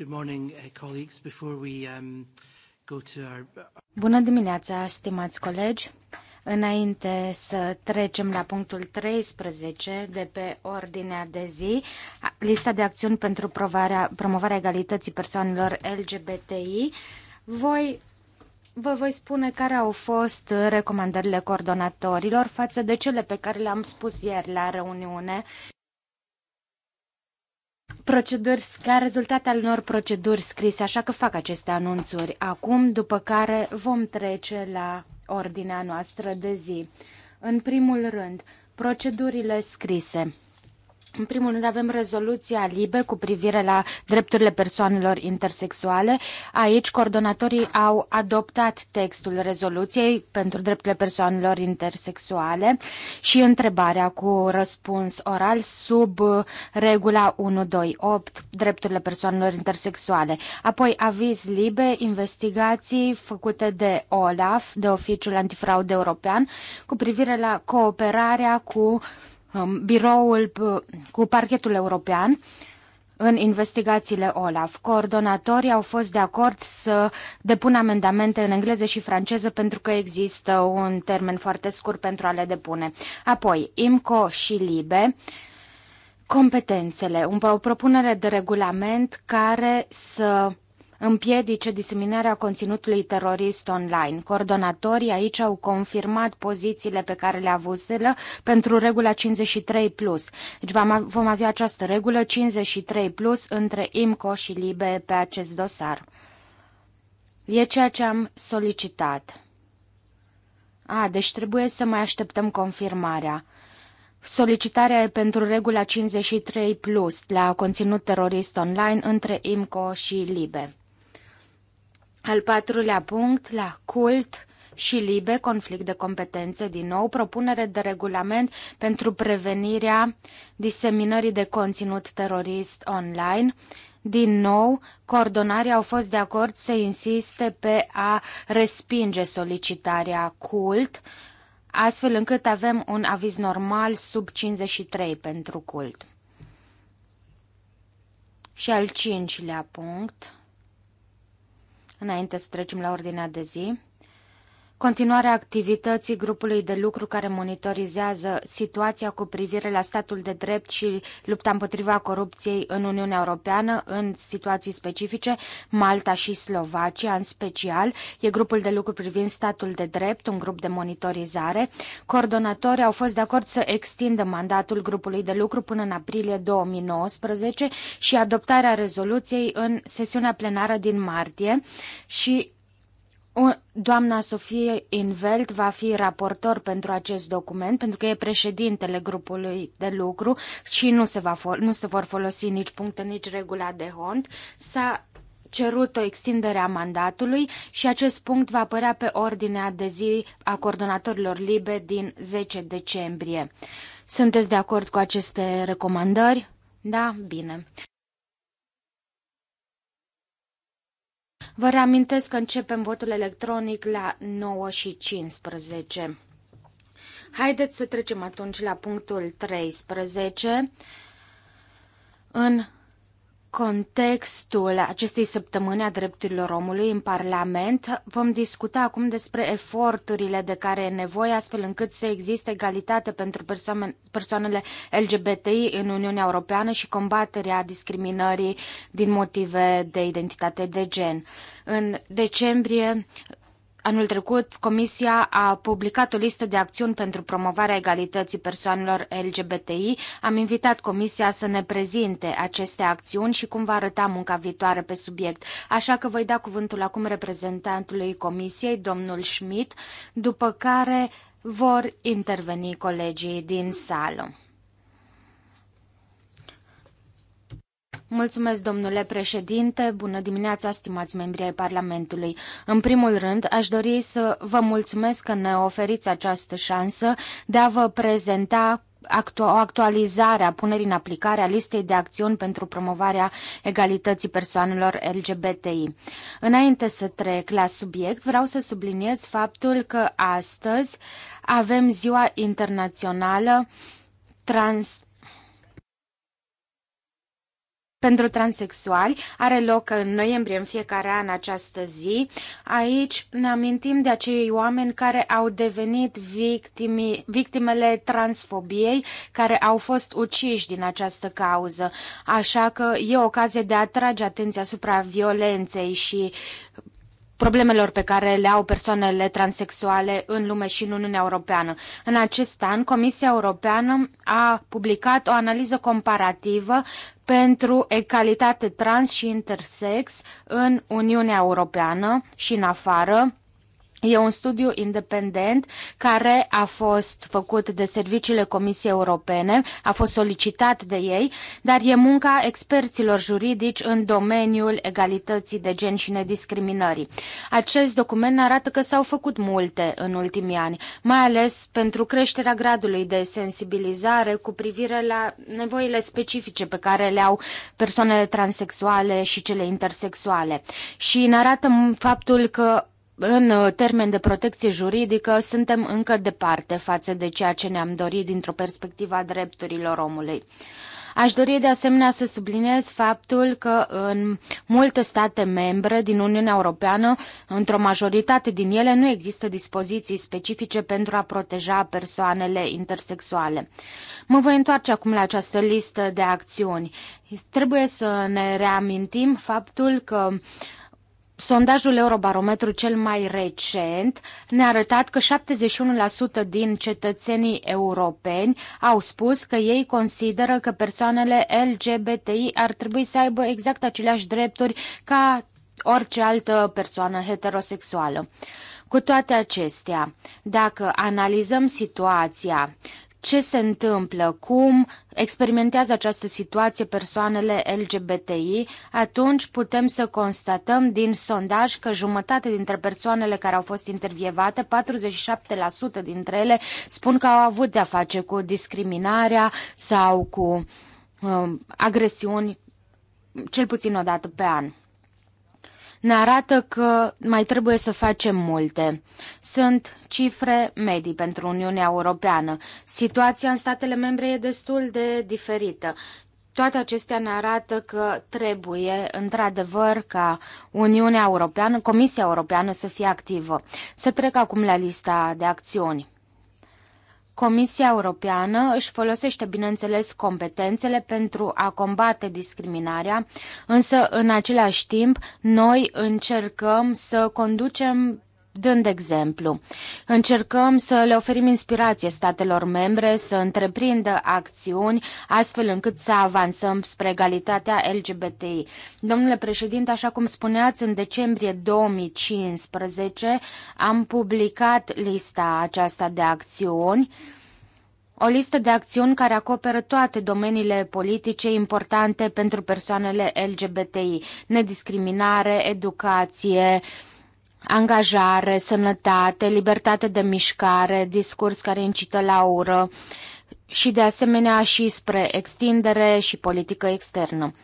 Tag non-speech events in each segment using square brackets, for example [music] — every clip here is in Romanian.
Good morning, uh, colleagues. Before we um, go to our... Uh, Bună dimineața, stimați colegi. Înainte să trecem la punctul 13 de pe ordinea de zi, lista de acțiuni pentru promovarea egalității persoanelor LGBTI, voi vă voi spune care au fost recomandările coordonatorilor față de cele pe care le-am spus ieri la reuniune proceduri, ca rezultate al unor proceduri scrise, așa că fac aceste anunțuri acum, după care vom trece la ordinea noastră de zi. În primul rând, procedurile scrise. În primul rând avem rezoluția LIBE cu privire la drepturile persoanelor intersexuale. Aici coordonatorii au adoptat textul rezoluției pentru drepturile persoanelor intersexuale și întrebarea cu răspuns oral sub regula 128, drepturile persoanelor intersexuale. Apoi aviz LIBE, investigații făcute de OLAF, de Oficiul Antifraud European, cu privire la cooperarea cu Um, biroul uh, cu parchetul european în investigațiile OLAF. Coordonatorii au fost de acord să depună amendamente în engleză și franceză pentru că există un termen foarte scurt pentru a le depune. Apoi, IMCO și LIBE competențele, o propunere de regulament care să împiedice diseminarea conținutului terorist online. Coordonatorii aici au confirmat pozițiile pe care le avuseră pentru regula 53+. Plus. Deci vom avea această regulă 53+, plus între IMCO și LIBE pe acest dosar. E ceea ce am solicitat. A, deci trebuie să mai așteptăm confirmarea. Solicitarea e pentru regula 53 plus la conținut terorist online între IMCO și LIBE. Al patrulea punct, la cult și libe, conflict de competențe, din nou, propunere de regulament pentru prevenirea diseminării de conținut terorist online. Din nou, coordonarii au fost de acord să insiste pe a respinge solicitarea cult, astfel încât avem un aviz normal sub 53 pentru cult. Și al cincilea punct Înainte să trecem la ordinea de zi, Continuarea activității grupului de lucru care monitorizează situația cu privire la statul de drept și lupta împotriva corupției în Uniunea Europeană în situații specifice, Malta și Slovacia în special, e grupul de lucru privind statul de drept, un grup de monitorizare. Coordonatorii au fost de acord să extindă mandatul grupului de lucru până în aprilie 2019 și adoptarea rezoluției în sesiunea plenară din martie și Doamna Sofie Invelt va fi raportor pentru acest document, pentru că e președintele grupului de lucru și nu se, va nu se vor folosi nici puncte, nici regula de hont. S-a cerut o extindere a mandatului și acest punct va apărea pe ordinea de zi a coordonatorilor libe din 10 decembrie. Sunteți de acord cu aceste recomandări? Da? Bine. Vă reamintesc că începem votul electronic la 9 și 15. Haideți să trecem atunci la punctul 13. În contextul acestei săptămâni a drepturilor omului în Parlament, vom discuta acum despre eforturile de care e nevoie astfel încât să existe egalitate pentru persoane, persoanele LGBTI în Uniunea Europeană și combaterea discriminării din motive de identitate de gen. În decembrie Anul trecut, Comisia a publicat o listă de acțiuni pentru promovarea egalității persoanelor LGBTI. Am invitat Comisia să ne prezinte aceste acțiuni și cum va arăta munca viitoare pe subiect. Așa că voi da cuvântul acum reprezentantului Comisiei, domnul Schmidt, după care vor interveni colegii din sală. Mulțumesc, domnule președinte. Bună dimineața, stimați membri ai Parlamentului. În primul rând, aș dori să vă mulțumesc că ne oferiți această șansă de a vă prezenta o actualizare a punerii în aplicare a listei de acțiuni pentru promovarea egalității persoanelor LGBTI. Înainte să trec la subiect, vreau să subliniez faptul că astăzi avem Ziua Internațională Trans pentru transexuali are loc în noiembrie în fiecare an această zi. Aici ne amintim de acei oameni care au devenit victimi, victimele transfobiei, care au fost uciși din această cauză. Așa că e ocazie de a atrage atenția asupra violenței și problemelor pe care le au persoanele transexuale în lume și în Uniunea Europeană. În acest an, Comisia Europeană a publicat o analiză comparativă pentru egalitate trans și intersex în Uniunea Europeană și în afară, E un studiu independent care a fost făcut de serviciile Comisiei Europene, a fost solicitat de ei, dar e munca experților juridici în domeniul egalității de gen și nediscriminării. Acest document arată că s-au făcut multe în ultimii ani, mai ales pentru creșterea gradului de sensibilizare cu privire la nevoile specifice pe care le au persoanele transexuale și cele intersexuale. Și ne arată faptul că în uh, termen de protecție juridică, suntem încă departe față de ceea ce ne-am dorit dintr-o perspectivă a drepturilor omului. Aș dori de asemenea să subliniez faptul că în multe state membre din Uniunea Europeană, într-o majoritate din ele, nu există dispoziții specifice pentru a proteja persoanele intersexuale. Mă voi întoarce acum la această listă de acțiuni. Trebuie să ne reamintim faptul că uh, Sondajul Eurobarometru cel mai recent ne-a arătat că 71% din cetățenii europeni au spus că ei consideră că persoanele LGBTI ar trebui să aibă exact aceleași drepturi ca orice altă persoană heterosexuală. Cu toate acestea, dacă analizăm situația ce se întâmplă, cum experimentează această situație persoanele LGBTI, atunci putem să constatăm din sondaj că jumătate dintre persoanele care au fost intervievate, 47% dintre ele, spun că au avut de-a face cu discriminarea sau cu um, agresiuni cel puțin o dată pe an ne arată că mai trebuie să facem multe. Sunt cifre medii pentru Uniunea Europeană. Situația în statele membre e destul de diferită. Toate acestea ne arată că trebuie, într-adevăr, ca Uniunea Europeană, Comisia Europeană să fie activă. Să trec acum la lista de acțiuni. Comisia Europeană își folosește, bineînțeles, competențele pentru a combate discriminarea, însă, în același timp, noi încercăm să conducem dând exemplu. Încercăm să le oferim inspirație statelor membre să întreprindă acțiuni astfel încât să avansăm spre egalitatea LGBTI. Domnule președinte, așa cum spuneați, în decembrie 2015 am publicat lista aceasta de acțiuni o listă de acțiuni care acoperă toate domeniile politice importante pentru persoanele LGBTI, nediscriminare, educație, angajare, sănătate, libertate de mișcare, discurs care incită la ură și de asemenea și spre extindere și politică externă.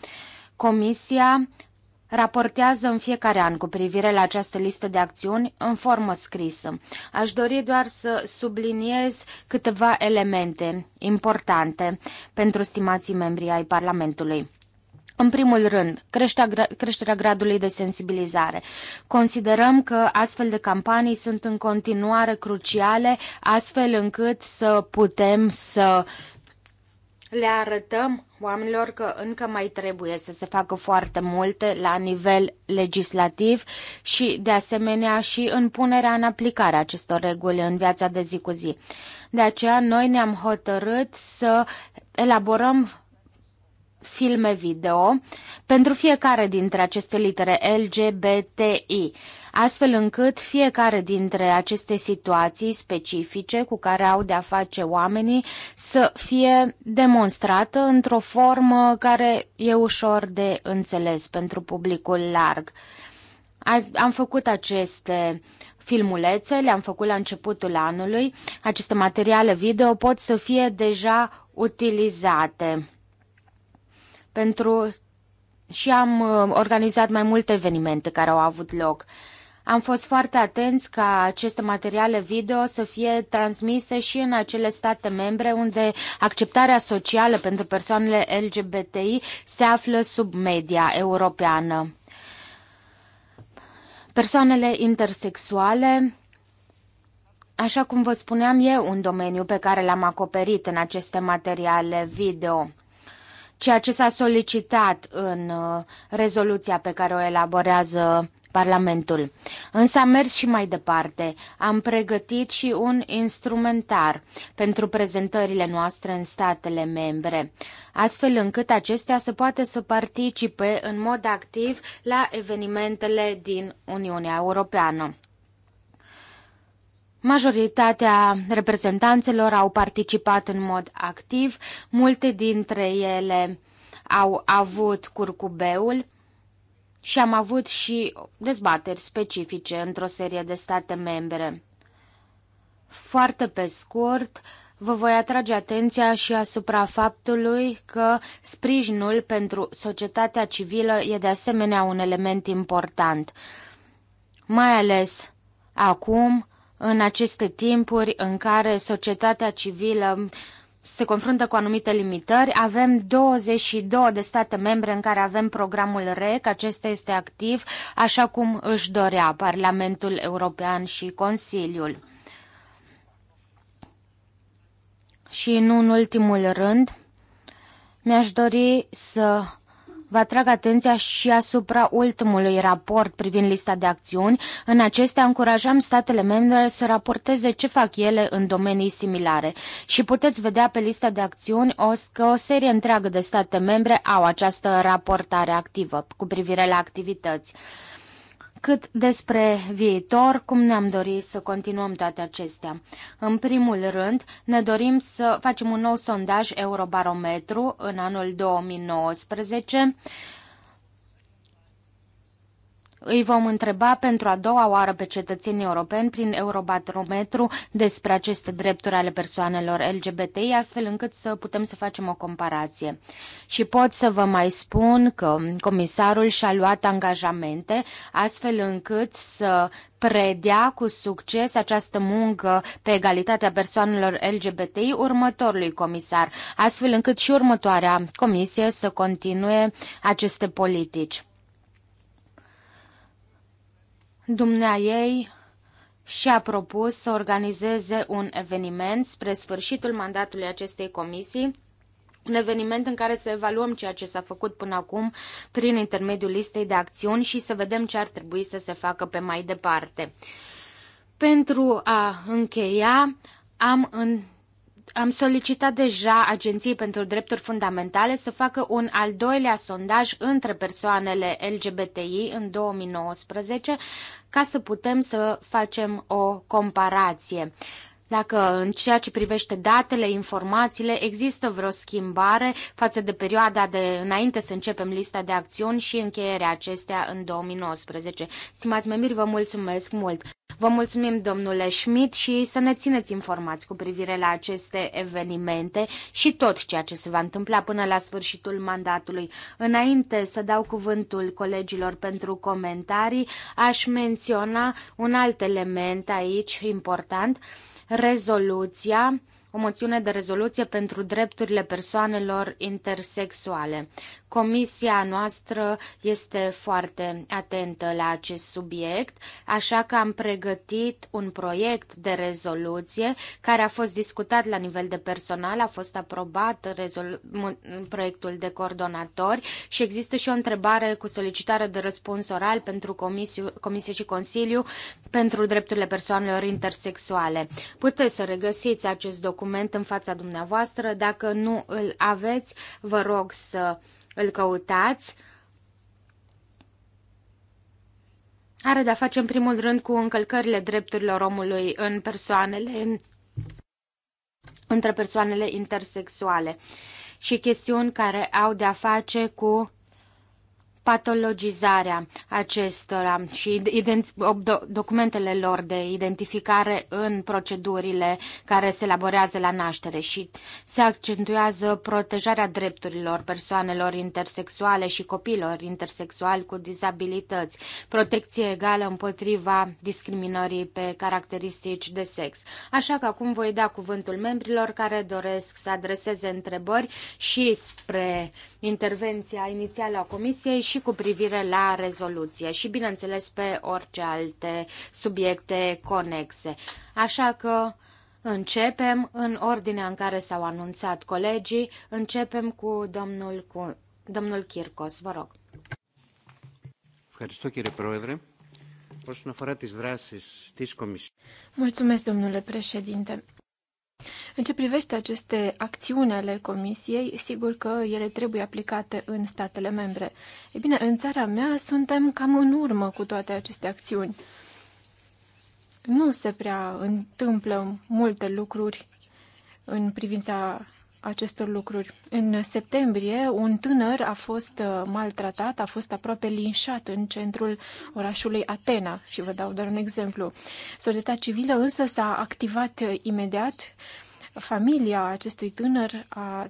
Comisia raportează în fiecare an cu privire la această listă de acțiuni în formă scrisă. Aș dori doar să subliniez câteva elemente importante pentru stimații membri ai Parlamentului. În primul rând, creșterea gradului de sensibilizare. Considerăm că astfel de campanii sunt în continuare cruciale, astfel încât să putem să le arătăm oamenilor că încă mai trebuie să se facă foarte multe la nivel legislativ și, de asemenea, și în punerea în aplicare acestor reguli în viața de zi cu zi. De aceea, noi ne-am hotărât să elaborăm filme video pentru fiecare dintre aceste litere LGBTI, astfel încât fiecare dintre aceste situații specifice cu care au de-a face oamenii să fie demonstrată într-o formă care e ușor de înțeles pentru publicul larg. Am făcut aceste filmulețe, le-am făcut la începutul anului. Aceste materiale video pot să fie deja utilizate pentru și am uh, organizat mai multe evenimente care au avut loc. Am fost foarte atenți ca aceste materiale video să fie transmise și în acele state membre unde acceptarea socială pentru persoanele LGBTI se află sub media europeană. Persoanele intersexuale Așa cum vă spuneam, e un domeniu pe care l-am acoperit în aceste materiale video ceea ce s-a solicitat în uh, rezoluția pe care o elaborează Parlamentul. Însă am mers și mai departe. Am pregătit și un instrumentar pentru prezentările noastre în statele membre, astfel încât acestea să poată să participe în mod activ la evenimentele din Uniunea Europeană. Majoritatea reprezentanțelor au participat în mod activ, multe dintre ele au avut curcubeul și am avut și dezbateri specifice într-o serie de state membre. Foarte pe scurt, vă voi atrage atenția și asupra faptului că sprijinul pentru societatea civilă e de asemenea un element important, mai ales acum, în aceste timpuri în care societatea civilă se confruntă cu anumite limitări. Avem 22 de state membre în care avem programul REC, acesta este activ, așa cum își dorea Parlamentul European și Consiliul. Și nu în ultimul rând, mi-aș dori să vă atrag atenția și asupra ultimului raport privind lista de acțiuni. În acestea încurajam statele membre să raporteze ce fac ele în domenii similare. Și puteți vedea pe lista de acțiuni o, că o serie întreagă de state membre au această raportare activă cu privire la activități cât despre viitor, cum ne-am dorit să continuăm toate acestea. În primul rând, ne dorim să facem un nou sondaj Eurobarometru în anul 2019 îi vom întreba pentru a doua oară pe cetățenii europeni prin Eurobarometru despre aceste drepturi ale persoanelor LGBTI, astfel încât să putem să facem o comparație. Și pot să vă mai spun că comisarul și-a luat angajamente, astfel încât să predea cu succes această muncă pe egalitatea persoanelor LGBTI următorului comisar, astfel încât și următoarea comisie să continue aceste politici. Dumneaei și-a propus să organizeze un eveniment spre sfârșitul mandatului acestei comisii, un eveniment în care să evaluăm ceea ce s-a făcut până acum prin intermediul listei de acțiuni și să vedem ce ar trebui să se facă pe mai departe. Pentru a încheia, am în am solicitat deja Agenției pentru Drepturi Fundamentale să facă un al doilea sondaj între persoanele LGBTI în 2019 ca să putem să facem o comparație dacă în ceea ce privește datele, informațiile, există vreo schimbare față de perioada de înainte să începem lista de acțiuni și încheierea acestea în 2019. Stimați Memir, vă mulțumesc mult! Vă mulțumim, domnule Schmidt, și să ne țineți informați cu privire la aceste evenimente și tot ceea ce se va întâmpla până la sfârșitul mandatului. Înainte să dau cuvântul colegilor pentru comentarii, aș menționa un alt element aici important rezoluția, o moțiune de rezoluție pentru drepturile persoanelor intersexuale. Comisia noastră este foarte atentă la acest subiect, așa că am pregătit un proiect de rezoluție care a fost discutat la nivel de personal, a fost aprobat proiectul de coordonatori și există și o întrebare cu solicitare de răspuns oral pentru Comisiu, Comisie și Consiliu pentru drepturile persoanelor intersexuale. Puteți să regăsiți acest document în fața dumneavoastră. Dacă nu îl aveți, vă rog să îl căutați, are de-a face în primul rând cu încălcările drepturilor omului în persoanele, între persoanele intersexuale și chestiuni care au de-a face cu patologizarea acestora și documentele lor de identificare în procedurile care se elaborează la naștere și se accentuează protejarea drepturilor persoanelor intersexuale și copiilor intersexuali cu dizabilități, protecție egală împotriva discriminării pe caracteristici de sex. Așa că acum voi da cuvântul membrilor care doresc să adreseze întrebări și spre intervenția inițială a Comisiei și și cu privire la rezoluție și, bineînțeles, pe orice alte subiecte conexe. Așa că începem în ordinea în care s-au anunțat colegii. Începem cu domnul, cu domnul Chircos, Vă rog. Mulțumesc, domnule președinte. În ce privește aceste acțiuni ale Comisiei, sigur că ele trebuie aplicate în statele membre. E bine, în țara mea suntem cam în urmă cu toate aceste acțiuni. Nu se prea întâmplă multe lucruri în privința acestor lucruri. În septembrie, un tânăr a fost uh, maltratat, a fost aproape linșat în centrul orașului Atena și vă dau doar un exemplu. Societatea civilă însă s-a activat uh, imediat. Familia acestui tânăr a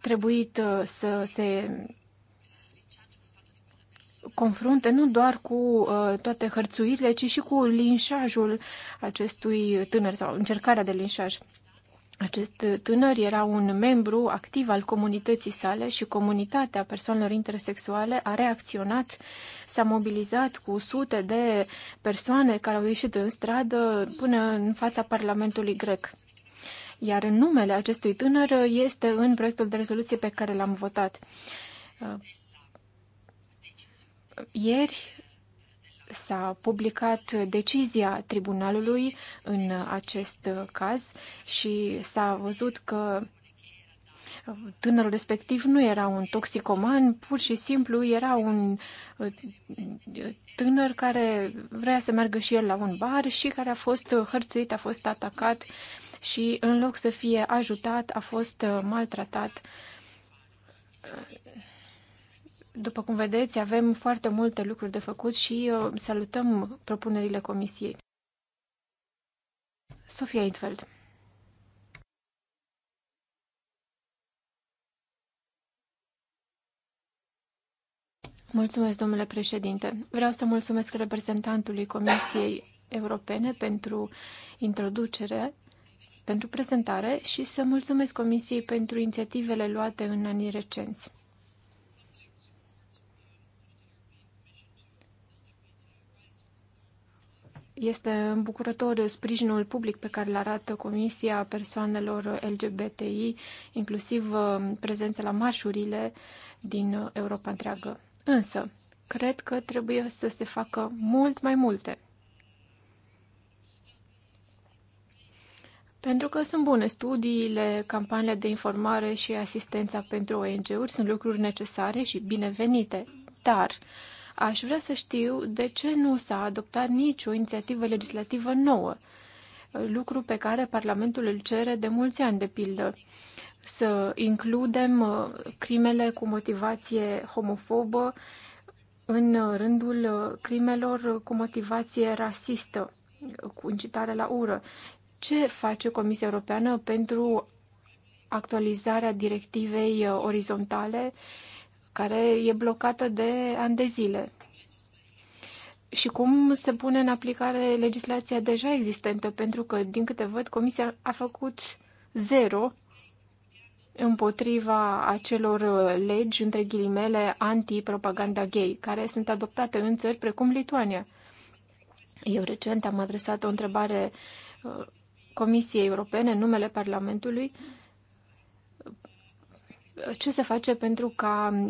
trebuit uh, să se confrunte nu doar cu uh, toate hărțuirile, ci și cu linșajul acestui tânăr sau încercarea de linșaj. Acest tânăr era un membru activ al comunității sale și comunitatea persoanelor intersexuale a reacționat, s-a mobilizat cu sute de persoane care au ieșit în stradă până în fața Parlamentului grec. Iar numele acestui tânăr este în proiectul de rezoluție pe care l-am votat. Ieri, s-a publicat decizia tribunalului în acest caz și s-a văzut că tânărul respectiv nu era un toxicoman, pur și simplu era un uh, tânăr care vrea să meargă și el la un bar și care a fost hărțuit, a fost atacat și în loc să fie ajutat, a fost uh, maltratat. După cum vedeți, avem foarte multe lucruri de făcut și uh, salutăm propunerile comisiei. Sofia Intfeld. Mulțumesc, domnule președinte. Vreau să mulțumesc reprezentantului Comisiei Europene pentru introducere, pentru prezentare și să mulțumesc Comisiei pentru inițiativele luate în anii recenți. Este îmbucurător sprijinul public pe care îl arată Comisia persoanelor LGBTI, inclusiv uh, prezența la marșurile din Europa întreagă. Însă, cred că trebuie să se facă mult mai multe. Pentru că sunt bune studiile, campaniile de informare și asistența pentru ONG-uri sunt lucruri necesare și binevenite, dar uh, Aș vrea să știu de ce nu s-a adoptat nicio inițiativă legislativă nouă, lucru pe care Parlamentul îl cere de mulți ani, de pildă. Să includem uh, crimele cu motivație homofobă în uh, rândul uh, crimelor cu motivație rasistă, cu incitare la ură. Ce face Comisia Europeană pentru actualizarea directivei orizontale uh, care e blocată de ani de zile. Și cum se pune în aplicare legislația deja existentă? Pentru că, din câte văd, Comisia a făcut zero împotriva acelor legi, între ghilimele, anti-propaganda gay, care sunt adoptate în țări precum Lituania. Eu recent am adresat o întrebare uh, Comisiei Europene numele Parlamentului uh, ce se face pentru ca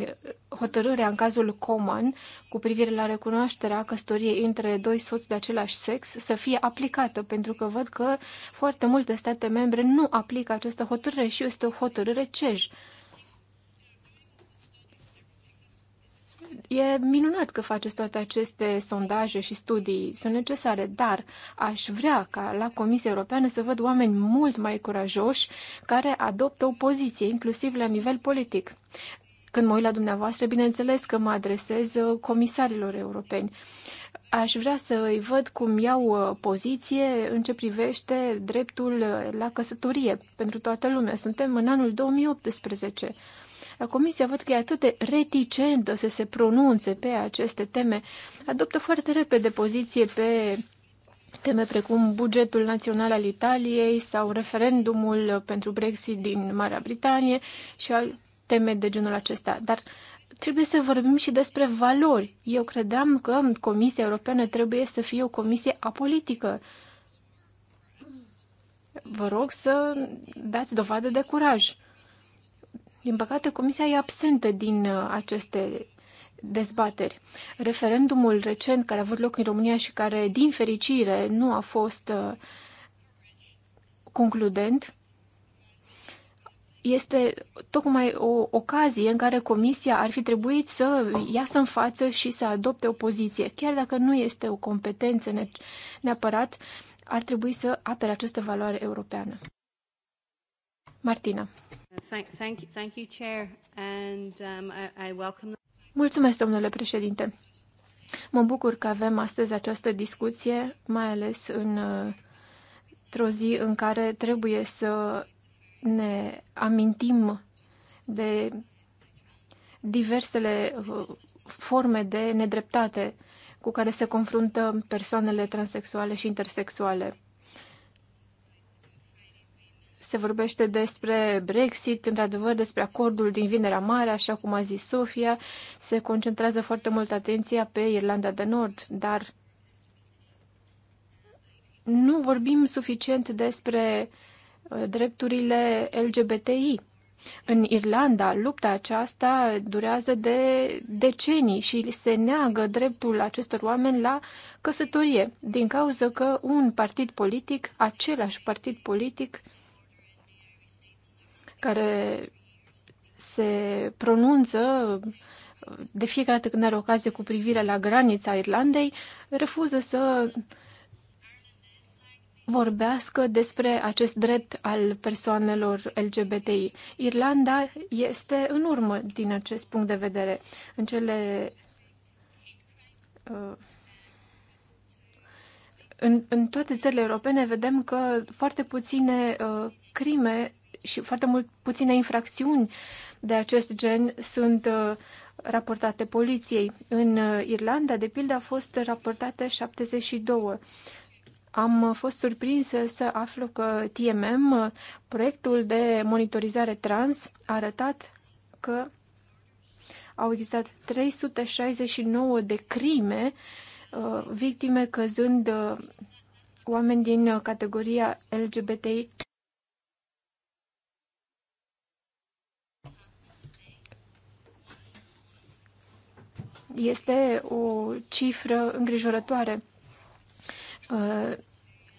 hotărârea în cazul Coman cu privire la recunoașterea căsătoriei între doi soți de același sex să fie aplicată, pentru că văd că foarte multe state membre nu aplică această hotărâre și este o hotărâre cej. E minunat că faceți toate aceste sondaje și studii, sunt necesare, dar aș vrea ca la Comisia Europeană să văd oameni mult mai curajoși care adoptă o poziție, inclusiv la nivel politic. Când mă uit la dumneavoastră, bineînțeles că mă adresez uh, comisarilor europeni. Aș vrea să îi văd cum iau uh, poziție în ce privește dreptul uh, la căsătorie pentru toată lumea. Suntem în anul 2018 Comisia văd că e atât de reticentă să se pronunțe pe aceste teme, adoptă foarte repede poziție pe teme precum bugetul național al Italiei sau referendumul pentru Brexit din Marea Britanie și al teme de genul acesta. Dar trebuie să vorbim și despre valori. Eu credeam că Comisia Europeană trebuie să fie o comisie apolitică. Vă rog să dați dovadă de curaj. Din păcate, Comisia e absentă din uh, aceste dezbateri. Referendumul recent care a avut loc în România și care, din fericire, nu a fost uh, concludent, este tocmai o ocazie în care Comisia ar fi trebuit să iasă în față și să adopte o poziție. Chiar dacă nu este o competență neapărat, ar trebui să apere această valoare europeană. Martina. Mulțumesc, domnule președinte. Mă bucur că avem astăzi această discuție, mai ales în o zi în care trebuie să ne amintim de diversele uh, forme de nedreptate cu care se confruntă persoanele transexuale și intersexuale. Se vorbește despre Brexit, într-adevăr despre acordul din Vinerea Mare, așa cum a zis Sofia. Se concentrează foarte mult atenția pe Irlanda de Nord, dar nu vorbim suficient despre uh, drepturile LGBTI. În Irlanda, lupta aceasta durează de decenii și se neagă dreptul acestor oameni la căsătorie, din cauza că un partid politic, același partid politic, care se pronunță de fiecare dată când are ocazie cu privire la granița Irlandei, refuză să vorbească despre acest drept al persoanelor LGBTI. Irlanda este în urmă din acest punct de vedere. În cele. Uh, în, în toate țările europene vedem că foarte puține uh, crime și foarte mult puține infracțiuni de acest gen sunt uh, raportate poliției. În uh, Irlanda, de pildă, au fost raportate 72. Am uh, fost surprinsă să aflu că TMM, proiectul de monitorizare trans, a arătat că au existat 369 de crime, victime căzând oameni din categoria LGBTI. Este o cifră îngrijorătoare. Uh,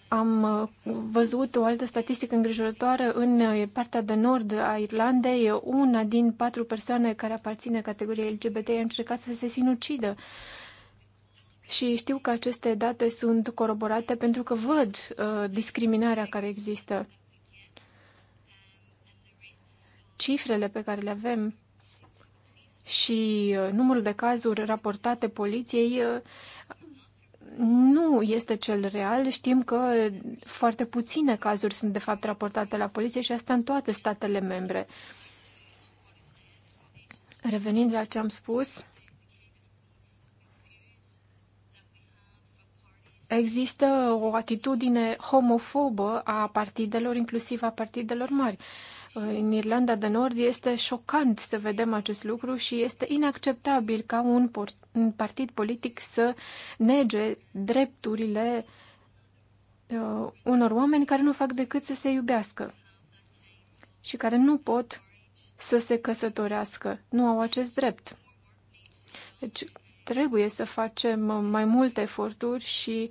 am uh, văzut o altă statistică îngrijorătoare în uh, partea de nord a Irlandei. Una din patru persoane care aparține categoriei LGBT a încercat să se sinucidă. Și știu că aceste date sunt coroborate pentru că văd uh, discriminarea care există. Cifrele pe care le avem și uh, numărul de cazuri raportate poliției uh, nu este cel real. Știm că foarte puține cazuri sunt de fapt raportate la poliție și asta în toate statele membre. Revenind la ce am spus, există o atitudine homofobă a partidelor, inclusiv a partidelor mari. Uh, în Irlanda de Nord, este șocant să vedem acest lucru și este inacceptabil ca un, un partid politic să nege drepturile uh, unor oameni care nu fac decât să se iubească și care nu pot să se căsătorească, nu au acest drept. Deci trebuie să facem mai multe eforturi și uh,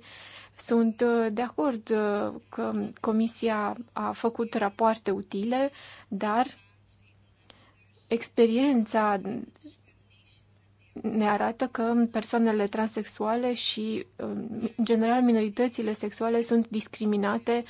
sunt uh, de acord uh, că Comisia a făcut rapoarte utile, dar experiența ne arată că persoanele transexuale și, uh, în general, minoritățile sexuale sunt discriminate uh,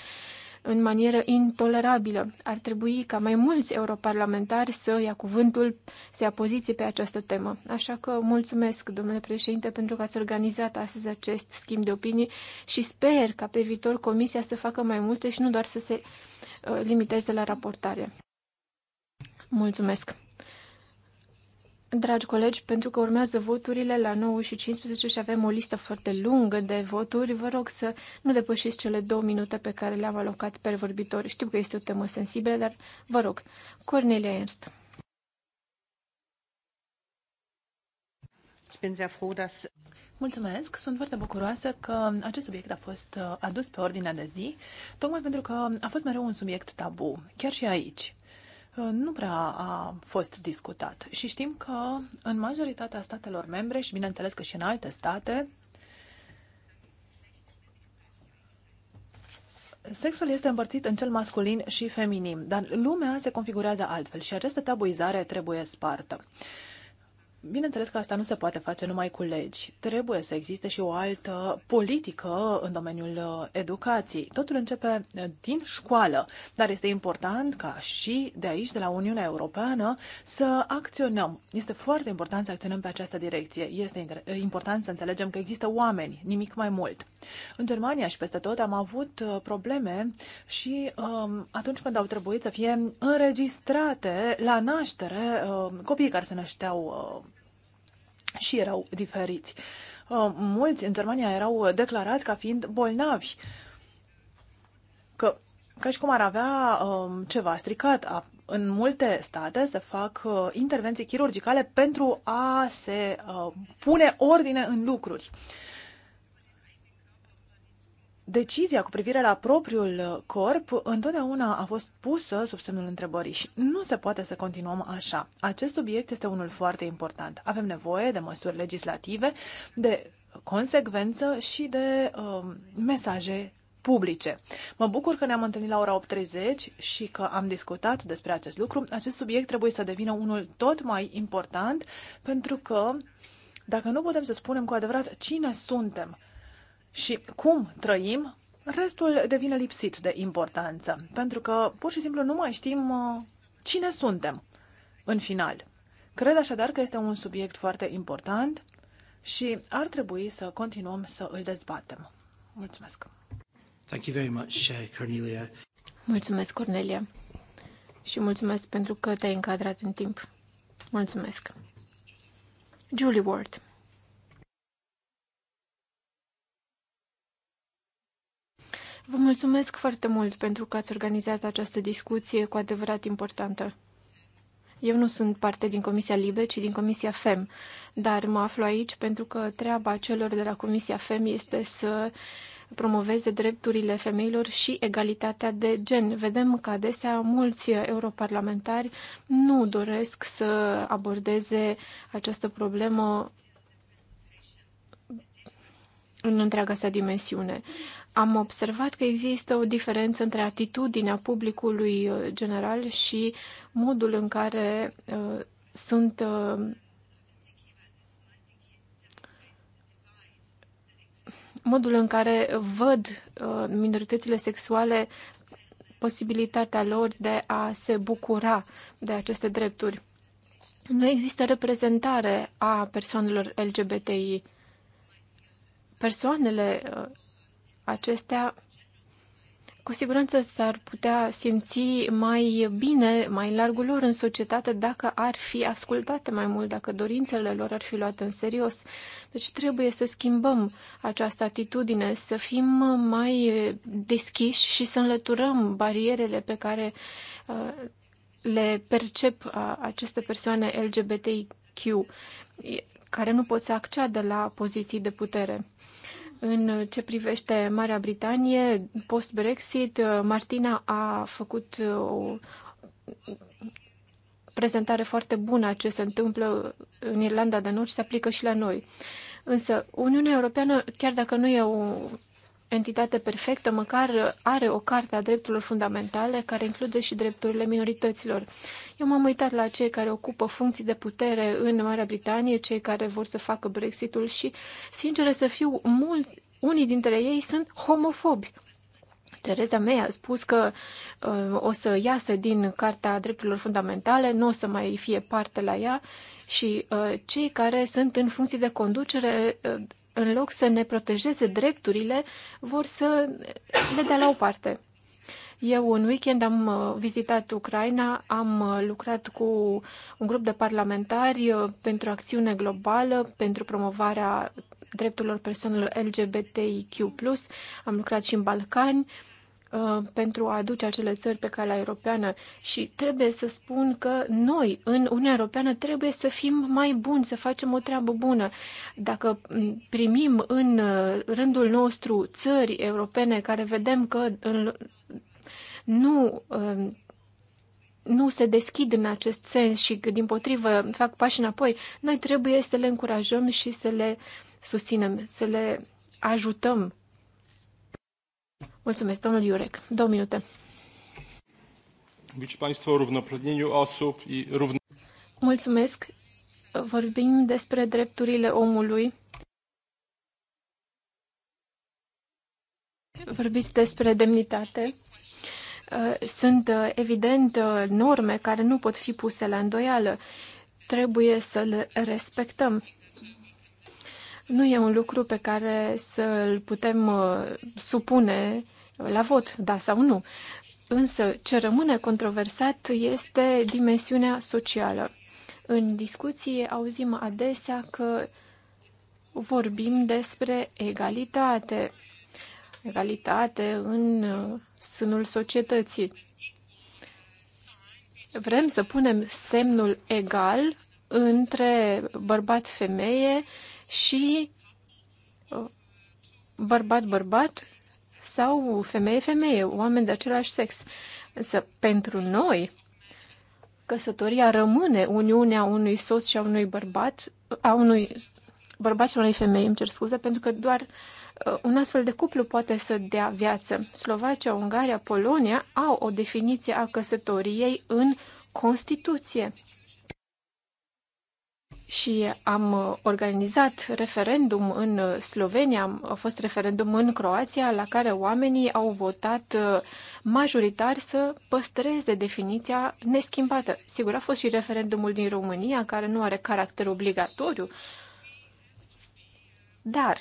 în manieră intolerabilă. Ar trebui ca mai mulți europarlamentari să ia cuvântul, să ia poziție pe această temă. Așa că mulțumesc, domnule președinte, pentru că ați organizat astăzi acest schimb de opinii și sper ca pe viitor Comisia să facă mai multe și nu doar să se uh, limiteze la raportare. Mulțumesc! Dragi colegi, pentru că urmează voturile la 9 și 15 și avem o listă foarte lungă de voturi, vă rog să nu depășiți cele două minute pe care le-am alocat pe vorbitor. Știu că este o temă sensibilă, dar vă rog. Cornelia Ernst. Mulțumesc! Sunt foarte bucuroasă că acest subiect a fost uh, adus pe ordinea de zi, tocmai pentru că a fost mereu un subiect tabu, chiar și aici nu prea a fost discutat. Și știm că în majoritatea statelor membre și bineînțeles că și în alte state, Sexul este împărțit în cel masculin și feminin, dar lumea se configurează altfel și această tabuizare trebuie spartă. Bineînțeles că asta nu se poate face numai cu legi. Trebuie să existe și o altă politică în domeniul uh, educației. Totul începe uh, din școală, dar este important ca și de aici, de la Uniunea Europeană, să acționăm. Este foarte important să acționăm pe această direcție. Este uh, important să înțelegem că există oameni, nimic mai mult. În Germania și peste tot am avut probleme și um, atunci când au trebuit să fie înregistrate la naștere um, copiii care se nășteau um, și erau diferiți. Uh, mulți în Germania erau declarați ca fiind bolnavi, că, ca și cum ar avea um, ceva stricat. În multe state se fac uh, intervenții chirurgicale pentru a se uh, pune ordine în lucruri decizia cu privire la propriul uh, corp întotdeauna a fost pusă sub semnul întrebării și nu se poate să continuăm așa. Acest subiect este unul foarte important. Avem nevoie de măsuri legislative, de consecvență și de uh, mesaje publice. Mă bucur că ne-am întâlnit la ora 8.30 și că am discutat despre acest lucru. Acest subiect trebuie să devină unul tot mai important pentru că dacă nu putem să spunem cu adevărat cine suntem, și cum trăim, restul devine lipsit de importanță, pentru că pur și simplu nu mai știm uh, cine suntem în final. Cred așadar că este un subiect foarte important și ar trebui să continuăm să îl dezbatem. Mulțumesc! Thank you very much, uh, Cornelia. Mulțumesc, Cornelia. Și mulțumesc pentru că te-ai încadrat în timp. Mulțumesc. Julie Ward. Vă mulțumesc foarte mult pentru că ați organizat această discuție cu adevărat importantă. Eu nu sunt parte din Comisia Libe, ci din Comisia FEM, dar mă aflu aici pentru că treaba celor de la Comisia FEM este să promoveze drepturile femeilor și egalitatea de gen. Vedem că adesea mulți europarlamentari nu doresc să abordeze această problemă în întreaga sa dimensiune am observat că există o diferență între atitudinea publicului uh, general și modul în care uh, sunt uh, modul în care văd uh, minoritățile sexuale posibilitatea lor de a se bucura de aceste drepturi. Nu există reprezentare a persoanelor LGBTI. Persoanele uh, acestea cu siguranță s-ar putea simți mai bine, mai largul lor în societate dacă ar fi ascultate mai mult, dacă dorințele lor ar fi luate în serios. Deci trebuie să schimbăm această atitudine, să fim mai deschiși și să înlăturăm barierele pe care uh, le percep uh, aceste persoane LGBTIQ, care nu pot să acceadă la poziții de putere. În ce privește Marea Britanie, post-Brexit, Martina a făcut o prezentare foarte bună a ce se întâmplă în Irlanda de Nord și se aplică și la noi. Însă, Uniunea Europeană, chiar dacă nu e o entitate perfectă, măcar are o carte a drepturilor fundamentale care include și drepturile minorităților. Eu m-am uitat la cei care ocupă funcții de putere în Marea Britanie, cei care vor să facă Brexitul și, sincer să fiu, mulți, unii dintre ei sunt homofobi. Tereza May a spus că uh, o să iasă din Carta Drepturilor Fundamentale, nu o să mai fie parte la ea și uh, cei care sunt în funcții de conducere uh, în loc să ne protejeze drepturile, vor să le dea la o parte. Eu în weekend am uh, vizitat Ucraina, am uh, lucrat cu un grup de parlamentari uh, pentru acțiune globală, pentru promovarea drepturilor persoanelor LGBTIQ+, am lucrat și în Balcani, Uh, pentru a aduce acele țări pe calea europeană și trebuie să spun că noi în Uniunea Europeană trebuie să fim mai buni, să facem o treabă bună. Dacă mm, primim în uh, rândul nostru țări europene care vedem că nu uh, nu se deschid în acest sens și că, din potrivă, fac pași înapoi, noi trebuie să le încurajăm și să le susținem, să le ajutăm Mulțumesc, domnul Iurec. Două minute. Mulțumesc. Vorbim despre drepturile omului. Vorbiți despre demnitate. Sunt evident norme care nu pot fi puse la îndoială. Trebuie să le respectăm nu e un lucru pe care să-l putem uh, supune la vot, da sau nu. Însă, ce rămâne controversat este dimensiunea socială. În discuție auzim adesea că vorbim despre egalitate, egalitate în uh, sânul societății. Vrem să punem semnul egal între bărbat-femeie și bărbat-bărbat uh, sau femeie-femeie, oameni de același sex. Însă, pentru noi, căsătoria rămâne uniunea unui soț și a unui bărbat, a unui bărbat și a unei femei, îmi cer scuze, pentru că doar uh, un astfel de cuplu poate să dea viață. Slovacia, Ungaria, Polonia au o definiție a căsătoriei în Constituție și am organizat referendum în Slovenia, a fost referendum în Croația, la care oamenii au votat uh, majoritar să păstreze definiția neschimbată. Sigur, a fost și referendumul din România, care nu are caracter obligatoriu, dar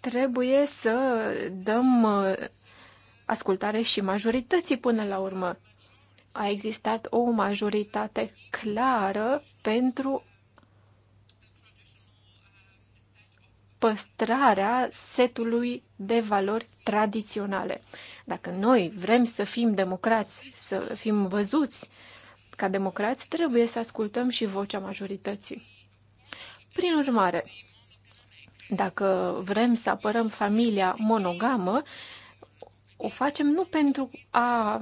trebuie să dăm uh, ascultare și majorității până la urmă a existat o majoritate clară pentru păstrarea setului de valori tradiționale. Dacă noi vrem să fim democrați, să fim văzuți ca democrați, trebuie să ascultăm și vocea majorității. Prin urmare, dacă vrem să apărăm familia monogamă, o facem nu pentru a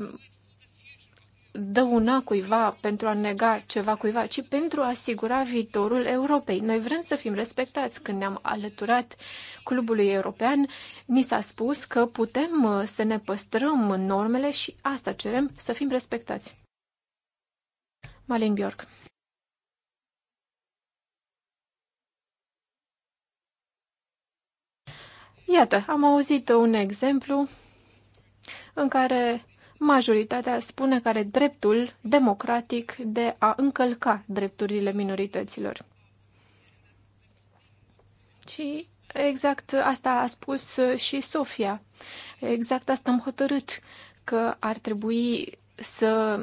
dăuna cuiva, pentru a nega ceva cuiva, ci pentru a asigura viitorul Europei. Noi vrem să fim respectați. Când ne-am alăturat clubului european, ni s-a spus că putem uh, să ne păstrăm normele și asta cerem, să fim respectați. Malin Bjork Iată, am auzit un exemplu în care majoritatea spune că are dreptul democratic de a încălca drepturile minorităților. Și exact asta a spus și Sofia. Exact asta am hotărât, că ar trebui să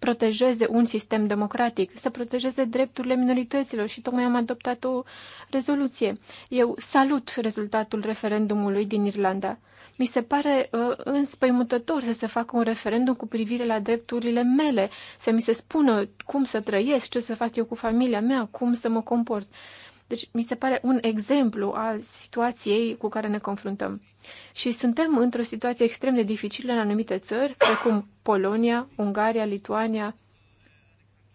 protejeze un sistem democratic, să protejeze drepturile minorităților și tocmai am adoptat o rezoluție. Eu salut rezultatul referendumului din Irlanda. Mi se pare uh, înspăimutător să se facă un referendum cu privire la drepturile mele, să mi se spună cum să trăiesc, ce să fac eu cu familia mea, cum să mă comport. Uh, deci, mi se pare un exemplu al situației cu care ne confruntăm. Și suntem într-o situație extrem de dificilă în anumite țări, precum Polonia, Ungaria, Lituania,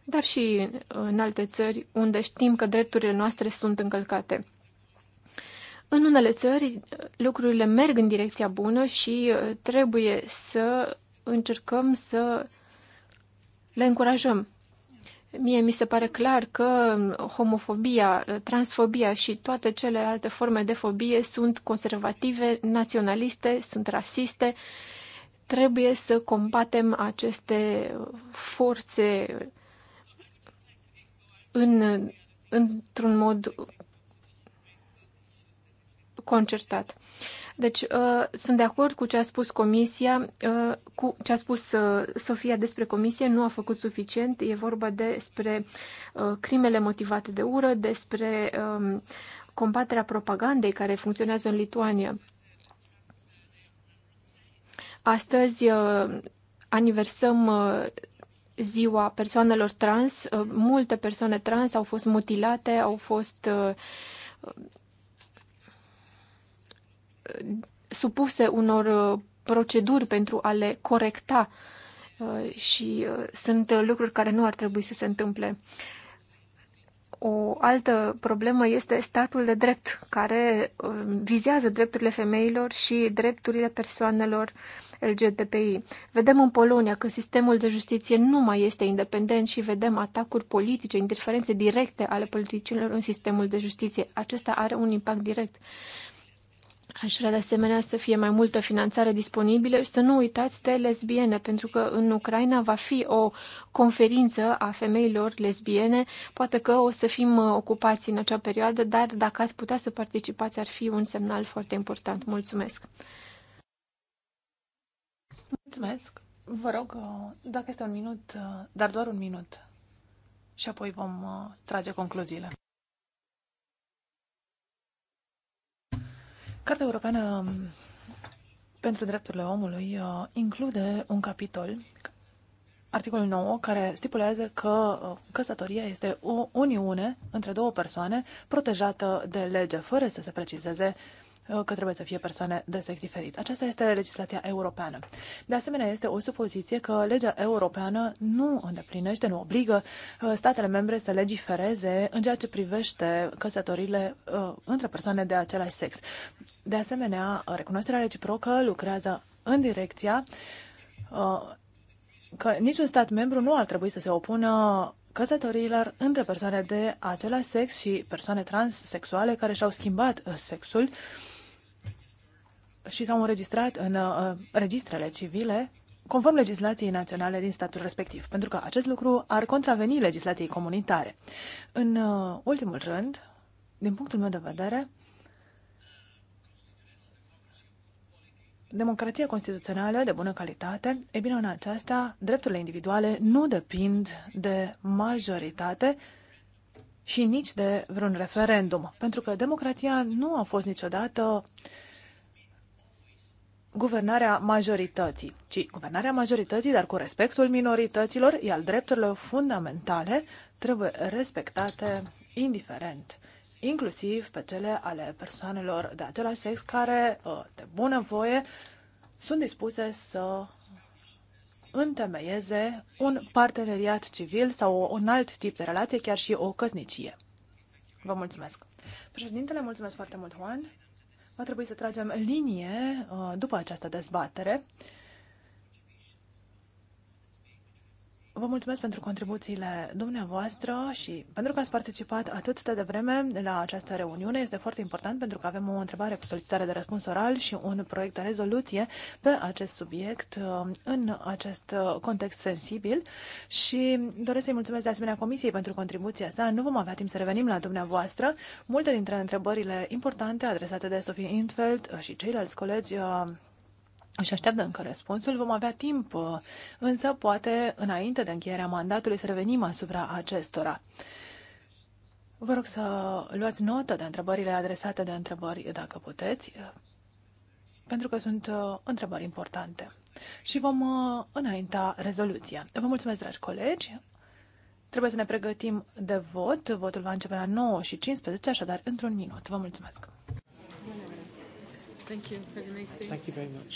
dar și în alte țări unde știm că drepturile noastre sunt încălcate. În unele țări lucrurile merg în direcția bună și uh, trebuie să încercăm să le încurajăm. Mie mi se pare clar că mm, homofobia, eh, transfobia și toate celelalte forme de fobie sunt conservative, naționaliste, sunt rasiste. Trebuie să combatem aceste forțe în, într-un mod concertat. Deci, uh, sunt de acord cu ce a spus Comisia, uh, cu ce a spus uh, Sofia despre Comisie, nu a făcut suficient. E vorba despre uh, crimele motivate de ură, despre uh, combaterea propagandei care funcționează în Lituania. Astăzi uh, aniversăm uh, ziua persoanelor trans. Uh, multe persoane trans au fost mutilate, au fost. Uh, supuse unor uh, proceduri pentru a le corecta uh, și uh, sunt lucruri care nu ar trebui să se întâmple. O altă problemă este statul de drept, care vizează drepturile femeilor și drepturile persoanelor LGBTI. Vedem în Polonia că sistemul de justiție nu mai este independent și vedem atacuri politice, interferențe directe ale politicienilor în sistemul de justiție. Acesta are un impact direct. Aș vrea de asemenea să fie mai multă finanțare disponibilă și să nu uitați de lesbiene, pentru că în Ucraina va fi o conferință a femeilor lesbiene. Poate că o să fim uh, ocupați în acea perioadă, dar dacă ați putea să participați, ar fi un semnal foarte important. Mulțumesc! Mulțumesc! Vă rog, uh, dacă este un minut, uh, dar doar un minut, și apoi vom trage concluziile. Cartea Europeană pentru Drepturile Omului uh, include un capitol, articolul 9, care stipulează că uh, căsătoria este o uniune între două persoane protejată de lege, fără să se precizeze uh, Uh, că trebuie să fie persoane de sex diferit. Aceasta este legislația europeană. De asemenea, este o supoziție că legea europeană nu îndeplinește, nu obligă uh, statele membre să legifereze în ceea ce privește căsătorile uh, între persoane de același sex. De asemenea, recunoașterea reciprocă lucrează în direcția că niciun stat membru nu ar trebui să se opună căsătoriilor între persoane de același sex și persoane transsexuale care și-au schimbat sexul și s-au înregistrat în uh, registrele civile conform legislației naționale din statul respectiv, pentru că acest lucru ar contraveni legislației comunitare. În uh, ultimul rând, din punctul meu de vedere, democrația constituțională de bună calitate, e bine, în aceasta, drepturile individuale nu depind de majoritate și nici de vreun referendum, pentru că democrația nu a fost niciodată uh, guvernarea majorității, ci guvernarea majorității, dar cu respectul minorităților, iar drepturile fundamentale trebuie respectate indiferent, inclusiv pe cele ale persoanelor de același sex care, uh, de bună voie, sunt dispuse să întemeieze un parteneriat civil sau un alt tip de relație, chiar și o căsnicie. Vă mulțumesc! Președintele, mulțumesc foarte mult, Juan! va trebui să tragem linie uh, după această dezbatere Vă mulțumesc pentru contribuțiile dumneavoastră și pentru că ați participat atât de devreme la această reuniune. Este foarte important pentru că avem o întrebare cu solicitare de răspuns oral și un proiect de rezoluție pe acest subiect uh, în acest uh, context sensibil și doresc să-i mulțumesc de asemenea Comisiei pentru contribuția sa. Nu vom avea timp să revenim la dumneavoastră. Multe dintre întrebările importante adresate de Sofie Intfeld uh, și ceilalți colegi își așteaptă încă răspunsul. Vom avea timp, uh, însă poate înainte de încheierea mandatului să revenim asupra acestora. Vă rog să luați notă de întrebările adresate de întrebări, dacă puteți, uh, pentru că sunt uh, întrebări importante. Și vom înainta rezoluția. Vă mulțumesc, dragi colegi! Trebuie să ne pregătim de vot. Votul va începe la 9 și 15, așadar într-un minut. Vă mulțumesc! Thank you. Have a nice day. Thank you very much.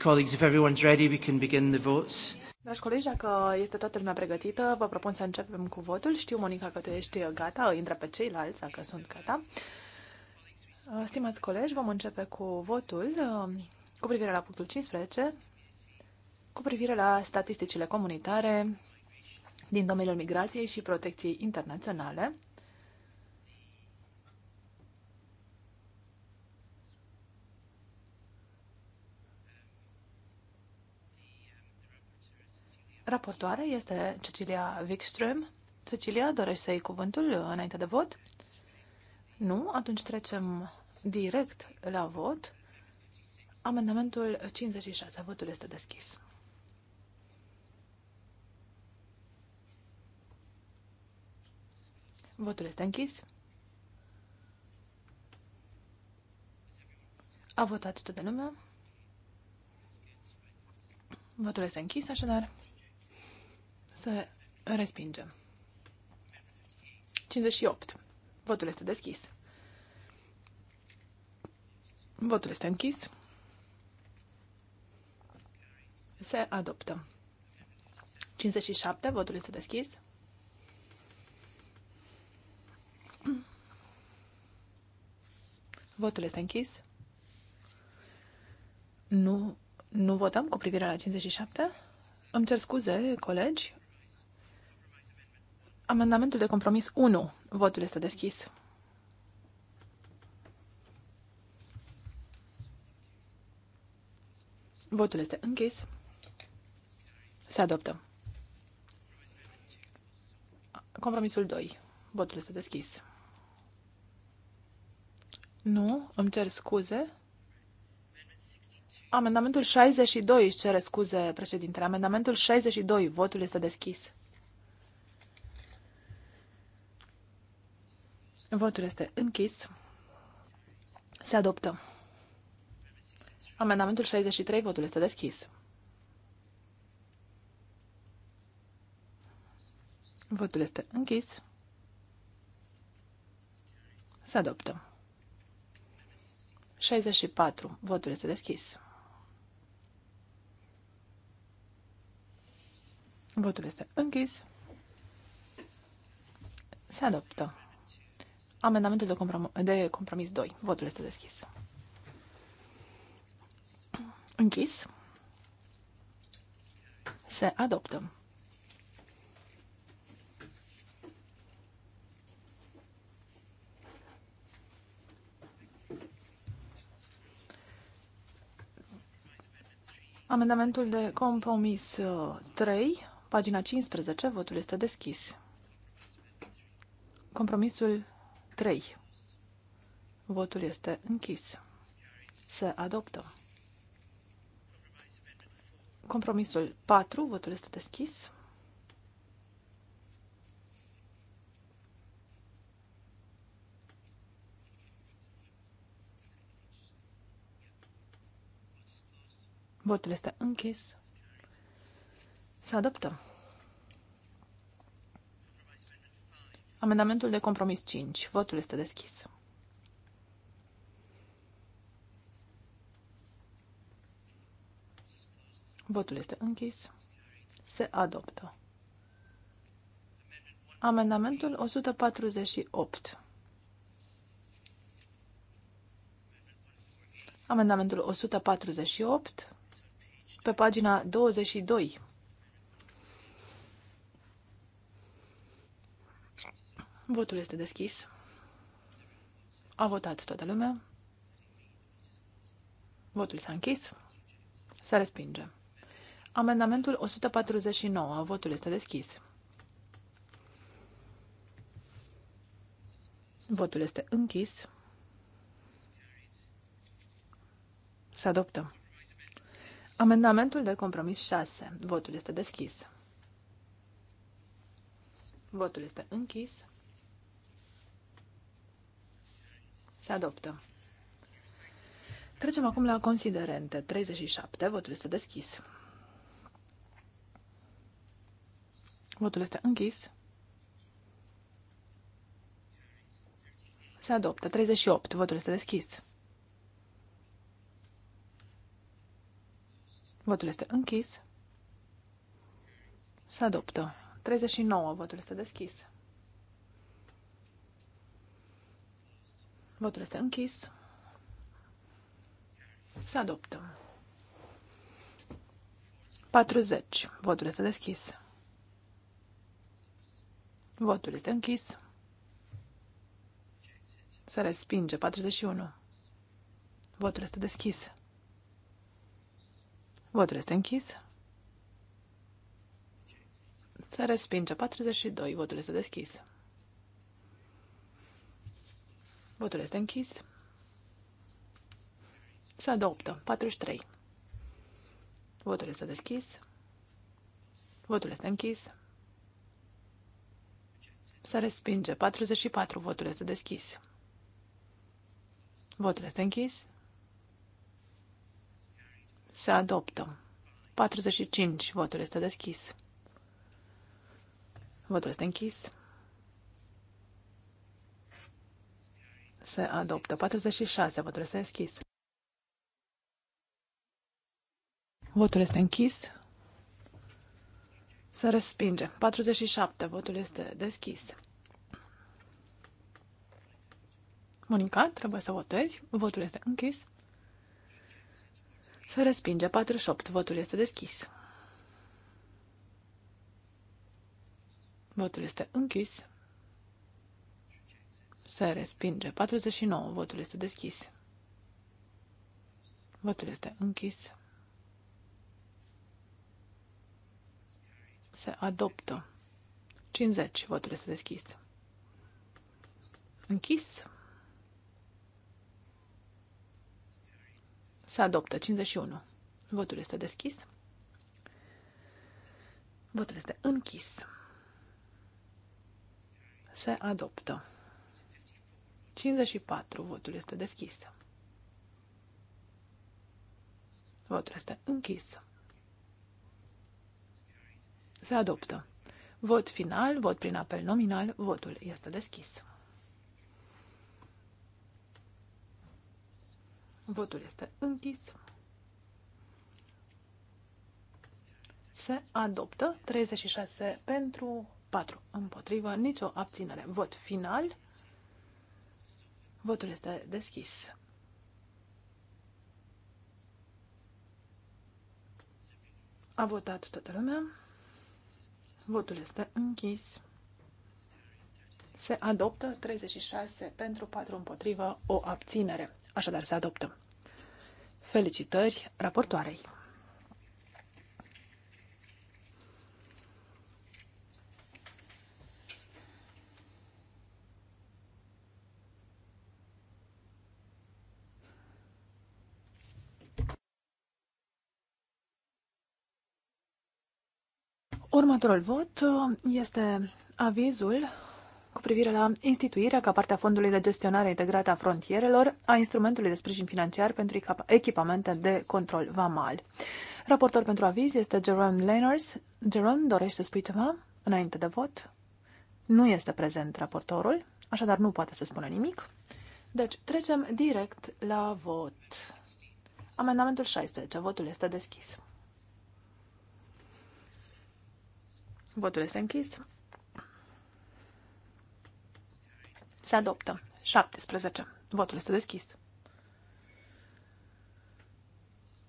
colleagues, if everyone's ready, we can begin the votes. Dragi colegi, dacă este toată lumea pregătită, vă propun să începem cu votul. Știu, Monica, că tu ești gata, intră pe ceilalți dacă sunt gata. Uh, stimați colegi, vom începe cu votul uh, cu privire la punctul 15, cu privire la statisticile comunitare din domeniul migrației și protecției internaționale. următoare este Cecilia Wikström. Cecilia, dorești să iei cuvântul înainte de vot? Nu? Atunci trecem direct la vot. Amendamentul 56. Votul este deschis. Votul este închis. A votat toată lumea. Votul este închis, așadar. Se respinge. 58. Votul este deschis. Votul este închis. Se adoptă. 57. Votul este deschis. Votul este închis. Nu, nu votăm cu privire la 57? Îmi cer scuze, colegi. Amendamentul de compromis 1. Votul este deschis. Votul este închis. Se adoptă. Compromisul 2. Votul este deschis. Nu, îmi cer scuze. Amendamentul 62 își cere scuze, președintele. Amendamentul 62, votul este deschis. Votul este închis. Se adoptă. Amendamentul 63, votul este deschis. Votul este închis. Se adoptă. 64. Votul este deschis. Votul este închis. Se adoptă amendamentul de, comprom- de compromis 2. Votul este deschis. Închis. Se adoptă. Amendamentul de compromis 3, uh, pagina 15, votul este deschis. Compromisul 3. Votul este închis. Se adoptă. Compromisul 4. Votul este deschis. Votul este închis. Se adoptă. Amendamentul de compromis 5. Votul este deschis. Votul este închis. Se adoptă. Amendamentul 148. Amendamentul 148 pe pagina 22. Votul este deschis. A votat toată lumea. Votul s-a închis. Se respinge. Amendamentul 149. Votul este deschis. Votul este închis. Se adoptă. Amendamentul de compromis 6. Votul este deschis. Votul este închis. Se adoptă. Trecem acum la considerente. 37. Votul este deschis. Votul este închis. Se adoptă. 38. Votul este deschis. Votul este închis. Se adoptă. 39. Votul este deschis. Votul este închis. Se adoptă. 40. Votul este deschis. Votul este închis. Se respinge. 41. Votul este deschis. Votul este închis. Se respinge. 42. Votul este deschis. Votul este închis. Se adoptă. 43. Votul este deschis. Votul este închis. Se respinge. 44. Votul este deschis. Votul este închis. Se adoptă. 45. Votul este deschis. Votul este închis. Se adoptă. 46. Votul este deschis. Votul este închis. Se respinge. 47. Votul este deschis. Monica, trebuie să votezi. Votul este închis. Se respinge. 48. Votul este deschis. Votul este închis. Se respinge. 49. Votul este deschis. Votul este închis. Se adoptă. 50. Votul este deschis. Închis. Se adoptă. 51. Votul este deschis. Votul este închis. Se adoptă. 54. Votul este deschis. Votul este închis. Se adoptă. Vot final, vot prin apel nominal, votul este deschis. Votul este închis. Se adoptă 36 pentru, 4 împotrivă, nicio abținere. Vot final, Votul este deschis. A votat toată lumea. Votul este închis. Se adoptă 36 pentru 4 împotrivă, o abținere. Așadar se adoptă. Felicitări raportoarei! Următorul vot uh, este avizul cu privire la instituirea ca parte a Fondului de Gestionare Integrată a Frontierelor a instrumentului de sprijin financiar pentru echipamente de control vamal. Raportor pentru aviz este Jerome Lenners. Jerome, dorește să spui ceva înainte de vot? Nu este prezent raportorul, așadar nu poate să spună nimic. Deci trecem direct la vot. Amendamentul 16. Votul este deschis. Votul este închis. Se adoptă. 17. Votul este deschis.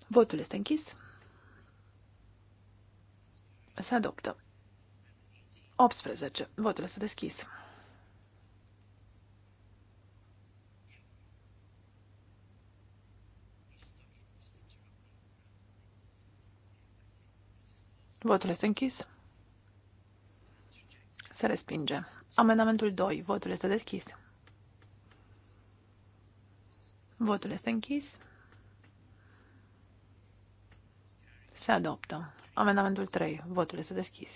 Votul este închis. Se adoptă. 18. Votul este deschis. Votul este închis. Se respinge. Amendamentul 2. Votul este deschis. Votul este închis. Se adoptă. Amendamentul 3. Votul este deschis.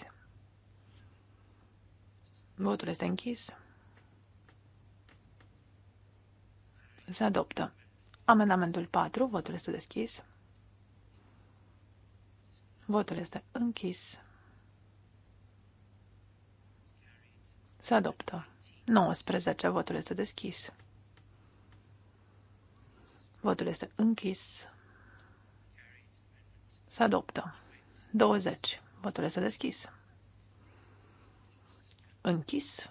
Votul este închis. Se adoptă. Amendamentul 4. Votul este deschis. Votul este închis. Se adoptă. 19. Votul este deschis. Votul este închis. Se adoptă. 20. Votul este deschis. Închis.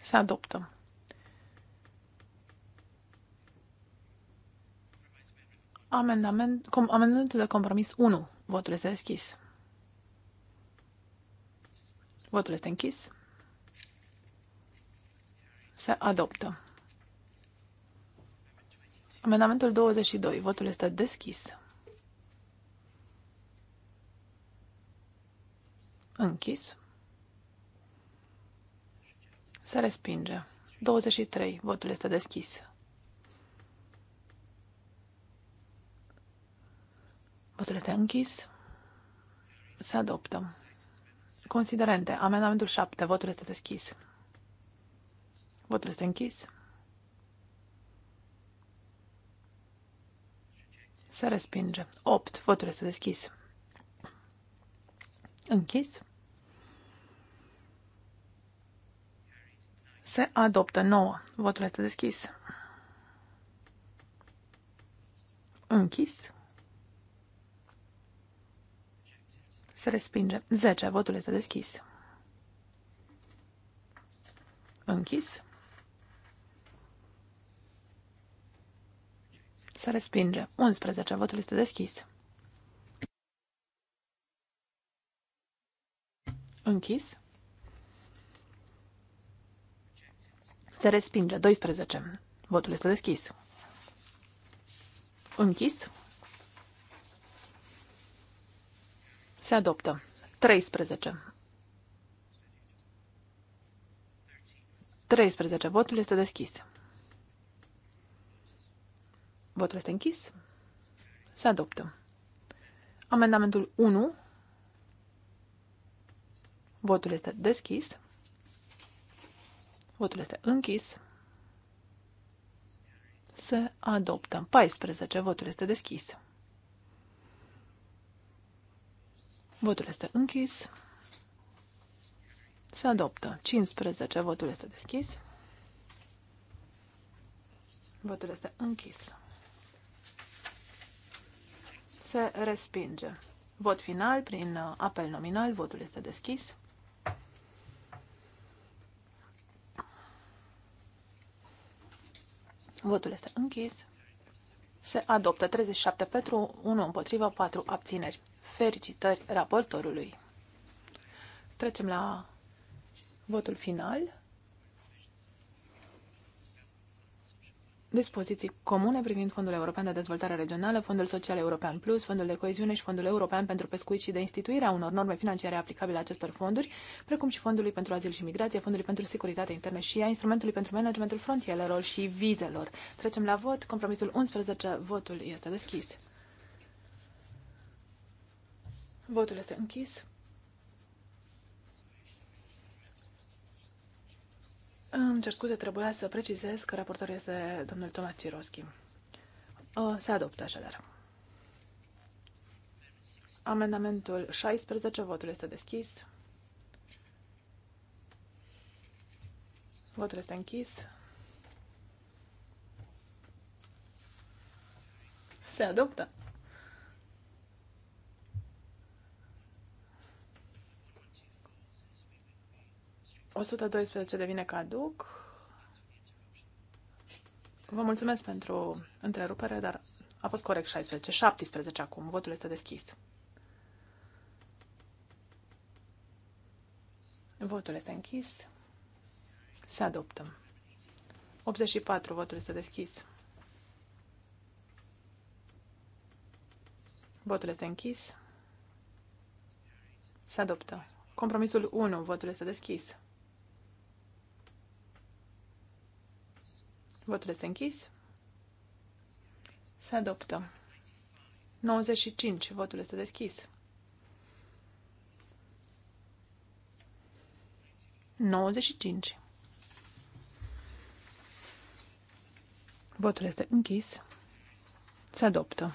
Se adoptă. Amendament, com, amendamentul de compromis 1. Votul este deschis. Votul este închis. Se adoptă. Amendamentul 22. Votul este deschis. Închis. Se respinge. 23. Votul este deschis. Votul este închis. Se adoptă. Considerente. Amendamentul 7. Votul este deschis. Votul este închis. Se respinge. 8. Votul este deschis. Închis. Se adoptă. 9. Votul este deschis. Închis. Se respinge. 10. Votul este deschis. Închis. Se respinge. 11. Votul este deschis. Închis. Se respinge. 12. Votul este deschis. Închis. Se adoptă. 13. 13. Votul este deschis. Votul este închis. Se adoptă. Amendamentul 1. Votul este deschis. Votul este închis. Se adoptă. 14. Votul este deschis. Votul este închis. Se adoptă. 15. Votul este deschis. Votul este închis. Se respinge. Vot final prin uh, apel nominal. Votul este deschis. Votul este închis. Se adoptă 37 pentru, 1 împotrivă, 4 abțineri. Felicitări raportorului. Trecem la votul final. dispoziții comune privind Fondul European de Dezvoltare Regională, Fondul Social European Plus, Fondul de Coeziune și Fondul European pentru Pescuit și de instituirea unor norme financiare aplicabile acestor fonduri, precum și Fondului pentru Azil și Migrație, Fondului pentru Securitate Internă și a Instrumentului pentru Managementul Frontierelor și Vizelor. Trecem la vot. Compromisul 11. Votul este deschis. Votul este închis. Îmi cer scuze, trebuia să precizez că raportorul este domnul Tomas Ciroschi. Ă, se adoptă așadar. Amendamentul 16, votul este deschis. Votul este închis. Se adoptă. 112 devine caduc. Vă mulțumesc pentru întrerupere, dar a fost corect 16. 17 acum. Votul este deschis. Votul este închis. Se adoptă. 84. Votul este deschis. Votul este închis. Se adoptă. Compromisul 1. Votul este deschis. Votul este închis. Se adoptă. 95. Votul este deschis. 95. Votul este închis. Se adoptă.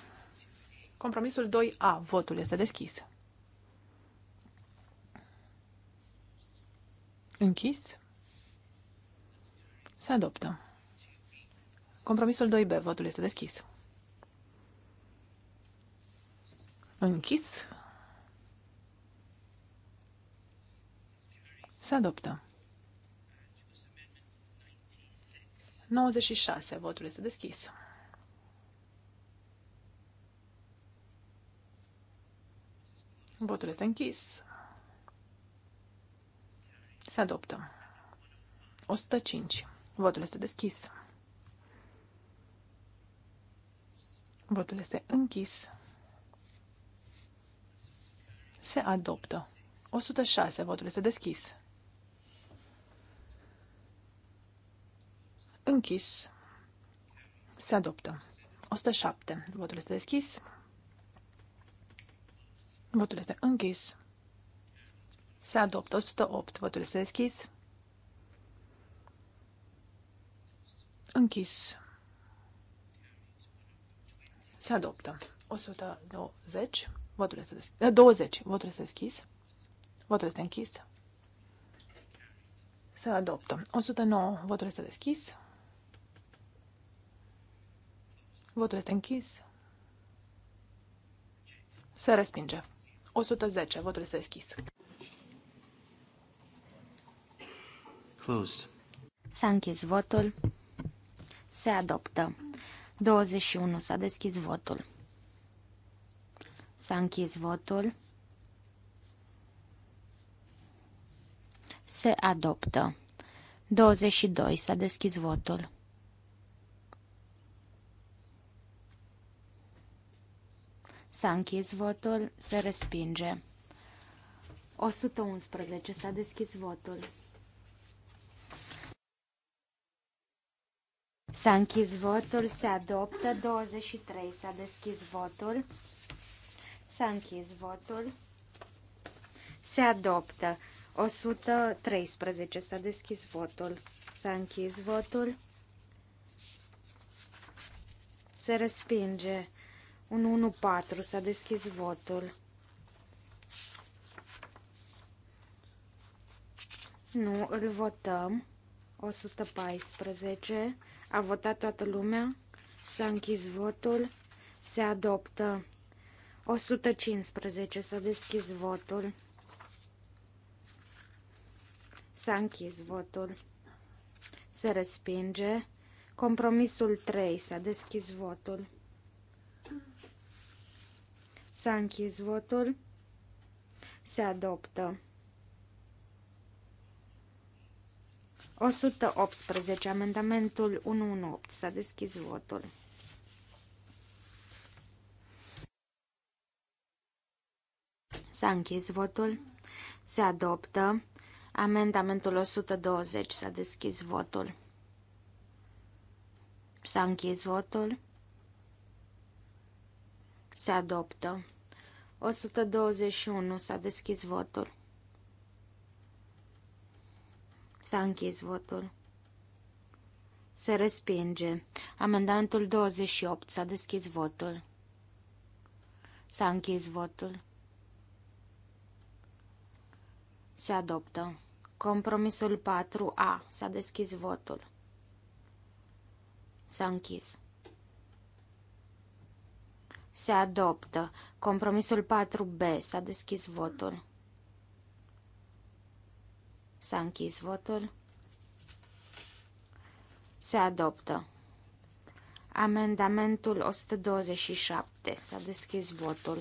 Compromisul 2A. Votul este deschis. Închis. Se adoptă. Compromisul 2B, votul este deschis. Închis. Se adoptă. 96. Votul este deschis. Votul este închis. Se adoptă. 105. Votul este deschis. Votul este închis. Se adoptă. 106. Votul este deschis. Închis. Se adoptă. 107. Votul este deschis. Votul este închis. Se adoptă. 108. Votul este deschis. Închis. Se adoptă. 120. Votul este deschis. 20. Eh, votul este deschis. Votul este închis. Se adoptă. 109. Votul este deschis. Votul este închis. Se respinge. 110. Votul este deschis. Closed. S-a închis votul. Se adoptă. 21. S-a deschis votul. S-a închis votul. Se adoptă. 22. S-a deschis votul. S-a închis votul. Se respinge. 111. S-a deschis votul. S-a închis votul, se adoptă. 23. S-a deschis votul. S-a închis votul. Se adoptă. 113. S-a deschis votul. S-a închis votul. Se respinge. 114. S-a deschis votul. Nu, îl votăm. 114. A votat toată lumea. S-a închis votul. Se adoptă. 115. S-a deschis votul. S-a închis votul. Se respinge. Compromisul 3. S-a deschis votul. S-a închis votul. Se adoptă. 118. Amendamentul 118. S-a deschis votul. S-a închis votul. Se adoptă. Amendamentul 120. S-a deschis votul. S-a închis votul. Se adoptă. 121. S-a deschis votul. S-a închis votul. Se respinge. Amendamentul 28. S-a deschis votul. S-a închis votul. Se adoptă. Compromisul 4A. S-a deschis votul. S-a închis. Se adoptă. Compromisul 4B. S-a deschis votul. S-a închis votul. Se adoptă. Amendamentul 127. S-a deschis votul.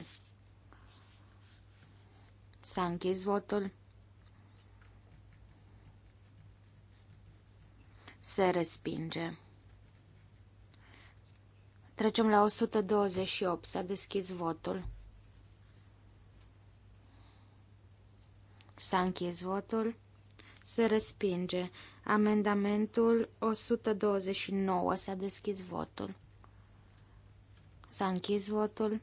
S-a închis votul. Se respinge. Trecem la 128. S-a deschis votul. S-a închis votul. Se respinge. Amendamentul 129. S-a deschis votul. S-a închis votul.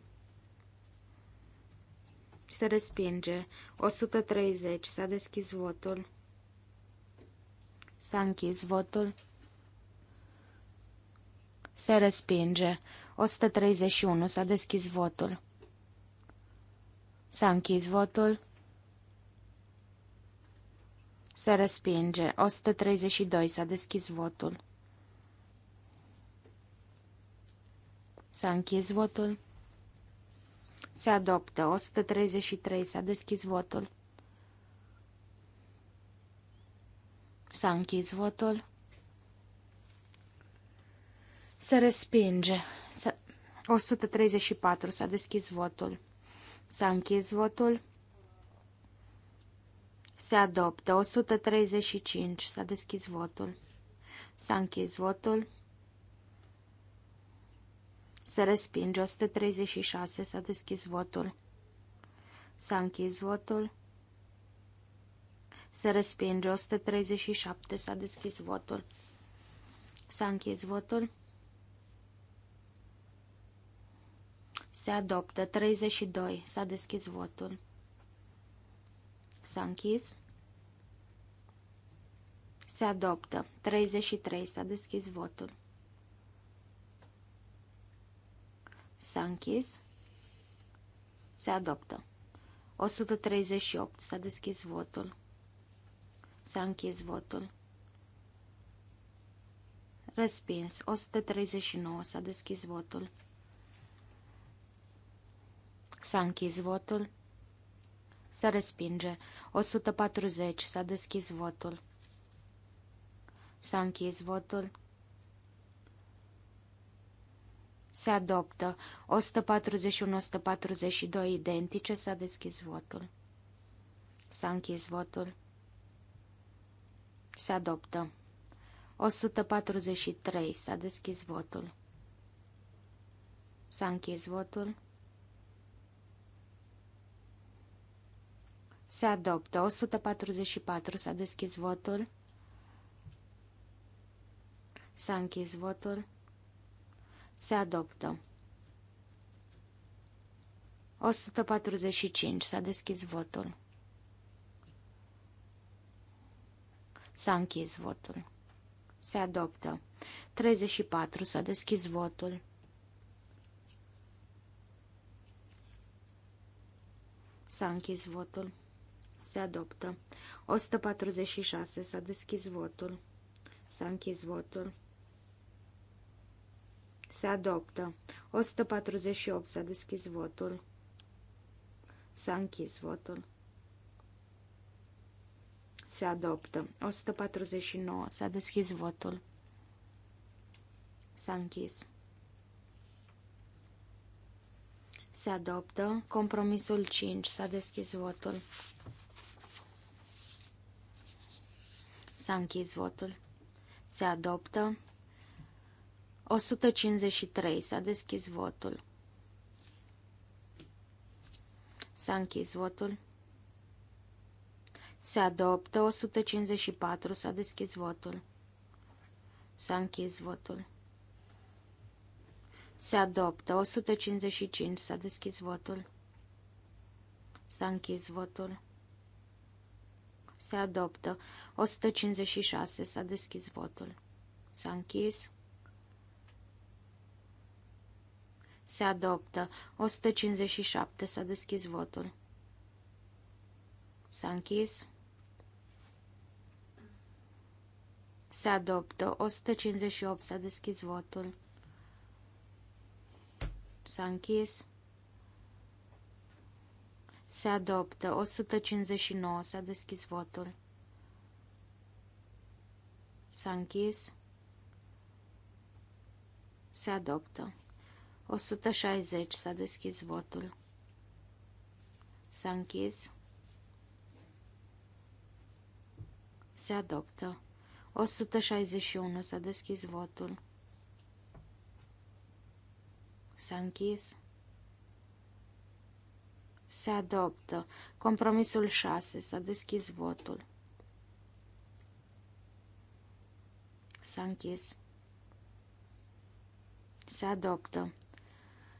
Se respinge. 130. S-a deschis votul. S-a închis votul. Se respinge. 131. S-a deschis votul. S-a închis votul. Se respinge. 132. S-a deschis votul. S-a închis votul. Se adoptă. 133. S-a deschis votul. S-a închis votul. Se respinge. 134. S-a deschis votul. S-a închis votul. Se adoptă. 135. S-a deschis votul. S-a închis votul. Se respinge. 136. S-a deschis votul. S-a închis votul. Se respinge. 137. S-a deschis votul. S-a închis votul. Se adoptă. 32. S-a deschis votul. S-a închis. Se adoptă. 33. S-a deschis votul. S-a închis. Se adoptă. 138. S-a deschis votul. S-a închis votul. Respins. 139. S-a deschis votul. S-a închis votul. Se respinge. 140. S-a deschis votul. S-a închis votul. Se adoptă. 141-142 identice. S-a deschis votul. S-a închis votul. Se adoptă. 143. S-a deschis votul. S-a închis votul. Se adoptă. 144. S-a deschis votul. S-a închis votul. Se adoptă. 145. S-a deschis votul. S-a închis votul. Se adoptă. 34. S-a deschis votul. S-a închis votul. Se adoptă. 146. S-a deschis votul. S-a închis votul. Se adoptă. 148. S-a deschis votul. S-a închis votul. Se adoptă. 149. S-a deschis votul. S-a închis. Se adoptă. Compromisul 5. S-a deschis votul. S-a închis votul. Se adoptă. 153. S-a deschis votul. S-a închis votul. Se adoptă. 154. S-a deschis votul. S-a închis votul. Se adoptă. 155. S-a deschis votul. S-a închis votul se adoptă. 156. S-a deschis votul. S-a închis. Se adoptă. 157. S-a deschis votul. S-a închis. Se adoptă. 158. S-a deschis votul. S-a închis. Se adoptă. 159. S-a deschis votul. S-a închis. Se adoptă. 160. S-a deschis votul. S-a închis. Se adoptă. 161. S-a deschis votul. S-a închis. Se adoptă. Compromisul 6. S-a deschis votul. S-a închis. Se adoptă.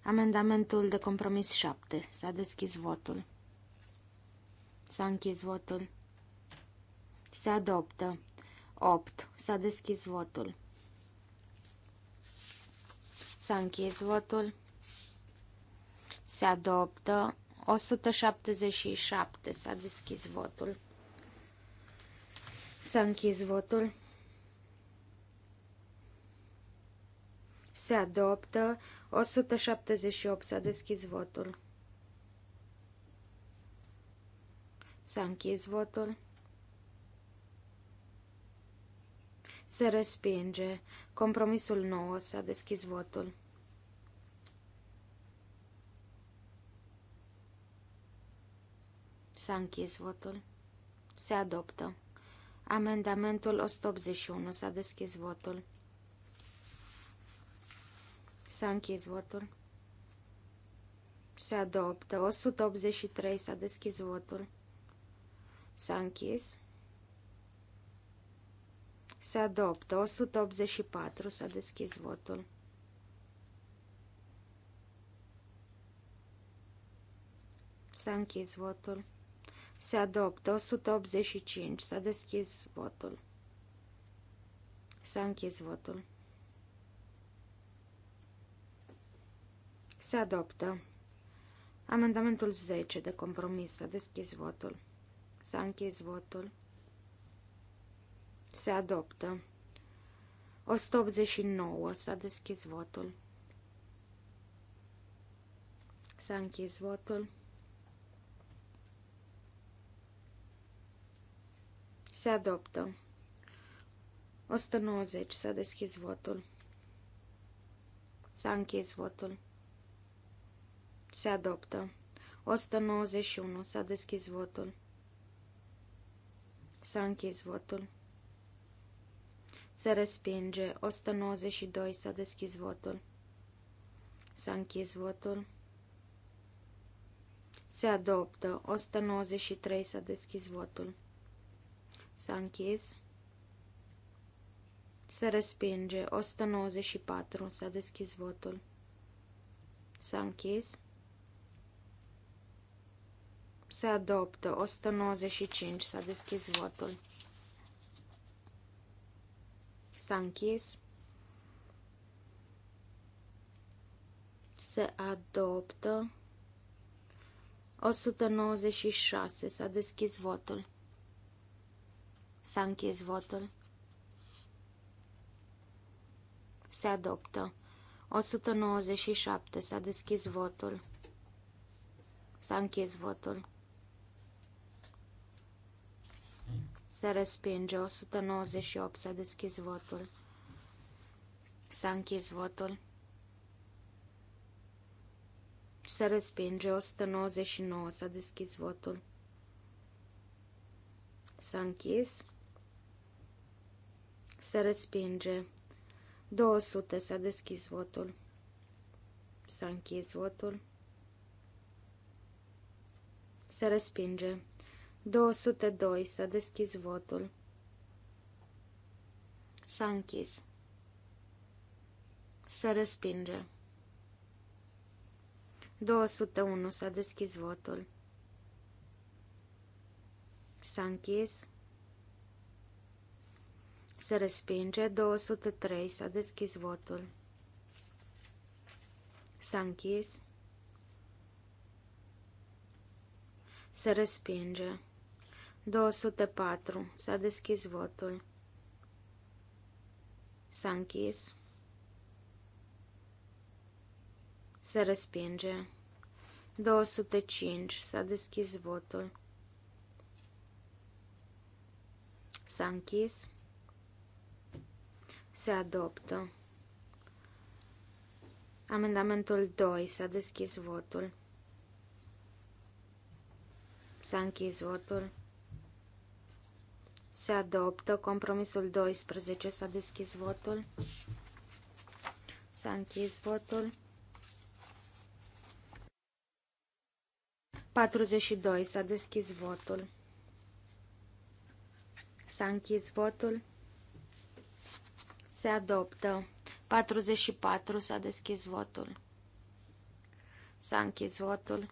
Amendamentul de compromis 7. S-a deschis votul. S-a închis votul. Se adoptă. 8. S-a deschis votul. S-a închis votul. Se adoptă. 177. S-a deschis votul. S-a închis votul. Se adoptă. 178. S-a deschis votul. S-a închis votul. Se respinge. Compromisul 9. S-a deschis votul. S-a închis votul. Se adoptă. Amendamentul 181. S-a deschis votul. S-a închis votul. Se adoptă. 183. S-a deschis votul. S-a închis. Se adoptă. 184. S-a deschis votul. S-a închis votul. Se adoptă 185. S-a deschis votul. S-a închis votul. Se adoptă. Amendamentul 10 de compromis. S-a deschis votul. S-a închis votul. Se adoptă. 189. S-a deschis votul. S-a închis votul. Se adoptă. 190. S-a deschis votul. S-a închis votul. Se adoptă. 191. S-a deschis votul. S-a închis votul. Se respinge. 192. S-a deschis votul. S-a închis votul. Se adoptă. 193. S-a deschis votul. S-a închis. Se respinge. 194. S-a deschis votul. S-a închis. Se adoptă. 195. S-a deschis votul. S-a închis. Se adoptă. 196. S-a deschis votul. S-a închis votul. Se adoptă. 197. S-a deschis votul. S-a închis votul. Se respinge. 198. S-a deschis votul. S-a închis votul. Se respinge. 199. S-a deschis votul. S-a închis. Se respinge. 200. S-a deschis votul. S-a închis votul. Se respinge. 202. S-a deschis votul. S-a închis. Se respinge. 201. S-a deschis votul. S-a închis. Se respinge. 203. S-a deschis votul. S-a închis. Se respinge. 204. S-a deschis votul. S-a închis. Se respinge. 205. S-a deschis votul. S-a închis. Se adoptă. Amendamentul 2. S-a deschis votul. S-a închis votul. Se adoptă. Compromisul 12. S-a deschis votul. S-a închis votul. 42. S-a deschis votul. S-a închis votul. Se adoptă. 44. S-a deschis votul. S-a închis votul.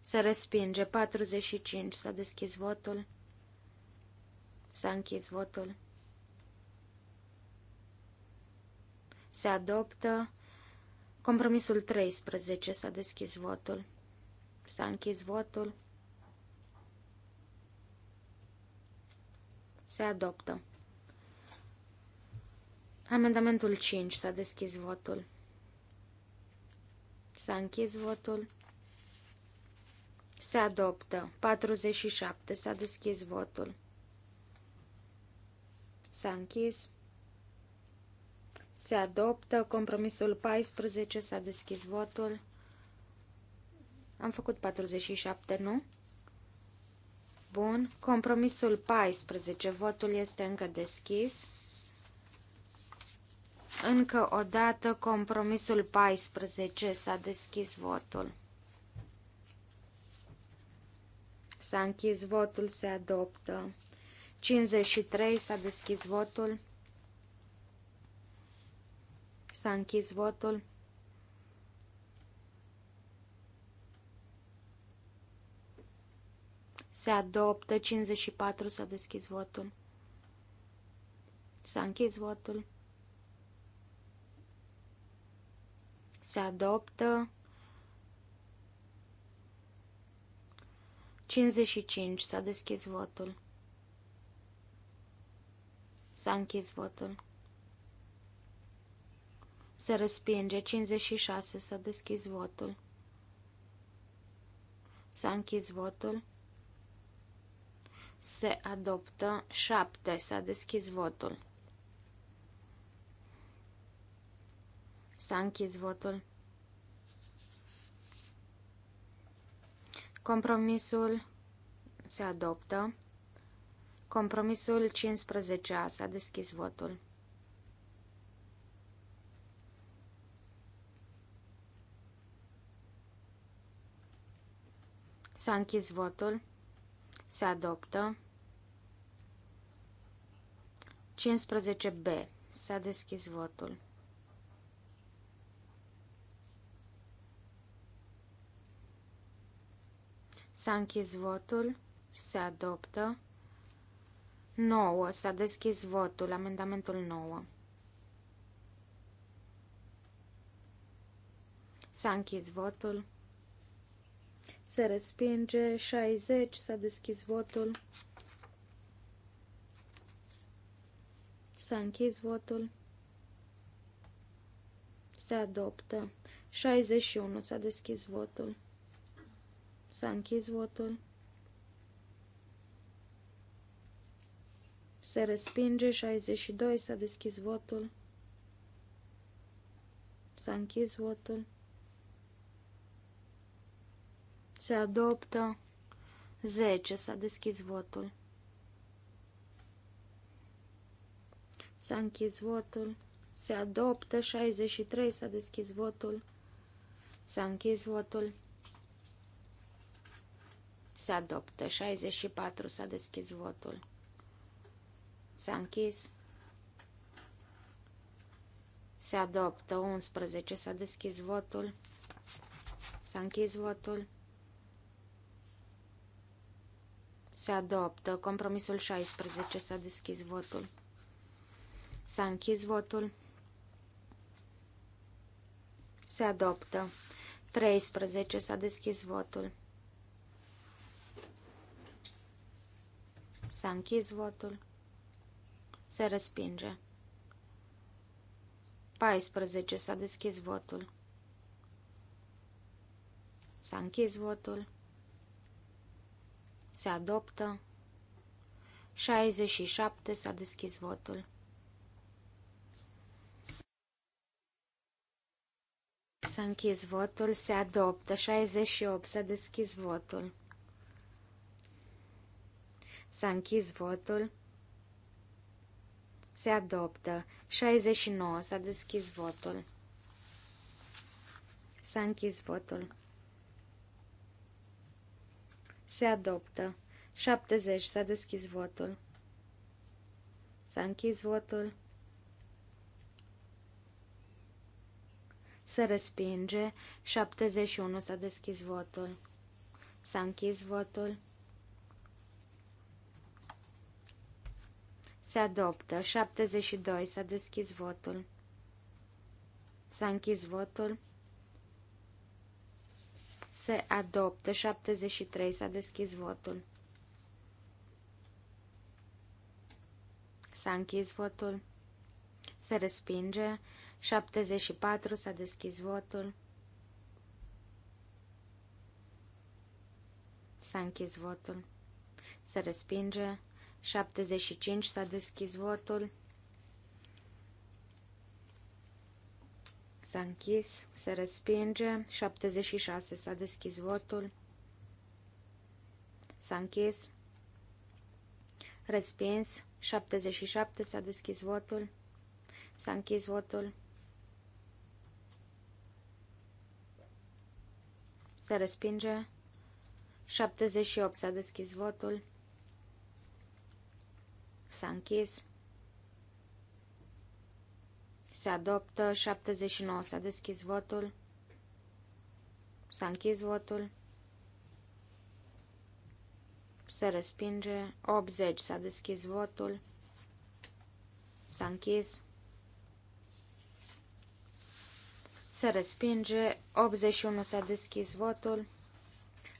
Se respinge. 45. S-a deschis votul. S-a închis votul. Se adoptă. Compromisul 13. S-a deschis votul. S-a închis votul. Se adoptă. Amendamentul 5. S-a deschis votul. S-a închis votul. Se adoptă. 47. S-a deschis votul. S-a închis. Se adoptă. Compromisul 14. S-a deschis votul. Am făcut 47, nu? Bun. Compromisul 14. Votul este încă deschis. Încă o dată, compromisul 14 s-a deschis votul. S-a închis votul, se adoptă. 53 s-a deschis votul. S-a închis votul. Se adoptă. 54 s-a deschis votul. S-a închis votul. se adoptă. 55. S-a deschis votul. S-a închis votul. Se respinge. 56. S-a deschis votul. S-a închis votul. Se adoptă. 7. S-a deschis votul. S-a închis votul. Compromisul se adoptă. Compromisul 15A s-a deschis votul. S-a închis votul. Se adoptă. 15B. S-a deschis votul. S-a închis votul. Se adoptă. 9. S-a deschis votul. Amendamentul 9. S-a închis votul. Se respinge. 60. S-a deschis votul. S-a închis votul. Se adoptă. 61. S-a deschis votul. S-a închis votul. Se respinge 62, s-a deschis votul. S-a închis votul. Se adoptă 10, s-a deschis votul. S-a închis votul. Se adoptă 63, s-a deschis votul. S-a închis votul. Se adoptă. 64. S-a deschis votul. S-a închis. Se adoptă. 11. S-a deschis votul. S-a închis votul. Se adoptă. Compromisul 16. S-a deschis votul. S-a închis votul. Se adoptă. 13. S-a deschis votul. S-a închis votul. Se respinge. 14. S-a deschis votul. S-a închis votul. Se adoptă. 67. S-a deschis votul. S-a închis votul. Se adoptă. 68. S-a deschis votul. S-a închis votul. Se adoptă. 69. S-a deschis votul. S-a închis votul. Se adoptă. 70. S-a deschis votul. S-a închis votul. Se respinge. 71. S-a deschis votul. S-a închis votul. Se adoptă. 72. S-a deschis votul. S-a închis votul. Se adoptă. 73. S-a deschis votul. S-a închis votul. Se respinge. 74. S-a deschis votul. S-a închis votul. Se respinge. 75 s-a deschis votul. S-a închis, se respinge. 76 s-a deschis votul. S-a închis. Respins. 77 s-a deschis votul. S-a închis votul. Se respinge. 78 s-a deschis votul. S-a închis. Se adoptă 79. S-a deschis votul. S-a închis votul. Se respinge. 80. S-a deschis votul. S-a închis. Se respinge. 81. S-a deschis votul.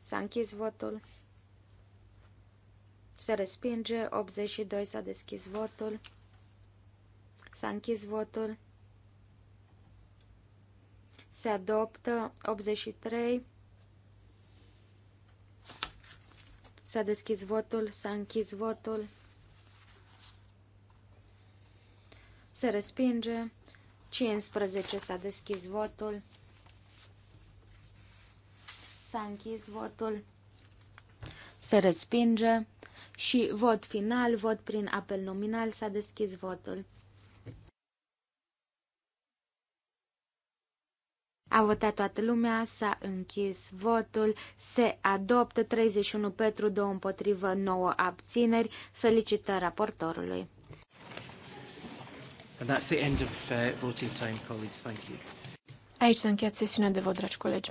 S-a închis votul. Se respinge. 82 s-a deschis votul. S-a închis votul. Se adoptă. 83. S-a deschis votul. S-a închis votul. Se respinge. 15 s-a deschis votul. S-a închis votul. Se respinge. Și vot final, vot prin apel nominal, s-a deschis votul. A votat toată lumea, s-a închis votul, se adoptă 31 pentru, 2 împotrivă, 9 abțineri. Felicitări raportorului. And that's the end of uh, voting time, colleagues. Thank you. Aici se încheiat sesiunea de vot, dragi colegi.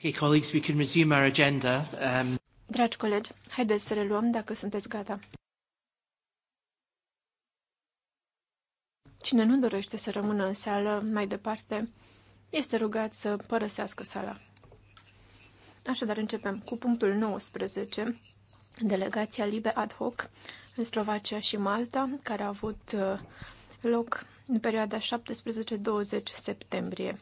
Okay, colleagues, we can resume our agenda. Um... Dragi colegi, haideți să reluăm dacă sunteți gata. Cine nu dorește să rămână în sală mai departe, este rugat să părăsească sala. Așadar, începem cu punctul 19, delegația Libe ad hoc în Slovacia și Malta, care a avut uh, loc în perioada 17-20 septembrie.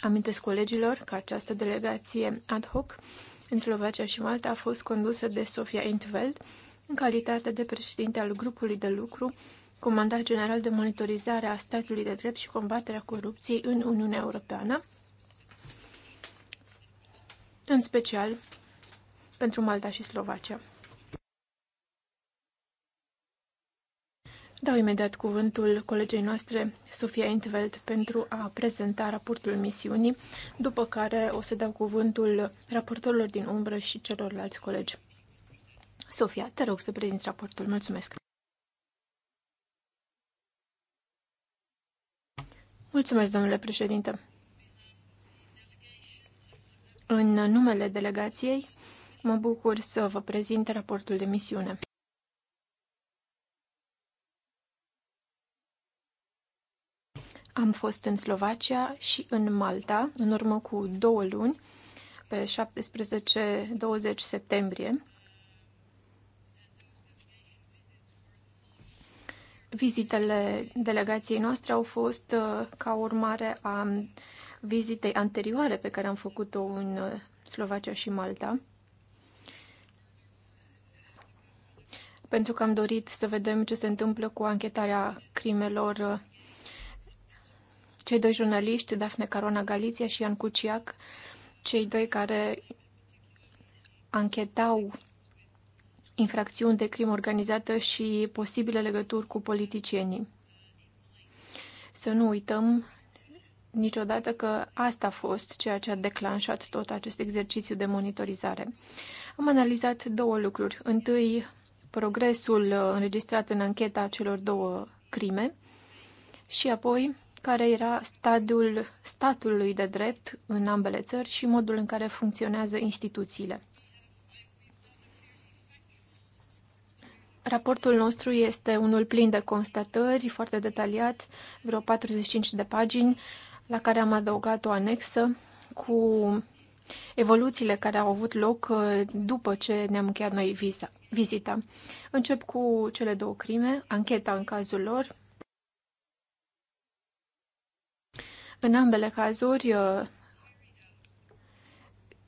Amintesc colegilor că această delegație ad hoc în Slovacia și Malta a fost condusă de Sofia Intveld în calitate de președinte al grupului de lucru Comandat General de Monitorizare a Statului de Drept și Combaterea Corupției în Uniunea Europeană, în special pentru Malta și Slovacia. Dau imediat cuvântul colegei noastre, Sofia Intveld, pentru a prezenta raportul misiunii, după care o să dau cuvântul raportorilor din umbră și celorlalți colegi. Sofia, te rog să prezinți raportul. Mulțumesc! Mulțumesc, domnule președinte! În numele delegației, mă bucur să vă prezint raportul de misiune. Am fost în Slovacia și în Malta în urmă cu două luni, pe 17-20 septembrie. Vizitele delegației noastre au fost uh, ca urmare a vizitei anterioare pe care am făcut-o în uh, Slovacia și Malta. pentru că am dorit să vedem ce se întâmplă cu anchetarea crimelor uh, cei doi jurnaliști, Dafne Carona Galiția și Ian Cuciac, cei doi care anchetau infracțiuni de crimă organizată și posibile legături cu politicienii. Să nu uităm niciodată că asta a fost ceea ce a declanșat tot acest exercițiu de monitorizare. Am analizat două lucruri. Întâi, progresul înregistrat în ancheta celor două crime și apoi care era stadiul statului de drept în ambele țări și modul în care funcționează instituțiile. Raportul nostru este unul plin de constatări, foarte detaliat, vreo 45 de pagini, la care am adăugat o anexă cu evoluțiile care au avut loc uh, după ce ne-am încheiat noi visa, vizita. Încep cu cele două crime, ancheta în cazul lor, În ambele cazuri, uh,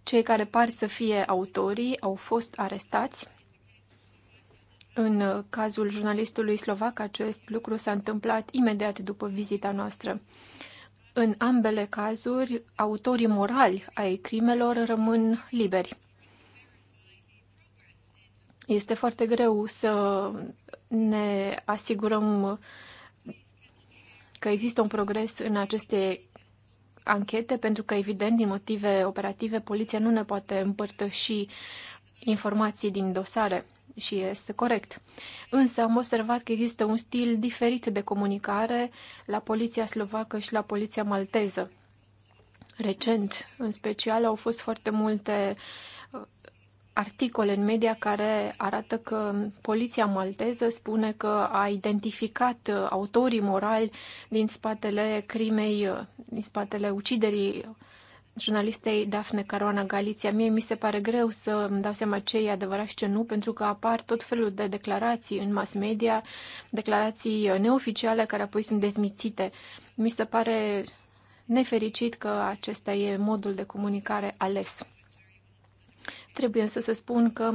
cei care par să fie autorii au fost arestați. În cazul jurnalistului slovac, acest lucru s-a întâmplat imediat după vizita noastră. În ambele cazuri, autorii morali ai crimelor rămân liberi. Este foarte greu să ne asigurăm că există un progres în aceste anchete, pentru că, evident, din motive operative, poliția nu ne poate împărtăși informații din dosare și este corect. Însă am observat că există un stil diferit de comunicare la poliția slovacă și la poliția malteză. Recent, în special, au fost foarte multe articole în media care arată că poliția malteză spune că a identificat autorii morali din spatele crimei, din spatele uciderii jurnalistei Dafne Caruana Galiția. Mie mi se pare greu să îmi dau seama ce e adevărat și ce nu, pentru că apar tot felul de declarații în mass media, declarații neoficiale care apoi sunt dezmițite. Mi se pare nefericit că acesta e modul de comunicare ales. Trebuie să se spun că,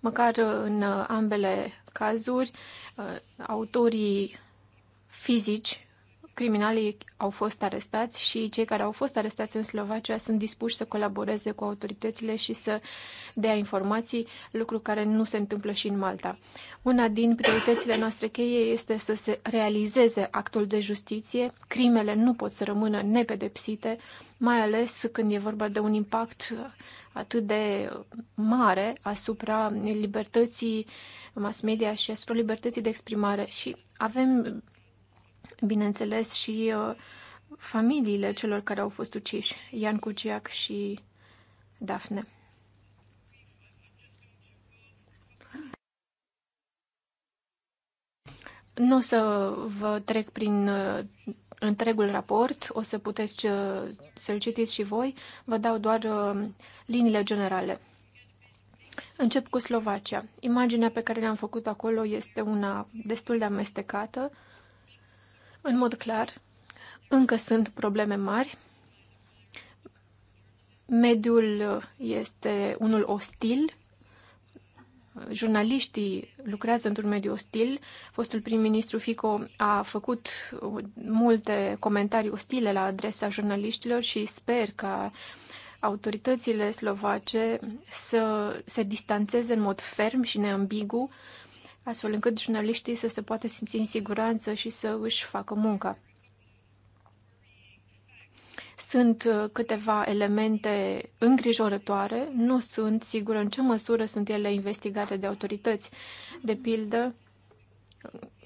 măcar în ambele cazuri, uh, autorii fizici criminalii au fost arestați și cei care au fost arestați în Slovacia sunt dispuși să colaboreze cu autoritățile și să dea informații, lucru care nu se întâmplă și în Malta. Una din prioritățile noastre cheie este să se realizeze actul de justiție. Crimele nu pot să rămână nepedepsite, mai ales când e vorba de un impact atât de mare asupra libertății mass media și asupra libertății de exprimare și avem bineînțeles, și uh, familiile celor care au fost uciși, Ian Cuciac și Dafne. Nu o să vă trec prin uh, întregul raport, o să puteți uh, să-l citiți și voi, vă dau doar liniile generale. Încep cu Slovacia. Imaginea pe care le-am făcut acolo este una destul de amestecată. În mod clar, încă sunt probleme mari. Mediul este unul ostil. Jurnaliștii lucrează într-un mediu ostil. Fostul prim-ministru Fico a făcut multe comentarii ostile la adresa jurnaliștilor și sper că autoritățile slovace să se distanțeze în mod ferm și neambigu astfel încât jurnaliștii să se poată simți în siguranță și să își facă munca. Sunt uh, câteva elemente îngrijorătoare, nu sunt sigură în ce măsură sunt ele investigate de autorități. De pildă,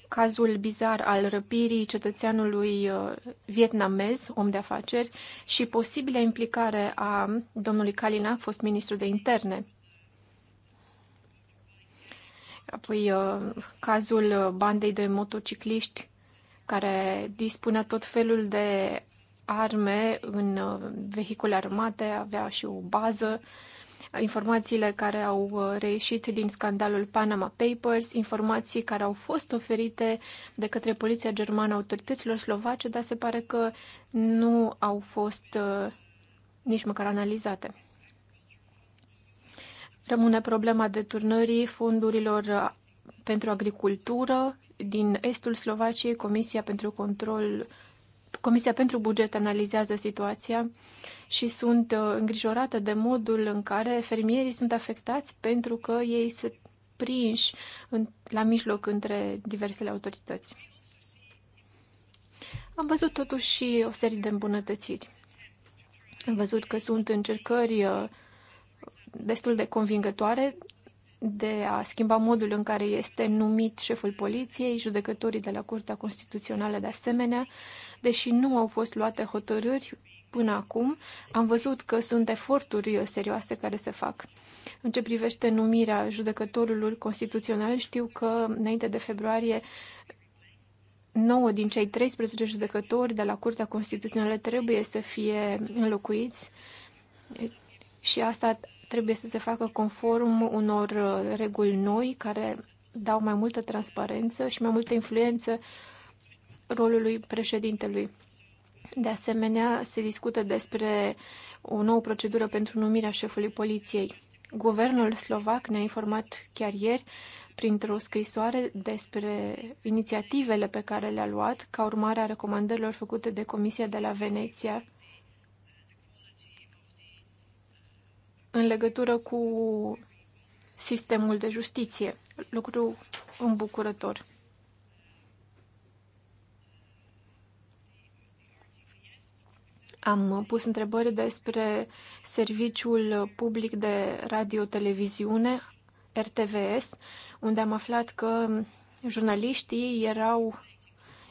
cazul bizar al răpirii cetățeanului uh, vietnamez, om de afaceri, și posibilă implicare a domnului Kalinac, fost ministru de interne. Apoi uh, cazul uh, bandei de motocicliști care dispunea tot felul de arme în uh, vehicule armate, avea și o bază. Informațiile care au reieșit din scandalul Panama Papers, informații care au fost oferite de către poliția germană autorităților slovace, dar se pare că nu au fost nici măcar analizate. Rămâne problema deturnării fondurilor uh, pentru agricultură. Din estul Slovaciei, Comisia pentru Control Comisia pentru Buget analizează situația și sunt uh, îngrijorată de modul în care fermierii sunt afectați pentru că ei se prinși în, la mijloc între diversele autorități. Am văzut totuși o serie de îmbunătățiri. Am văzut că sunt încercări uh, destul de convingătoare de a schimba modul în care este numit șeful poliției, judecătorii de la Curtea Constituțională de asemenea, deși nu au fost luate hotărâri până acum, am văzut că sunt eforturi serioase care se fac. În ce privește numirea judecătorului constituțional, știu că înainte de februarie 9 din cei 13 judecători de la Curtea Constituțională trebuie să fie înlocuiți și asta trebuie să se facă conform unor uh, reguli noi care dau mai multă transparență și mai multă influență rolului președintelui. De asemenea, se discută despre o nouă procedură pentru numirea șefului poliției. Guvernul slovac ne-a informat chiar ieri printr-o scrisoare despre inițiativele pe care le-a luat ca urmare a recomandărilor făcute de Comisia de la Veneția în legătură cu sistemul de justiție. Lucru îmbucurător. Am pus întrebări despre serviciul public de radio-televiziune, RTVS, unde am aflat că jurnaliștii erau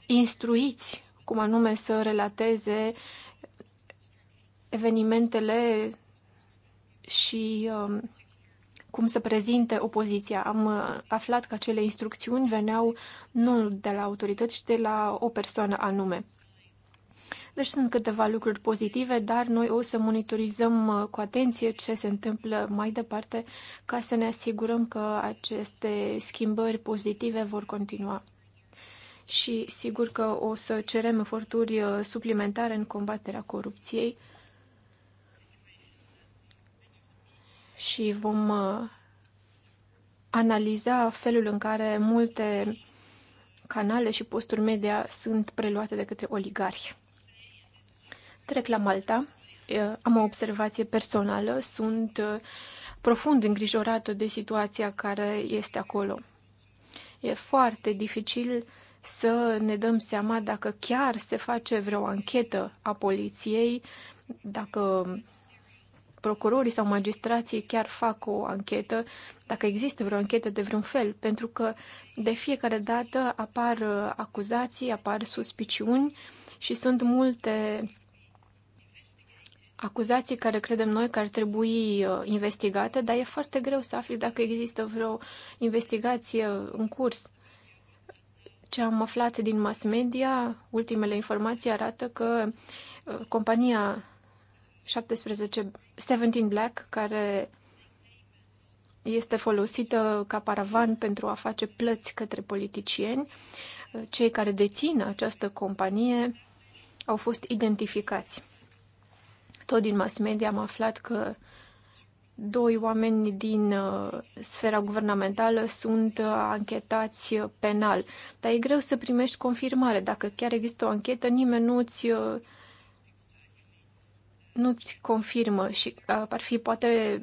instruiți cum anume să relateze evenimentele și um, cum să prezinte opoziția. Am uh, aflat că acele instrucțiuni veneau nu de la autorități, ci de la o persoană anume. Deci sunt câteva lucruri pozitive, dar noi o să monitorizăm uh, cu atenție ce se întâmplă mai departe ca să ne asigurăm că aceste schimbări pozitive vor continua. Și sigur că o să cerem eforturi uh, suplimentare în combaterea corupției și vom uh, analiza felul în care multe canale și posturi media sunt preluate de către oligarhi. Trec la Malta. Uh, am o observație personală. Sunt uh, profund îngrijorată de situația care este acolo. E foarte dificil să ne dăm seama dacă chiar se face vreo anchetă a poliției, dacă procurorii sau magistrații chiar fac o anchetă, dacă există vreo anchetă de vreun fel, pentru că de fiecare dată apar uh, acuzații, apar suspiciuni și sunt multe acuzații care credem noi că ar trebui uh, investigate, dar e foarte greu să afli dacă există vreo investigație în curs. Ce am aflat din mass media, ultimele informații arată că uh, compania 17, 17 Black, care este folosită ca paravan pentru a face plăți către politicieni. Cei care dețin această companie au fost identificați. Tot din mass media am aflat că doi oameni din uh, sfera guvernamentală sunt uh, anchetați uh, penal. Dar e greu să primești confirmare. Dacă chiar există o anchetă, nimeni nu uh, nu-ți confirmă și ar fi poate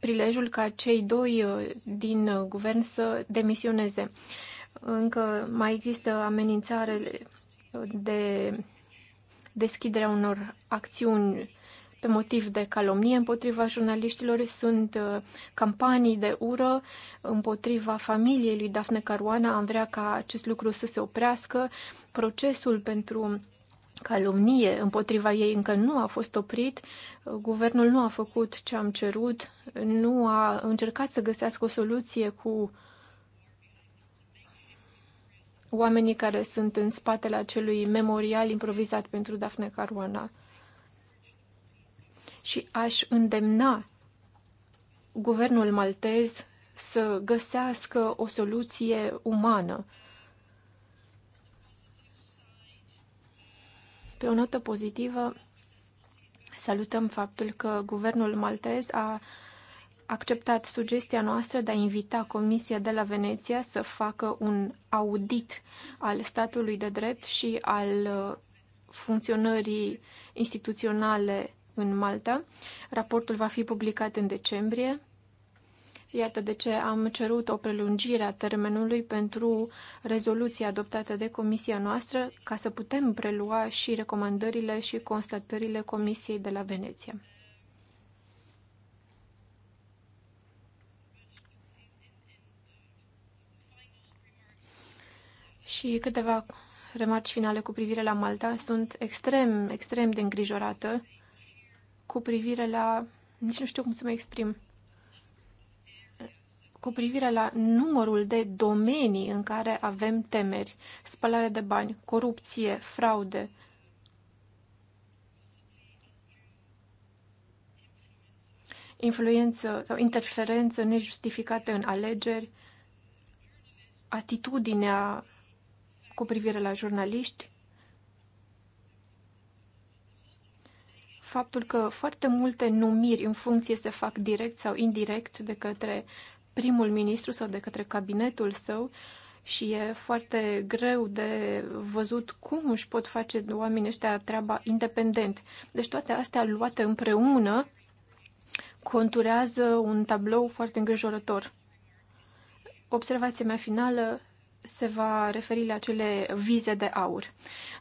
prilejul ca cei doi din guvern să demisioneze. Încă mai există amenințare de deschiderea unor acțiuni pe motiv de calomnie împotriva jurnaliștilor, sunt campanii de ură împotriva familiei lui Dafne Caruana. Am vrea ca acest lucru să se oprească. Procesul pentru calumnie împotriva ei încă nu a fost oprit, guvernul nu a făcut ce am cerut, nu a încercat să găsească o soluție cu oamenii care sunt în spatele acelui memorial improvizat pentru Dafne Caruana. Și aș îndemna guvernul maltez să găsească o soluție umană Pe o notă pozitivă, salutăm faptul că guvernul maltez a acceptat sugestia noastră de a invita Comisia de la Veneția să facă un audit al statului de drept și al uh, funcționării instituționale în Malta. Raportul va fi publicat în decembrie Iată de ce am cerut o prelungire a termenului pentru rezoluția adoptată de comisia noastră ca să putem prelua și recomandările și constatările comisiei de la Veneția. Și câteva remarci finale cu privire la Malta. Sunt extrem, extrem de îngrijorată cu privire la... Nici nu știu cum să mă exprim cu privire la numărul de domenii în care avem temeri, spălare de bani, corupție, fraude. influență sau interferență nejustificată în alegeri, atitudinea cu privire la jurnaliști, faptul că foarte multe numiri în funcție se fac direct sau indirect de către primul ministru sau de către cabinetul său și e foarte greu de văzut cum își pot face oamenii ăștia treaba independent. Deci toate astea luate împreună conturează un tablou foarte îngrijorător. Observația mea finală se va referi la acele vize de aur,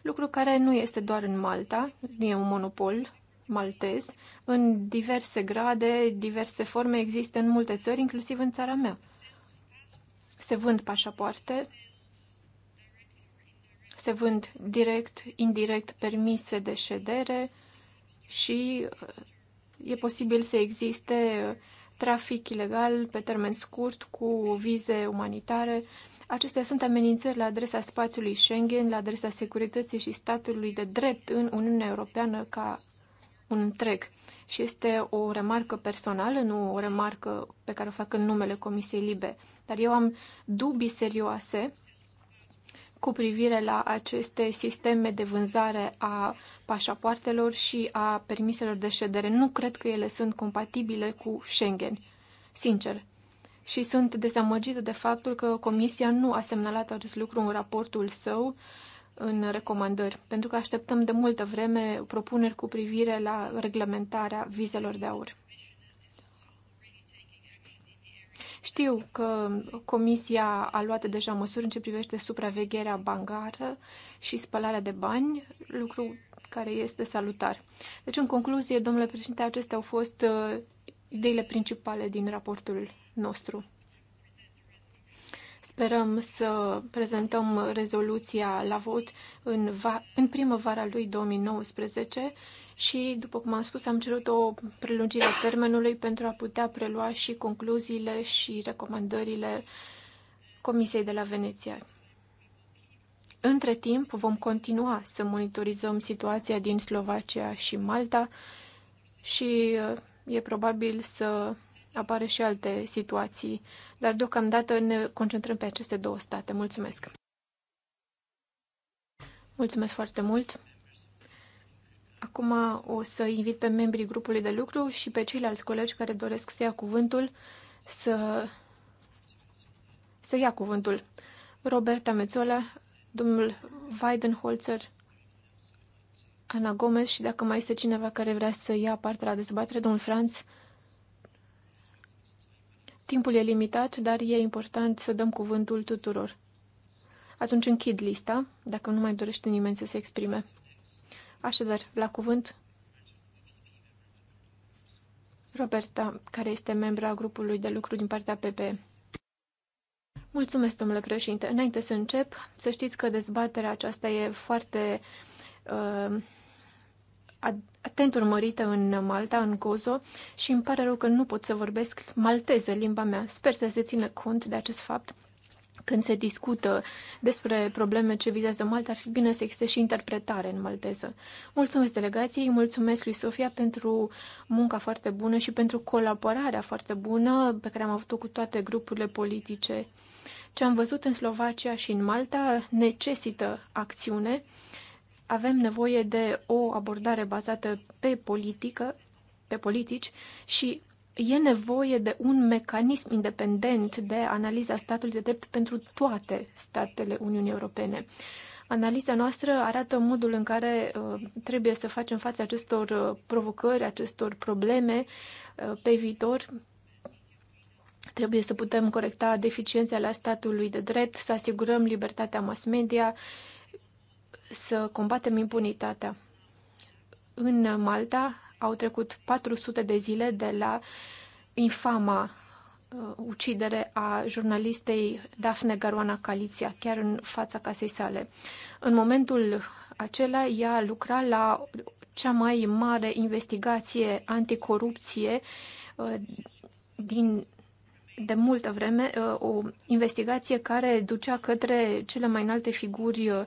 lucru care nu este doar în Malta, nu e un monopol maltez în diverse grade, diverse forme există în multe țări, inclusiv în țara mea. Se vând pașapoarte, se vând direct, indirect permise de ședere și uh, e posibil să existe uh, trafic ilegal pe termen scurt cu vize umanitare. Acestea sunt amenințări la adresa spațiului Schengen, la adresa securității și statului de drept în Uniunea Europeană ca un întreg. Și este o remarcă personală, nu o remarcă pe care o fac în numele Comisiei Libe. Dar eu am dubii serioase cu privire la aceste sisteme de vânzare a pașapoartelor și a permiselor de ședere. Nu cred că ele sunt compatibile cu Schengen, sincer. Și sunt dezamăgită de faptul că Comisia nu a semnalat acest lucru în raportul său uh, în recomandări, pentru că așteptăm de multă vreme propuneri cu privire la reglementarea vizelor de aur. Știu că Comisia a luat deja măsuri în ce privește supravegherea bancară și spălarea de bani, lucru care este salutar. Deci, în concluzie, domnule președinte, acestea au fost uh, ideile principale din raportul nostru. Sperăm să prezentăm rezoluția la vot în, va- în primăvara lui 2019 și, după cum am spus, am cerut o prelungire a termenului pentru a putea prelua și concluziile și recomandările Comisiei de la Veneția. Între timp, vom continua să monitorizăm situația din Slovacia și Malta și e probabil să apare și alte situații, dar deocamdată ne concentrăm pe aceste două state. Mulțumesc! Mulțumesc foarte mult! Acum o să invit pe membrii grupului de lucru și pe ceilalți colegi care doresc să ia cuvântul să, să ia cuvântul. Roberta Mețola, domnul Weidenholzer, Ana Gomez și dacă mai este cineva care vrea să ia parte la dezbatere, domnul Franz, Timpul e limitat, dar e important să dăm cuvântul tuturor. Atunci închid lista, dacă nu mai dorește nimeni să se exprime. Așadar, la cuvânt, Roberta, care este membra grupului de lucru din partea PP. Mulțumesc, domnule președinte. Înainte să încep, să știți că dezbaterea aceasta e foarte uh, atent urmărită în Malta, în Gozo, și îmi pare rău că nu pot să vorbesc malteză, limba mea. Sper să se țină cont de acest fapt. Când se discută despre probleme ce vizează Malta, ar fi bine să existe și interpretare în malteză. Mulțumesc delegației, mulțumesc lui Sofia pentru munca foarte bună și pentru colaborarea foarte bună pe care am avut-o cu toate grupurile politice. Ce am văzut în Slovacia și în Malta necesită acțiune avem nevoie de o abordare bazată pe politică, pe politici și e nevoie de un mecanism independent de analiza statului de drept pentru toate statele Uniunii Europene. Analiza noastră arată modul în care uh, trebuie să facem față acestor uh, provocări, acestor probleme uh, pe viitor. Trebuie să putem corecta deficiențele statului de drept, să asigurăm libertatea mass media să combatem impunitatea. În Malta au trecut 400 de zile de la infama uh, ucidere a jurnalistei Dafne Garoana Caliția, chiar în fața casei sale. În momentul acela, ea lucra la cea mai mare investigație anticorupție uh, din de multă vreme, uh, o investigație care ducea către cele mai înalte figuri uh,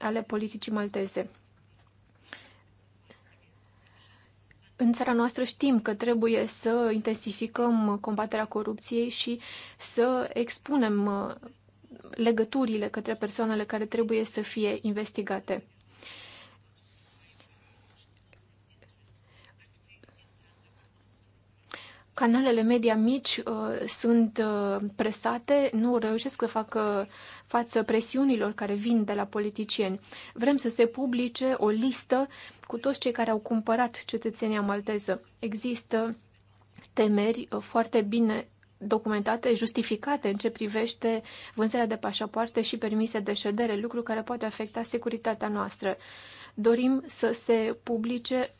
ale politicii malteze. În țara noastră știm că trebuie să intensificăm combaterea corupției și să expunem uh, legăturile către persoanele care trebuie să fie investigate. canalele media mici uh, sunt uh, presate, nu reușesc să facă față presiunilor care vin de la politicieni. Vrem să se publice o listă cu toți cei care au cumpărat cetățenia malteză. Există temeri uh, foarte bine documentate, justificate în ce privește vânzarea de pașapoarte și permise de ședere, lucru care poate afecta securitatea noastră. Dorim să se publice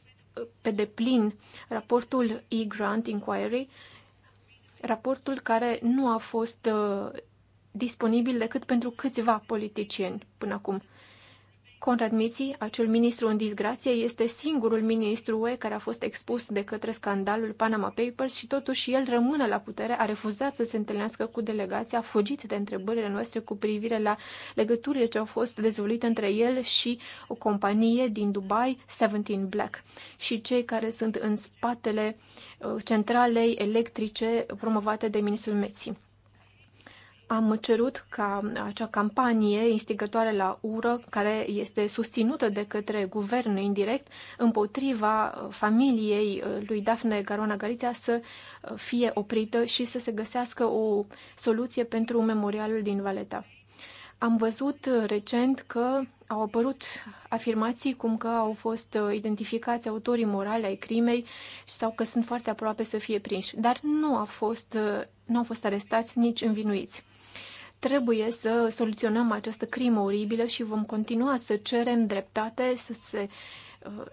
pe deplin raportul e-grant inquiry, raportul care nu a fost uh, disponibil decât pentru câțiva politicieni până acum. Conrad Miții, acel ministru în disgrație, este singurul ministru UE care a fost expus de către scandalul Panama Papers și totuși el rămâne la putere, a refuzat să se întâlnească cu delegația, a fugit de întrebările noastre cu privire la legăturile ce au fost dezvoluite între el și o companie din Dubai, Seventeen Black, și cei care sunt în spatele uh, centralei electrice promovate de ministrul Meții. Am cerut ca acea campanie instigătoare la ură, care este susținută de către guvern indirect, împotriva uh, familiei uh, lui Dafne Garoana Garițea, să uh, fie oprită și să se găsească o soluție pentru memorialul din Valeta. Am văzut recent că au apărut afirmații cum că au fost identificați autorii morali ai crimei sau că sunt foarte aproape să fie prinși, dar nu, a fost, nu au fost arestați nici învinuiți. Trebuie să soluționăm această crimă oribilă și vom continua să cerem dreptate, să se uh,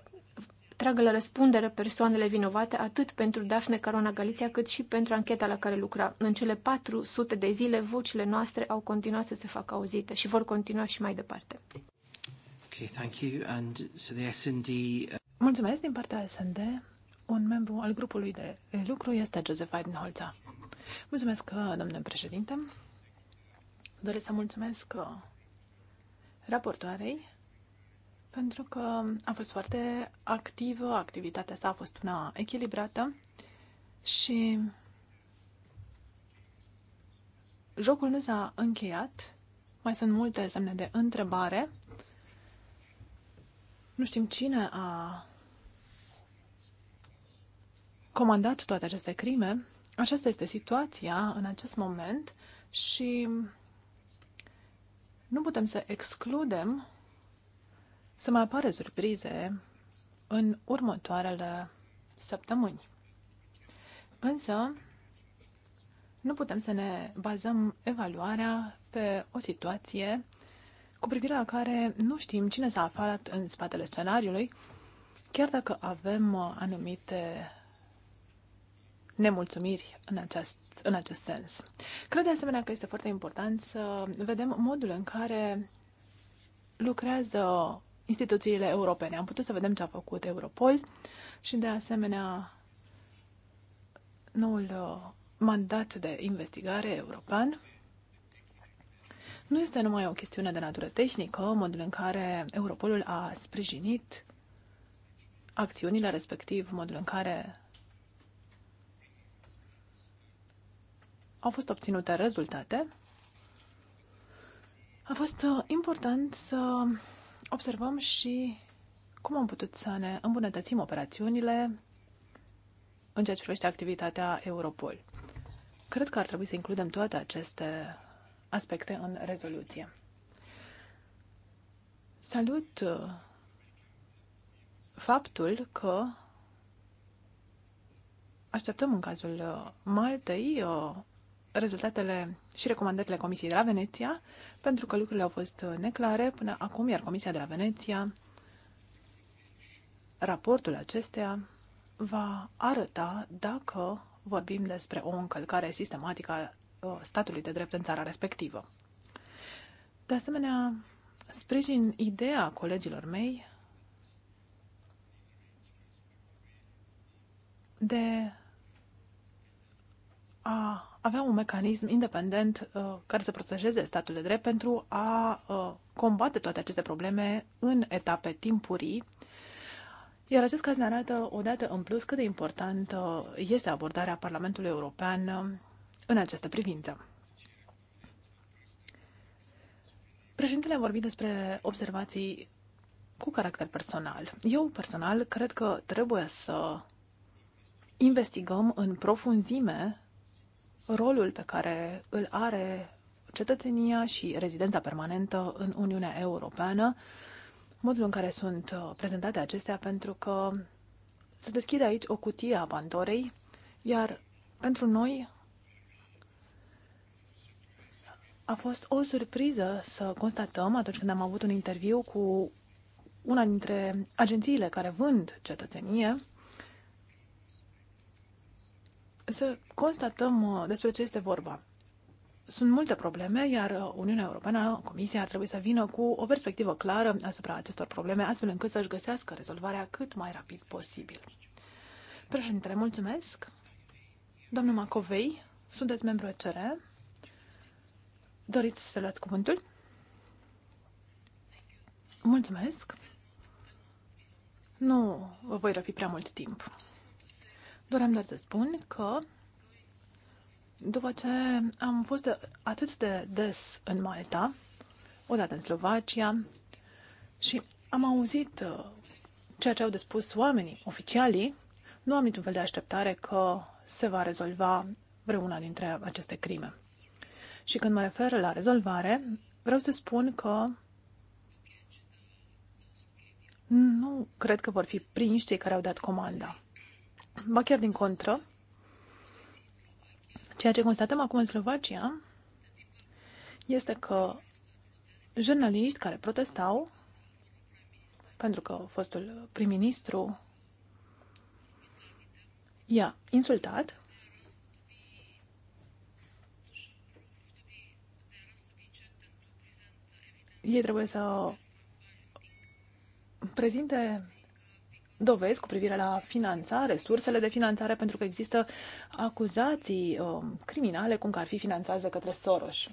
tragă la răspundere persoanele vinovate atât pentru Dafne Carona Galiția cât și pentru ancheta la care lucra. În cele 400 de zile, vocile noastre au continuat să se facă auzite și vor continua și mai departe. Okay, thank you. And so the uh... Mulțumesc din partea SND. Un membru al grupului de lucru este Joseph Weidenholzer. Mulțumesc, uh, domnule președinte. Doresc să mulțumesc uh, raportoarei pentru că a fost foarte activă, activitatea sa a fost una echilibrată și jocul nu s-a încheiat. Mai sunt multe semne de întrebare. Nu știm cine a comandat toate aceste crime. Aceasta este situația în acest moment și nu putem să excludem să mai apară surprize în următoarele săptămâni. Însă, nu putem să ne bazăm evaluarea pe o situație cu privire la care nu știm cine s-a aflat în spatele scenariului, chiar dacă avem anumite nemulțumiri în acest, în acest sens. Cred de asemenea că este foarte important să vedem modul în care lucrează instituțiile europene. Am putut să vedem ce a făcut Europol și de asemenea noul uh, mandat de investigare european. Nu este numai o chestiune de natură tehnică, modul în care Europolul a sprijinit acțiunile, respectiv modul în care au fost obținute rezultate, a fost uh, important să observăm și cum am putut să ne îmbunătățim operațiunile în ceea ce privește activitatea Europol. Cred că ar trebui să includem toate aceste aspecte în rezoluție. Salut uh, faptul că așteptăm în cazul uh, Maltei rezultatele și recomandările Comisiei de la Veneția, pentru că lucrurile au fost uh, neclare până acum, iar Comisia de la Veneția, raportul acesteia, va arăta dacă vorbim despre o încălcare sistematică a uh, statului de drept în țara respectivă. De asemenea, sprijin ideea colegilor mei de a avea un mecanism independent uh, care să protejeze statul de drept pentru a uh, combate toate aceste probleme în etape timpurii. Iar acest caz ne arată odată în plus cât de importantă uh, este abordarea Parlamentului European uh, în această privință. Președintele a vorbit despre observații cu caracter personal. Eu personal cred că trebuie să investigăm în profunzime rolul pe care îl are cetățenia și rezidența permanentă în Uniunea Europeană, modul în care sunt uh, prezentate acestea, pentru că se deschide aici o cutie a Pandorei, iar pentru noi a fost o surpriză să constatăm atunci când am avut un interviu cu una dintre agențiile care vând cetățenie, să constatăm uh, despre ce este vorba. Sunt multe probleme, iar uh, Uniunea Europeană, Comisia, ar trebui să vină cu o perspectivă clară asupra acestor probleme, astfel încât să-și găsească rezolvarea cât mai rapid posibil. Președintele, mulțumesc! domnul Macovei, sunteți membru ECR. Doriți să luați cuvântul? Mulțumesc! Nu vă voi răpi prea mult timp. Doream doar să spun că după ce am fost atât de des în Malta, odată în Slovacia, și am auzit uh, ceea ce au de spus oamenii, oficialii, nu am niciun fel de așteptare că se va rezolva vreuna dintre aceste crime. Și când mă refer la rezolvare, vreau să spun că nu cred că vor fi prinși cei care au dat comanda. Ba chiar din contră, ceea ce constatăm acum în Slovacia este că jurnaliști care protestau pentru că fostul prim-ministru i-a insultat ei trebuie să prezinte dovezi cu privire la finanțare, sursele de finanțare, pentru că există acuzații uh, criminale cum că ar fi finanțați de către Soros.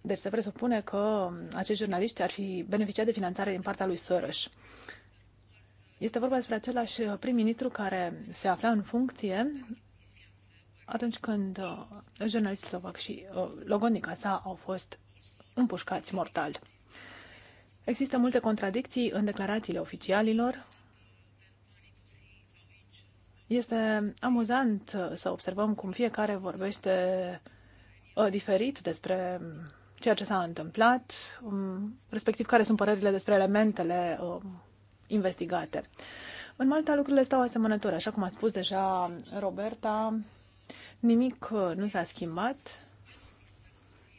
Deci se presupune că um, acești jurnaliști ar fi beneficiat de finanțare din partea lui Soros. Este vorba despre același prim-ministru care se afla în funcție atunci când uh, jurnalistul slovac și uh, logonica sa au fost împușcați mortal. Există multe contradicții în declarațiile oficialilor. Este amuzant să observăm cum fiecare vorbește uh, diferit despre ceea ce s-a întâmplat, um, respectiv care sunt părerile despre elementele um, investigate. În Malta lucrurile stau asemănători, așa cum a spus deja Roberta, nimic uh, nu s-a schimbat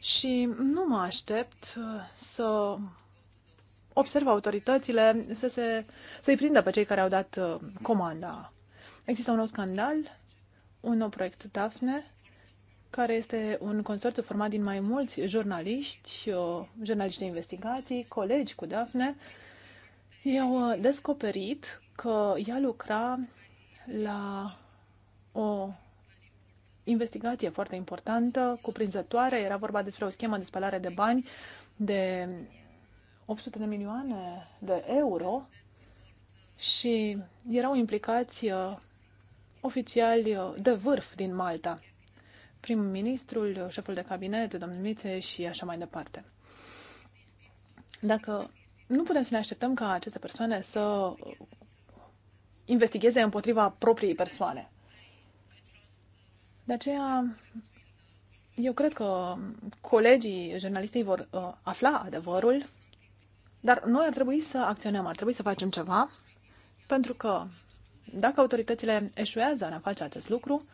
și nu mă aștept uh, să observă autoritățile să se, să-i prindă pe cei care au dat uh, comanda. Există un nou scandal, un nou proiect DAFNE, care este un consorțiu format din mai mulți jurnaliști, uh, jurnaliști de investigații, colegi cu DAFNE. Ei au uh, descoperit că ea lucra la o investigație foarte importantă, cuprinzătoare. Era vorba despre o schemă de spălare de bani, de 800 de milioane de euro și erau implicați uh, oficiali uh, de vârf din Malta, prim-ministrul, șeful de cabinet, domnul Mițe și așa mai departe. Dacă nu putem să ne așteptăm ca aceste persoane să investigheze împotriva propriei persoane. De aceea, eu cred că colegii jurnalistei vor uh, afla adevărul dar noi ar trebui să acționăm, ar trebui să facem ceva, pentru că dacă autoritățile eșuează în a face acest lucru,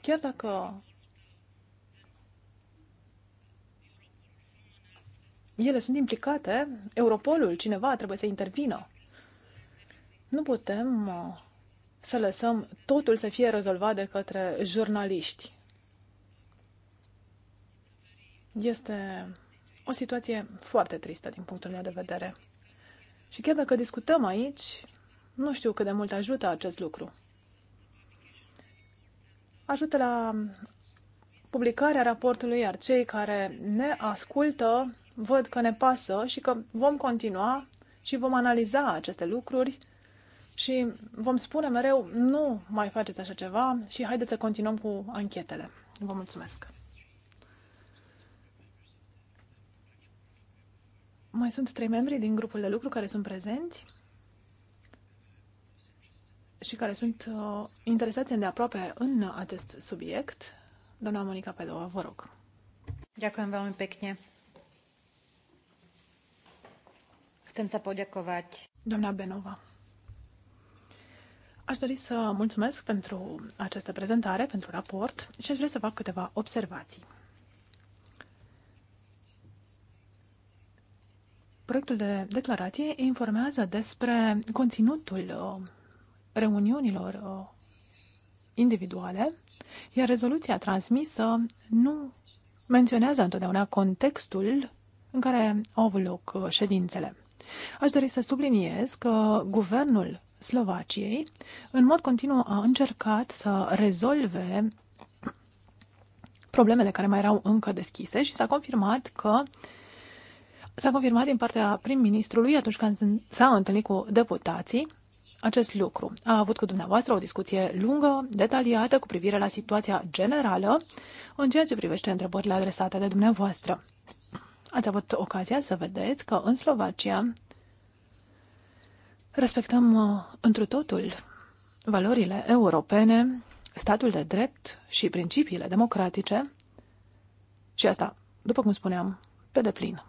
chiar dacă ele sunt implicate, Europolul, cineva trebuie să intervină. Nu putem uh, să lăsăm totul să fie rezolvat de către jurnaliști. Este o situație foarte tristă din punctul meu de vedere. Și chiar dacă discutăm aici, nu știu cât de mult ajută acest lucru. Ajută la publicarea raportului, iar cei care ne ascultă văd că ne pasă și că vom continua și vom analiza aceste lucruri și vom spune mereu, nu mai faceți așa ceva și haideți să continuăm cu anchetele. Vă mulțumesc! Mai sunt trei membri din grupul de lucru care sunt prezenți și care sunt uh, interesați aproape în acest subiect. Doamna Monica Pedova, vă rog. Ďakujem veľmi pekne. Chcem sa poďakovať. Doamna Benova. Aș dori să mulțumesc pentru această prezentare, pentru raport și aș vrea să fac câteva observații. proiectul de declarație informează despre conținutul uh, reuniunilor uh, individuale, iar rezoluția transmisă nu menționează întotdeauna contextul în care au avut loc uh, ședințele. Aș dori să subliniez că guvernul Slovaciei în mod continuu a încercat să rezolve problemele care mai erau încă deschise și s-a confirmat că uh, s-a confirmat din partea prim-ministrului atunci când s-a întâlnit cu deputații acest lucru. A avut cu dumneavoastră o discuție lungă, detaliată, cu privire la situația generală în ceea ce privește întrebările adresate de dumneavoastră. Ați avut ocazia să vedeți că în Slovacia respectăm uh, întru totul valorile europene, statul de drept și principiile democratice și asta, după cum spuneam, pe deplin.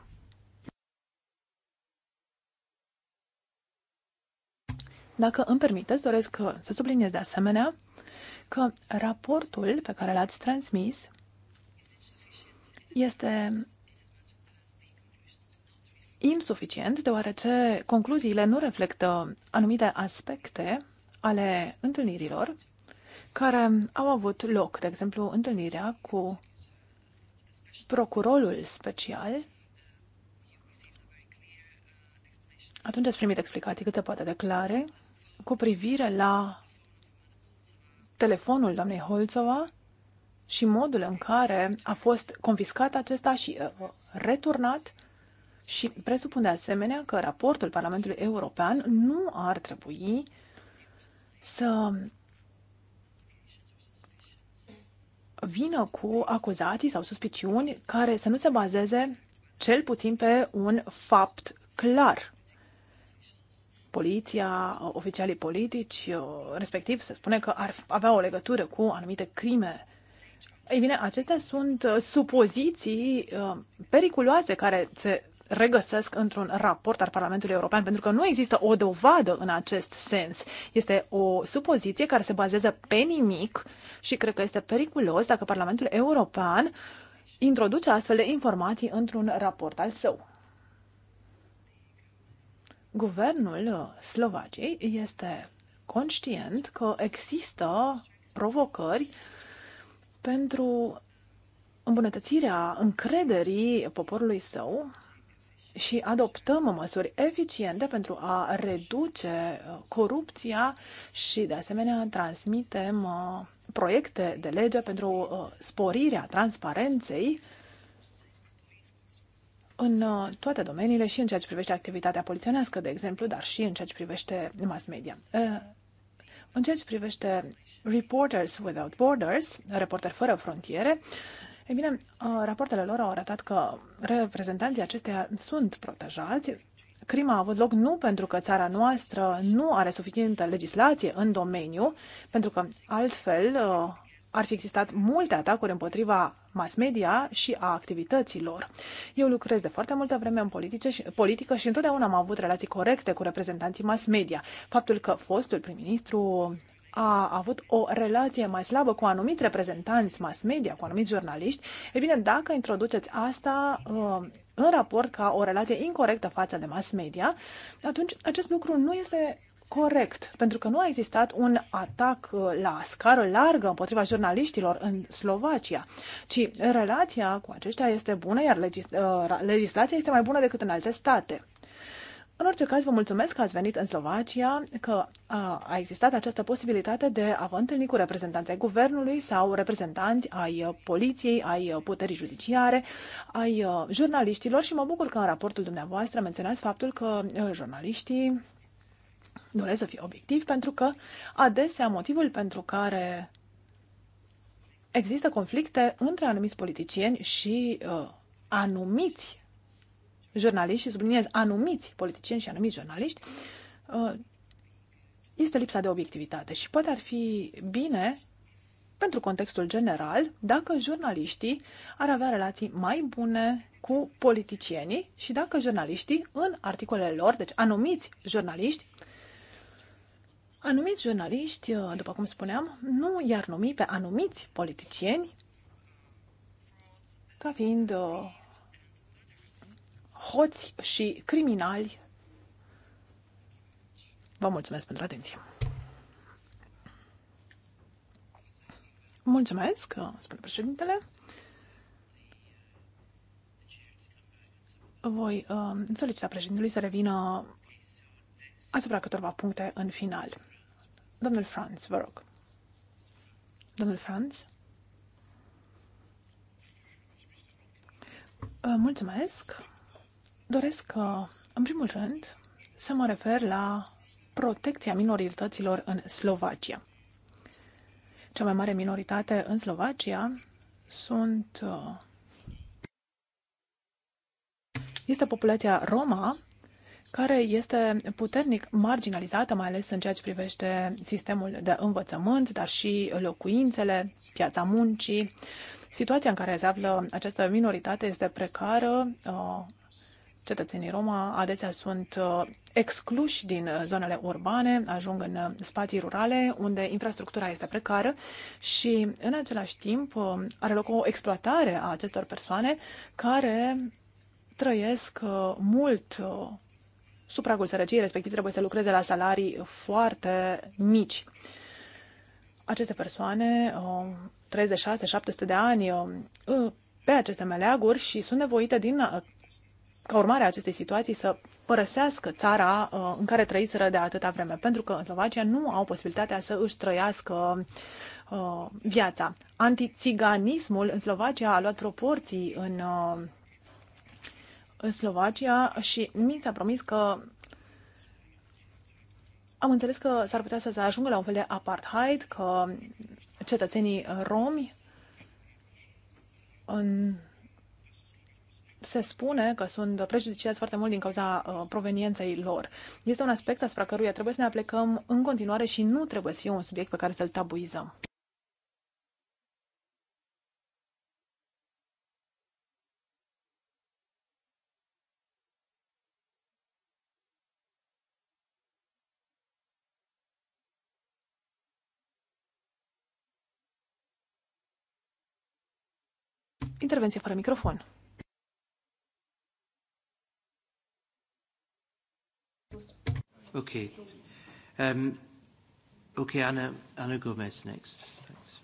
Dacă îmi permiteți, doresc uh, să subliniez de asemenea că raportul pe care l-ați transmis este insuficient, deoarece concluziile nu reflectă anumite aspecte ale întâlnirilor care au avut loc, de exemplu, întâlnirea cu procurorul special. Atunci ați primit explicații cât se poate declare cu privire la telefonul doamnei Holțova și modul în care a fost confiscat acesta și uh, returnat și presupun de asemenea că raportul Parlamentului European nu ar trebui să vină cu acuzații sau suspiciuni care să nu se bazeze cel puțin pe un fapt clar poliția, oficialii politici, uh, respectiv se spune că ar avea o legătură cu anumite crime. Ei bine, acestea sunt uh, supoziții uh, periculoase care se regăsesc într-un raport al Parlamentului European, pentru că nu există o dovadă în acest sens. Este o supoziție care se bazează pe nimic și cred că este periculos dacă Parlamentul European introduce astfel de informații într-un raport al său. Guvernul uh, Slovaciei este conștient că există provocări pentru îmbunătățirea încrederii poporului său și adoptăm măsuri eficiente pentru a reduce uh, corupția și, de asemenea, transmitem uh, proiecte de lege pentru sporirea transparenței în uh, toate domeniile și în ceea ce privește activitatea poliționească, de exemplu, dar și în ceea ce privește mass media. Uh, în ceea ce privește Reporters Without Borders, Reporteri Fără Frontiere, ei bine, uh, rapoartele lor au arătat că reprezentanții acesteia sunt protejați. Crima a avut loc nu pentru că țara noastră nu are suficientă legislație în domeniu, pentru că altfel ar fi existat multe atacuri împotriva mass media și a activităților. Eu lucrez de foarte multă vreme în politice și, politică și întotdeauna am avut relații corecte cu reprezentanții mass media. Faptul că fostul prim-ministru a avut o relație mai slabă cu anumiți reprezentanți mass media, cu anumiți jurnaliști, e bine, dacă introduceți asta uh, în raport ca o relație incorrectă față de mass media, atunci acest lucru nu este corect, pentru că nu a existat un atac uh, la scară largă împotriva jurnaliștilor în Slovacia, ci relația cu aceștia este bună, iar legis- uh, legislația este mai bună decât în alte state. În orice caz, vă mulțumesc că ați venit în Slovacia, că uh, a existat această posibilitate de a vă întâlni cu reprezentanții ai guvernului sau reprezentanți ai poliției, ai puterii judiciare, ai jurnaliștilor și mă bucur că în raportul dumneavoastră menționați faptul că jurnaliștii doresc să fiu obiectiv pentru că adesea motivul pentru care există conflicte între anumiți politicieni și uh, anumiți jurnaliști, și subliniez anumiți politicieni și anumiți jurnaliști, uh, este lipsa de obiectivitate și poate ar fi bine pentru contextul general, dacă jurnaliștii ar avea relații mai bune cu politicienii și dacă jurnaliștii în articolele lor, deci anumiți jurnaliști, Anumiți jurnaliști, uh, după cum spuneam, nu i-ar numi pe anumiți politicieni ca fiind uh, hoți și criminali. Vă mulțumesc pentru atenție. Mulțumesc, uh, spune președintele. Voi uh, solicita președintelui să revină asupra câtorva puncte în final. Domnul Franz, vă rog. Domnul Franz? Mulțumesc. Doresc, uh, în primul rând, să mă refer la protecția minorităților în Slovacia. Cea mai mare minoritate în Slovacia sunt uh, este populația Roma, care este puternic marginalizată, mai ales în ceea ce privește sistemul de învățământ, dar și locuințele, piața muncii. Situația în care se află această minoritate este precară. Uh, cetățenii Roma adesea sunt uh, excluși din zonele urbane, ajung în spații rurale unde infrastructura este precară și în același timp uh, are loc o exploatare a acestor persoane care trăiesc mult sub pragul sărăciei, respectiv trebuie să lucreze la salarii foarte mici. Aceste persoane, 36-700 uh, de ani, uh, uh, pe aceste meleaguri și sunt nevoite din ca urmare a acestei situații să părăsească țara în care trăiseră de atâta vreme, pentru că în Slovacia nu au posibilitatea să își trăiască viața. Antiziganismul în Slovacia a luat proporții în Slovacia și mi s-a promis că am înțeles că s-ar putea să se ajungă la un fel de apartheid, că cetățenii romi în, se spune că sunt prejudiciați foarte mult din cauza uh, provenienței lor. Este un aspect asupra căruia trebuie să ne aplecăm în continuare și nu trebuie să fie un subiect pe care să-l tabuizăm. Intervenție fără microfon. Ok. Um, ok, Ana, Ana Gomez next. Thanks.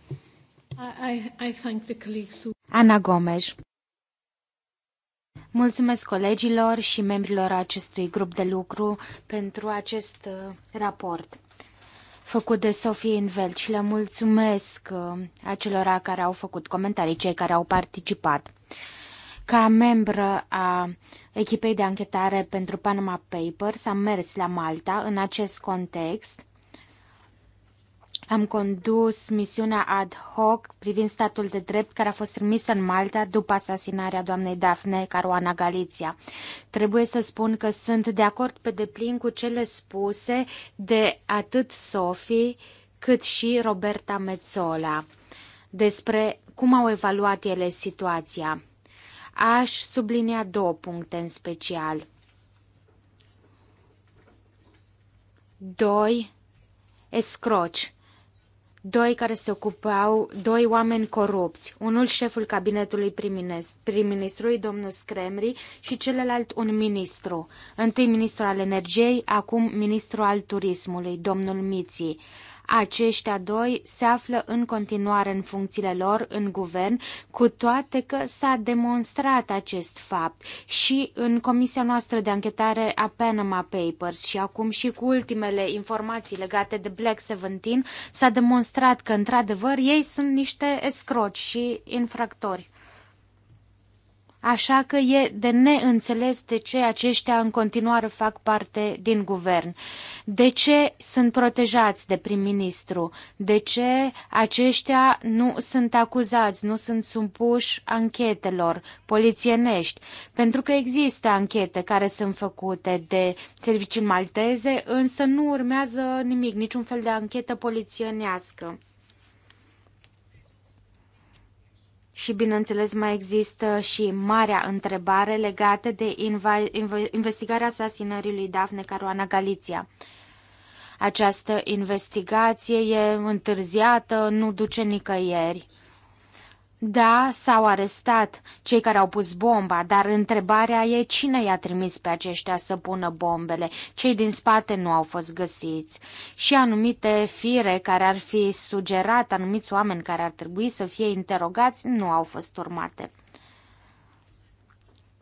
I, I thank the colleagues who... Ana Gomes. Mulțumesc colegilor și membrilor acestui grup de lucru pentru acest uh, raport făcut de Sofie Invel și le mulțumesc uh, acelora care au făcut comentarii, cei care au participat. Ca membră a echipei de anchetare pentru Panama Papers am mers la Malta în acest context am condus misiunea ad hoc privind statul de drept care a fost trimisă în Malta după asasinarea doamnei Daphne Caruana Galizia. Trebuie să spun că sunt de acord pe deplin cu cele spuse de atât Sophie cât și Roberta Mezzola despre cum au evaluat ele situația. Aș sublinia două puncte în special. 2. Escroci doi care se ocupau, doi oameni corupți, unul șeful cabinetului prim-ministrului, domnul Scremri, și celălalt un ministru, întâi ministru al energiei, acum ministru al turismului, domnul Miții. Aceștia doi se află în continuare în funcțiile lor în guvern, cu toate că s-a demonstrat acest fapt și în comisia noastră de anchetare a Panama Papers și acum și cu ultimele informații legate de Black 17 s-a demonstrat că într-adevăr ei sunt niște escroci și infractori. Așa că e de neînțeles de ce aceștia în continuare fac parte din guvern. De ce sunt protejați de prim-ministru? De ce aceștia nu sunt acuzați, nu sunt supuși anchetelor polițienești? Pentru că există anchete care sunt făcute de servicii malteze, însă nu urmează nimic, niciun fel de anchetă polițienească. Și, bineînțeles, mai există și marea întrebare legată de investigarea asasinării lui Dafne Caruana Galiția. Această investigație e întârziată, nu duce nicăieri. Da, s-au arestat cei care au pus bomba, dar întrebarea e cine i-a trimis pe aceștia să pună bombele. Cei din spate nu au fost găsiți. Și anumite fire care ar fi sugerat, anumiți oameni care ar trebui să fie interogați, nu au fost urmate.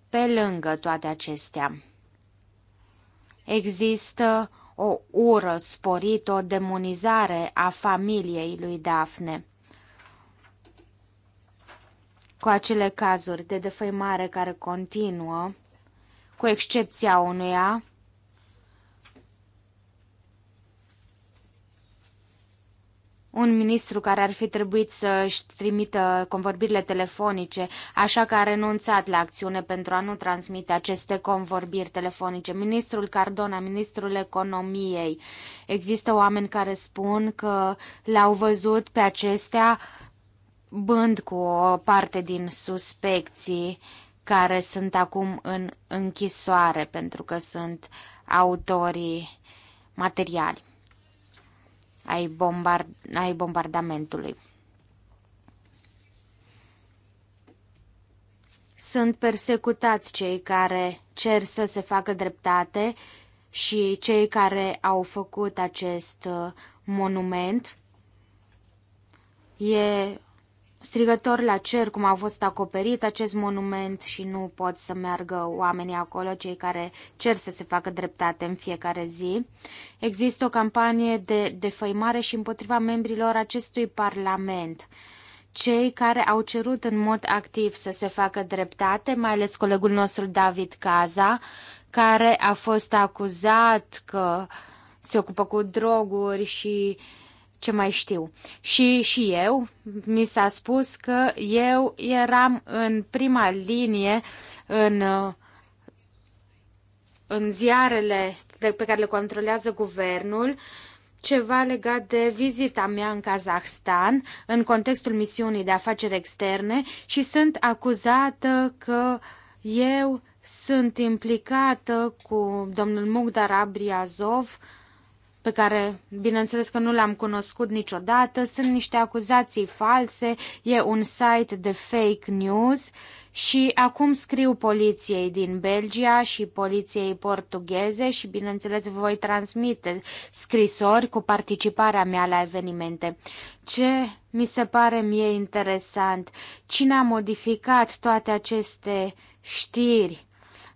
Pe lângă toate acestea, există o ură sporită, o demonizare a familiei lui Dafne cu acele cazuri de defăimare care continuă, cu excepția unuia, un ministru care ar fi trebuit să-și trimită convorbirile telefonice, așa că a renunțat la acțiune pentru a nu transmite aceste convorbiri telefonice. Ministrul Cardona, ministrul economiei. Există oameni care spun că l-au văzut pe acestea bând cu o parte din suspecții care sunt acum în închisoare pentru că sunt autorii materiali ai, bombard, ai bombardamentului. Sunt persecutați cei care cer să se facă dreptate și cei care au făcut acest uh, monument. E strigător la cer cum a fost acoperit acest monument și nu pot să meargă oamenii acolo, cei care cer să se facă dreptate în fiecare zi. Există o campanie de defăimare și împotriva membrilor acestui parlament. Cei care au cerut în mod activ să se facă dreptate, mai ales colegul nostru David Caza, care a fost acuzat că se ocupă cu droguri și uh, ce mai știu. Și, și eu, mi s-a spus că eu eram în prima linie în, în ziarele pe care le controlează guvernul, ceva legat de vizita mea în Kazahstan în contextul misiunii de afaceri externe și sunt acuzată că eu sunt implicată cu domnul Mugdar Abriazov, pe care, bineînțeles că nu l-am cunoscut niciodată, sunt niște acuzații false, e un site de fake news și acum scriu poliției din Belgia și poliției portugheze și, bineînțeles, voi transmite scrisori cu participarea mea la evenimente. Ce mi se pare mie interesant? Cine a modificat toate aceste știri?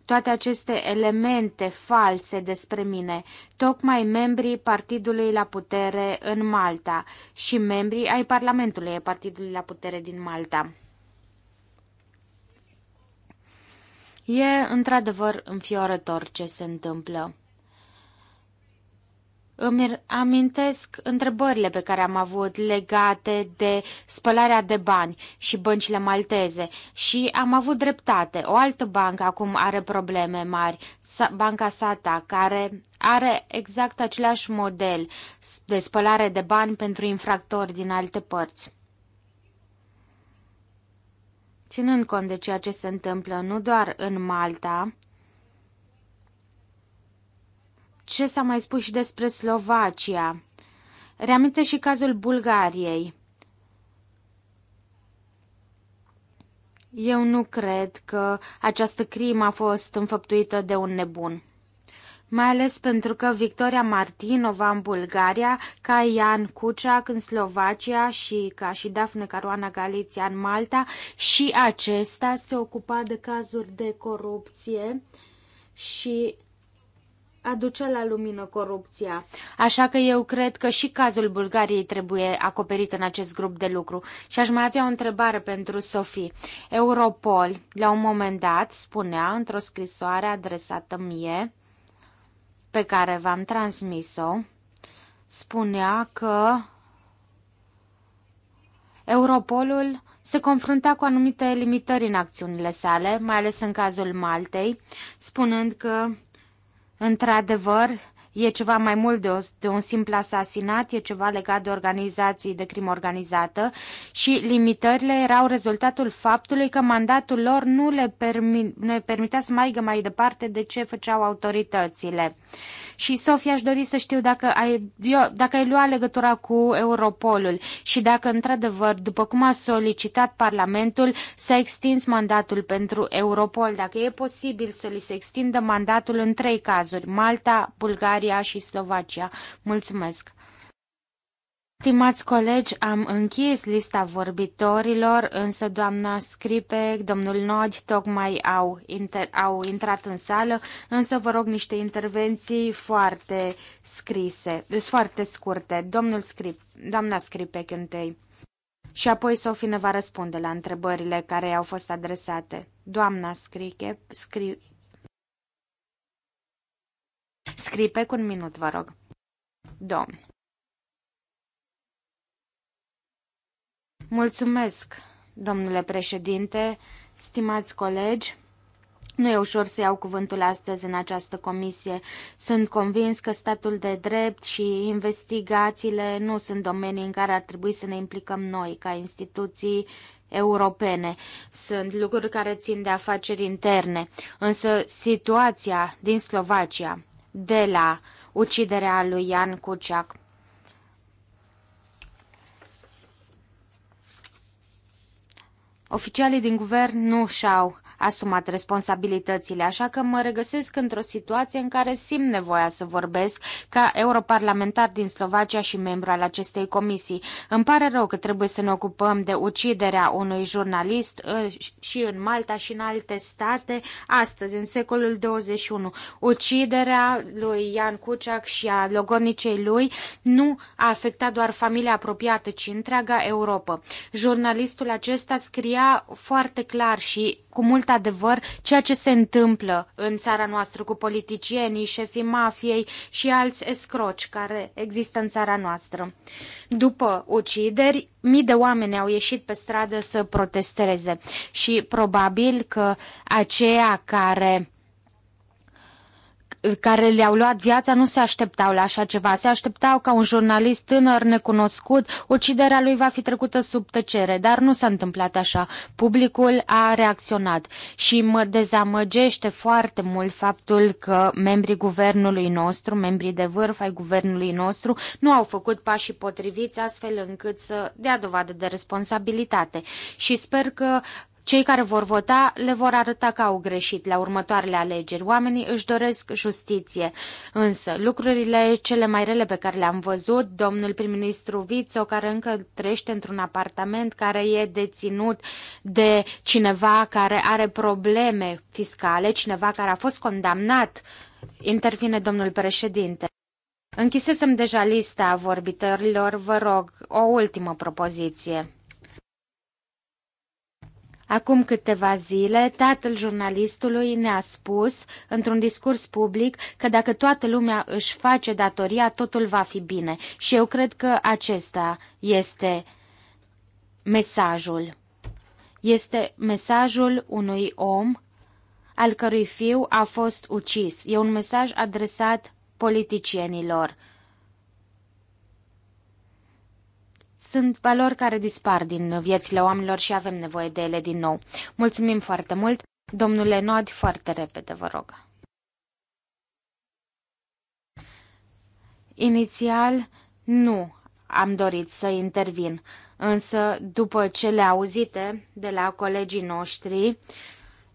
toate aceste elemente false despre mine, tocmai membrii partidului la putere în Malta și membrii ai Parlamentului partidului la putere din Malta. E într-adevăr înfiorător ce se întâmplă. Îmi amintesc întrebările pe care am avut legate de spălarea de bani și băncile malteze și am avut dreptate. O altă bancă acum are probleme mari, Banca Sata, care are exact același model de spălare de bani pentru infractori din alte părți. Ținând cont de ceea ce se întâmplă nu doar în Malta, ce s-a mai spus și despre Slovacia. Reamintă și cazul Bulgariei. Eu nu cred că această crimă a fost înfăptuită de un nebun mai ales pentru că Victoria Martinova în Bulgaria, ca Ian Cuciac în Slovacia și ca și Dafne Caruana Galiția în Malta și acesta se ocupa de cazuri de corupție și aduce la lumină corupția. Așa că eu cred că și cazul Bulgariei trebuie acoperit în acest grup de lucru. Și aș mai avea o întrebare pentru Sofie. Europol, la un moment dat, spunea într-o scrisoare adresată mie, pe care v-am transmis-o, spunea că Europolul se confrunta cu anumite limitări în acțiunile sale, mai ales în cazul Maltei, spunând că Într-adevăr, e ceva mai mult de, o, de un simplu asasinat, e ceva legat de organizații de crimă organizată și limitările erau rezultatul faptului că mandatul lor nu le, permi, ne permitea să meargă mai departe de ce făceau autoritățile. Și Sofia aș dori să știu dacă ai, eu, dacă ai luat legătura cu Europolul și dacă într-adevăr, după cum a solicitat Parlamentul, s-a extins mandatul pentru Europol, dacă e posibil să li se extindă mandatul în trei cazuri, Malta, Bulgaria și Slovacia. Mulțumesc! Stimați colegi, am închis lista vorbitorilor, însă doamna Scripec, domnul Nod, tocmai au, inter- au intrat în sală, însă vă rog niște intervenții foarte scrise, deci foarte scurte. Domnul Scrip, doamna Scripec întâi. Și apoi Sofie ne va răspunde la întrebările care i-au fost adresate. Doamna Scripe, scri... Scripec, un minut, vă rog. Domn. Mulțumesc, domnule președinte, stimați colegi. Nu e ușor să iau cuvântul astăzi în această comisie. Sunt convins că statul de drept și investigațiile nu sunt domenii în care ar trebui să ne implicăm noi, ca instituții europene. Sunt lucruri care țin de afaceri interne. Însă situația din Slovacia, de la uciderea lui Ian Kuciak, Oficialii din guvern nu și-au asumat responsabilitățile, așa că mă regăsesc într-o situație în care simt nevoia să vorbesc ca europarlamentar din Slovacia și membru al acestei comisii. Îmi pare rău că trebuie să ne ocupăm de uciderea unui jurnalist uh, și în Malta și în alte state astăzi, în secolul 21. Uciderea lui Ian Cuciac și a logonicei lui nu a afectat doar familia apropiată, ci întreaga Europa. Jurnalistul acesta scria foarte clar și cu mult mult adevăr ceea ce se întâmplă în țara noastră cu politicienii, șefii mafiei și alți escroci care există în țara noastră. După ucideri, mii de oameni au ieșit pe stradă să protesteze și probabil că aceia care care le-au luat viața nu se așteptau la așa ceva. Se așteptau ca un jurnalist tânăr necunoscut, uciderea lui va fi trecută sub tăcere, dar nu s-a întâmplat așa. Publicul a reacționat și mă dezamăgește foarte mult faptul că membrii guvernului nostru, membrii de vârf ai guvernului nostru, nu au făcut pașii potriviți astfel încât să dea dovadă de responsabilitate. Și sper că cei care vor vota le vor arăta că au greșit la următoarele alegeri. Oamenii își doresc justiție. Însă, lucrurile cele mai rele pe care le-am văzut, domnul prim-ministru Vițo, care încă trește într-un apartament care e deținut de cineva care are probleme fiscale, cineva care a fost condamnat, intervine domnul președinte. Închisesem deja lista vorbitorilor, vă rog, o ultimă propoziție. Acum câteva zile, tatăl jurnalistului ne-a spus, într-un discurs public, că dacă toată lumea își face datoria, totul va fi bine. Și eu cred că acesta este mesajul. Este mesajul unui om al cărui fiu a fost ucis. E un mesaj adresat politicienilor. Sunt valori care dispar din viețile oamenilor și avem nevoie de ele din nou. Mulțumim foarte mult. Domnule Nod, foarte repede, vă rog. Inițial, nu am dorit să intervin, însă după cele auzite de la colegii noștri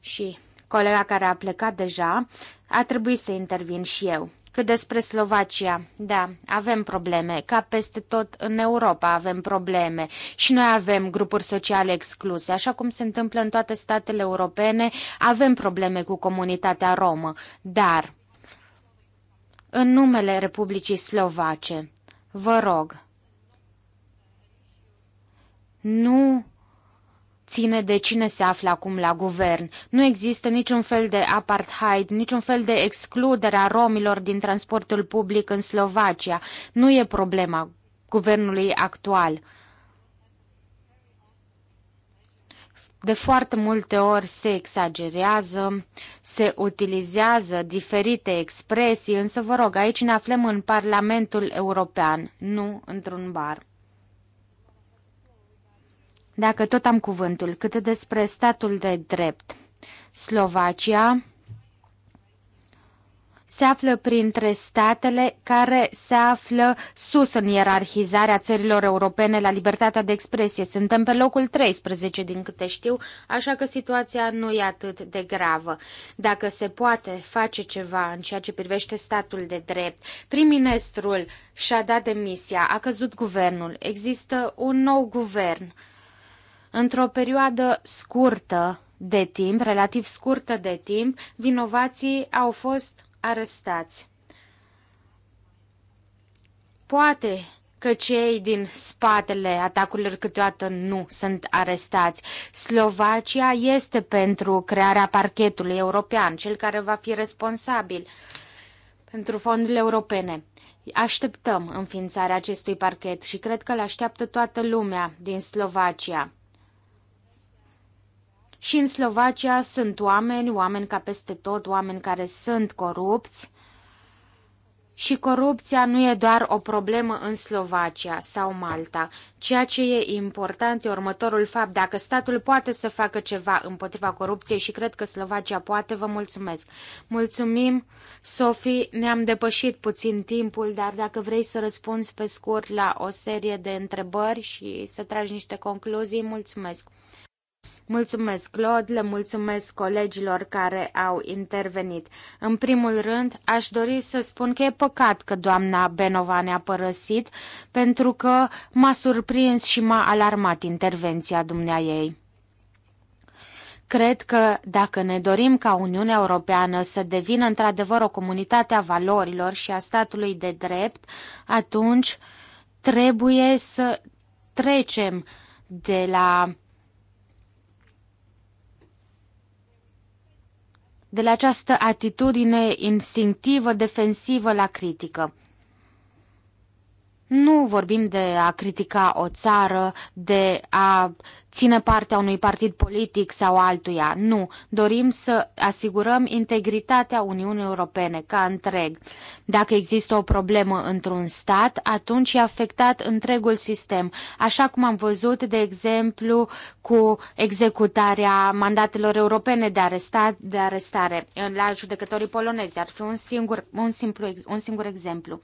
și colega care a plecat deja, a trebuit să intervin și eu. Cât despre Slovacia, da, avem probleme, ca peste tot în Europa avem probleme și noi avem grupuri sociale excluse, așa cum se întâmplă în toate statele europene, avem probleme cu comunitatea romă, dar în numele Republicii Slovace, vă rog, nu ține de cine se află acum la guvern. Nu există niciun fel de apartheid, niciun fel de excludere a romilor din transportul public în Slovacia. Nu e problema guvernului actual. De foarte multe ori se exagerează, se utilizează diferite expresii, însă vă rog, aici ne aflăm în Parlamentul European, nu într-un bar. Dacă tot am cuvântul, cât despre statul de drept. Slovacia se află printre statele care se află sus în ierarhizarea țărilor europene la libertatea de expresie. Suntem pe locul 13, din câte știu, așa că situația nu e atât de gravă. Dacă se poate face ceva în ceea ce privește statul de drept, prim-ministrul și-a dat demisia, a căzut guvernul, există un nou guvern Într-o perioadă scurtă de timp, relativ scurtă de timp, vinovații au fost arestați. Poate că cei din spatele atacurilor câteodată nu sunt arestați. Slovacia este pentru crearea parchetului european, cel care va fi responsabil pentru fondurile europene. Așteptăm înființarea acestui parchet și cred că îl așteaptă toată lumea din Slovacia. Și în Slovacia sunt oameni, oameni ca peste tot, oameni care sunt corupți. Și corupția nu e doar o problemă în Slovacia sau Malta. Ceea ce e important e următorul fapt. Dacă statul poate să facă ceva împotriva corupției și cred că Slovacia poate, vă mulțumesc. Mulțumim, Sofi, ne-am depășit puțin timpul, dar dacă vrei să răspunzi pe scurt la o serie de întrebări și să tragi niște concluzii, mulțumesc. Mulțumesc, Claude, le mulțumesc colegilor care au intervenit. În primul rând, aș dori să spun că e păcat că doamna Benova ne-a părăsit, pentru că m-a surprins și m-a alarmat intervenția dumnea ei. Cred că dacă ne dorim ca Uniunea Europeană să devină într-adevăr o comunitate a valorilor și a statului de drept, atunci trebuie să trecem de la de la această atitudine instinctivă, defensivă la critică. Nu vorbim de a critica o țară, de a ține partea unui partid politic sau altuia. Nu, dorim să asigurăm integritatea Uniunii Europene ca întreg. Dacă există o problemă într-un stat, atunci e afectat întregul sistem, așa cum am văzut, de exemplu, cu executarea mandatelor europene de, arestat, de arestare la judecătorii polonezi. Ar fi un singur, un, simplu, un singur exemplu.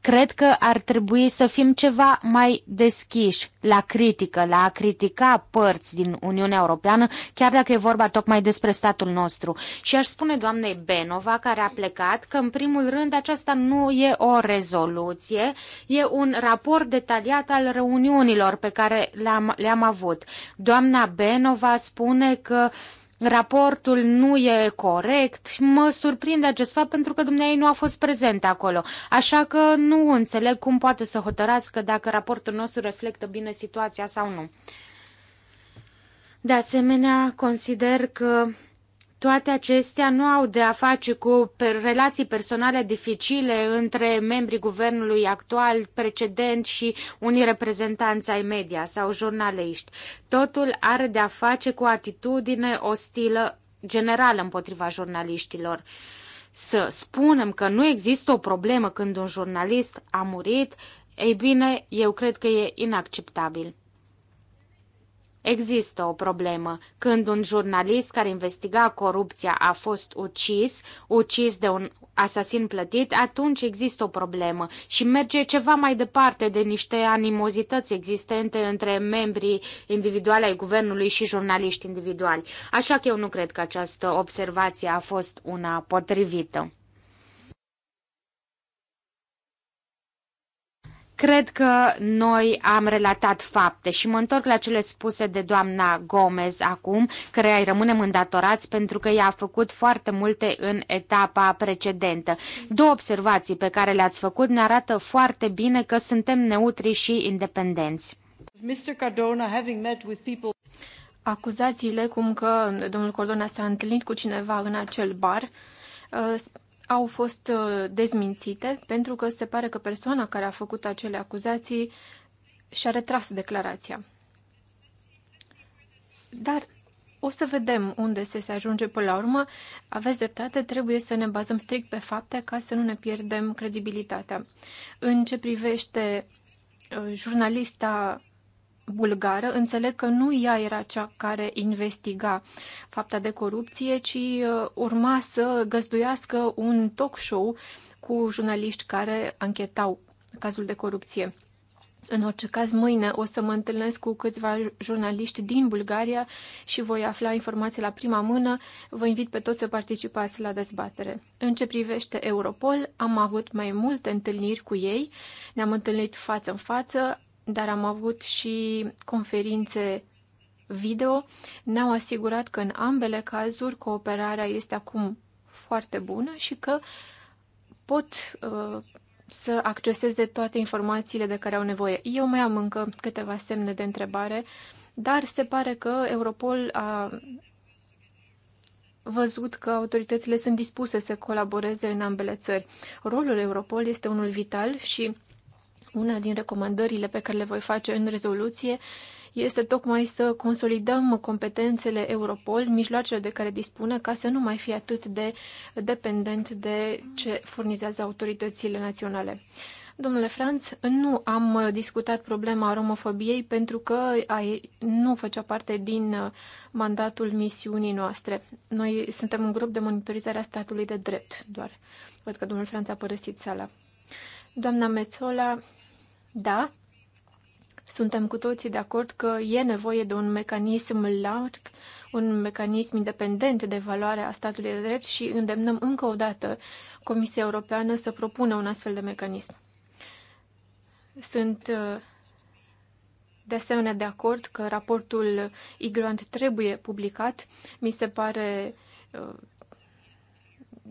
Cred că ar trebui să fim ceva mai deschiși la critică, la a critica părți din Uniunea Europeană, chiar dacă e vorba tocmai despre statul nostru. Și aș spune doamnei Benova, care a plecat, că în primul rând aceasta nu e o rezoluție, e un raport detaliat al reuniunilor pe care le-am, le-am avut. Doamna Benova spune că raportul nu e corect și mă surprinde acest fapt pentru că dumneavoastră nu a fost prezent acolo. Așa că nu înțeleg cum poate să hotărască dacă raportul nostru reflectă bine situația sau nu. De asemenea, consider că toate acestea nu au de a face cu relații personale dificile între membrii guvernului actual, precedent și unii reprezentanți ai media sau jurnaliști. Totul are de a face cu o atitudine ostilă generală împotriva jurnaliștilor. Să spunem că nu există o problemă când un jurnalist a murit, ei bine, eu cred că e inacceptabil. Există o problemă. Când un jurnalist care investiga corupția a fost ucis, ucis de un asasin plătit, atunci există o problemă și merge ceva mai departe de niște animozități existente între membrii individuali ai guvernului și jurnaliști individuali. Așa că eu nu cred că această observație a fost una potrivită. Cred că noi am relatat fapte și mă întorc la cele spuse de doamna Gomez acum, care îi rămânem îndatorați pentru că ea a făcut foarte multe în etapa precedentă. Două observații pe care le-ați făcut ne arată foarte bine că suntem neutri și independenți. Mr. Cardona, having met with people... Acuzațiile cum că domnul Cordona s-a întâlnit cu cineva în acel bar uh, au fost uh, dezmințite pentru că se pare că persoana care a făcut acele acuzații și-a retras declarația. Dar o să vedem unde se, se ajunge până la urmă. Aveți dreptate, trebuie să ne bazăm strict pe fapte ca să nu ne pierdem credibilitatea. În ce privește uh, jurnalista bulgară, înțeleg că nu ea era cea care investiga fapta de corupție, ci uh, urma să găzduiască un talk show cu jurnaliști care anchetau cazul de corupție. În orice caz, mâine o să mă întâlnesc cu câțiva jurnaliști din Bulgaria și voi afla informații la prima mână. Vă invit pe toți să participați la dezbatere. În ce privește Europol, am avut mai multe întâlniri cu ei, ne-am întâlnit față în față, dar am avut și conferințe video, ne-au asigurat că în ambele cazuri cooperarea este acum foarte bună și că pot uh, să acceseze toate informațiile de care au nevoie. Eu mai am încă câteva semne de întrebare, dar se pare că Europol a văzut că autoritățile sunt dispuse să colaboreze în ambele țări. Rolul Europol este unul vital și una din recomandările pe care le voi face în rezoluție este tocmai să consolidăm competențele Europol, mijloacele de care dispune, ca să nu mai fie atât de dependent de ce furnizează autoritățile naționale. Domnule Franț, nu am discutat problema romofobiei pentru că nu făcea parte din mandatul misiunii noastre. Noi suntem un grup de monitorizare a statului de drept doar. Văd că domnul Franț a părăsit sala. Doamna Mețola da, suntem cu toții de acord că e nevoie de un mecanism larg, un mecanism independent de valoare a statului de drept și îndemnăm încă o dată Comisia Europeană să propună un astfel de mecanism. Sunt uh, de asemenea de acord că raportul Igloant trebuie publicat. Mi se pare uh,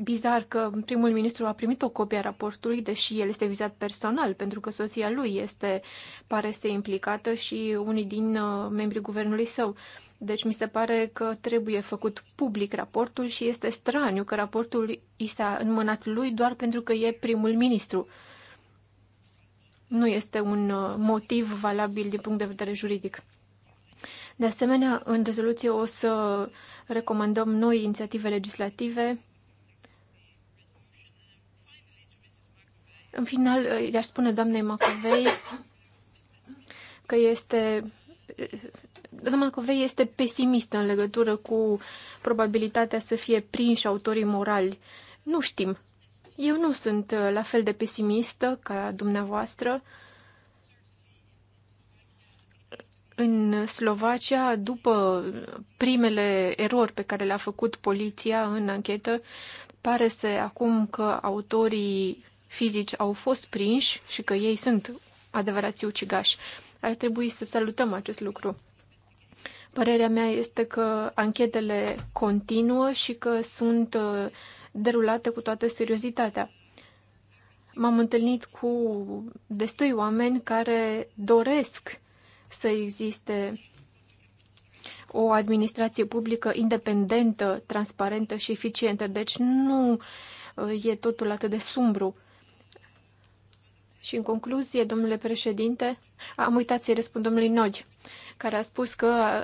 bizar că primul ministru a primit o copie a raportului, deși el este vizat personal, pentru că soția lui este, pare să implicată și unii din uh, membrii guvernului său. Deci mi se pare că trebuie făcut public raportul și este straniu că raportul i s-a înmânat lui doar pentru că e primul ministru. Nu este un uh, motiv valabil din punct de vedere juridic. De asemenea, în rezoluție o să recomandăm noi inițiative legislative În final, i-aș spune doamnei Macovei că este Doamna Macovei este pesimistă în legătură cu probabilitatea să fie prinși autorii morali. Nu știm. Eu nu sunt uh, la fel de pesimistă ca dumneavoastră. În Slovacia, după primele erori pe care le-a făcut poliția în anchetă, pare să acum că autorii fizici au fost prinși și că ei sunt adevărați ucigași. Ar trebui să salutăm acest lucru. Părerea mea este că anchetele continuă și că sunt uh, derulate cu toată seriozitatea. M-am întâlnit cu destui oameni care doresc să existe o administrație publică independentă, transparentă și eficientă. Deci nu uh, e totul atât de sumbru. Și în concluzie, domnule președinte, am uitat să-i răspund domnului Nogi, care a spus că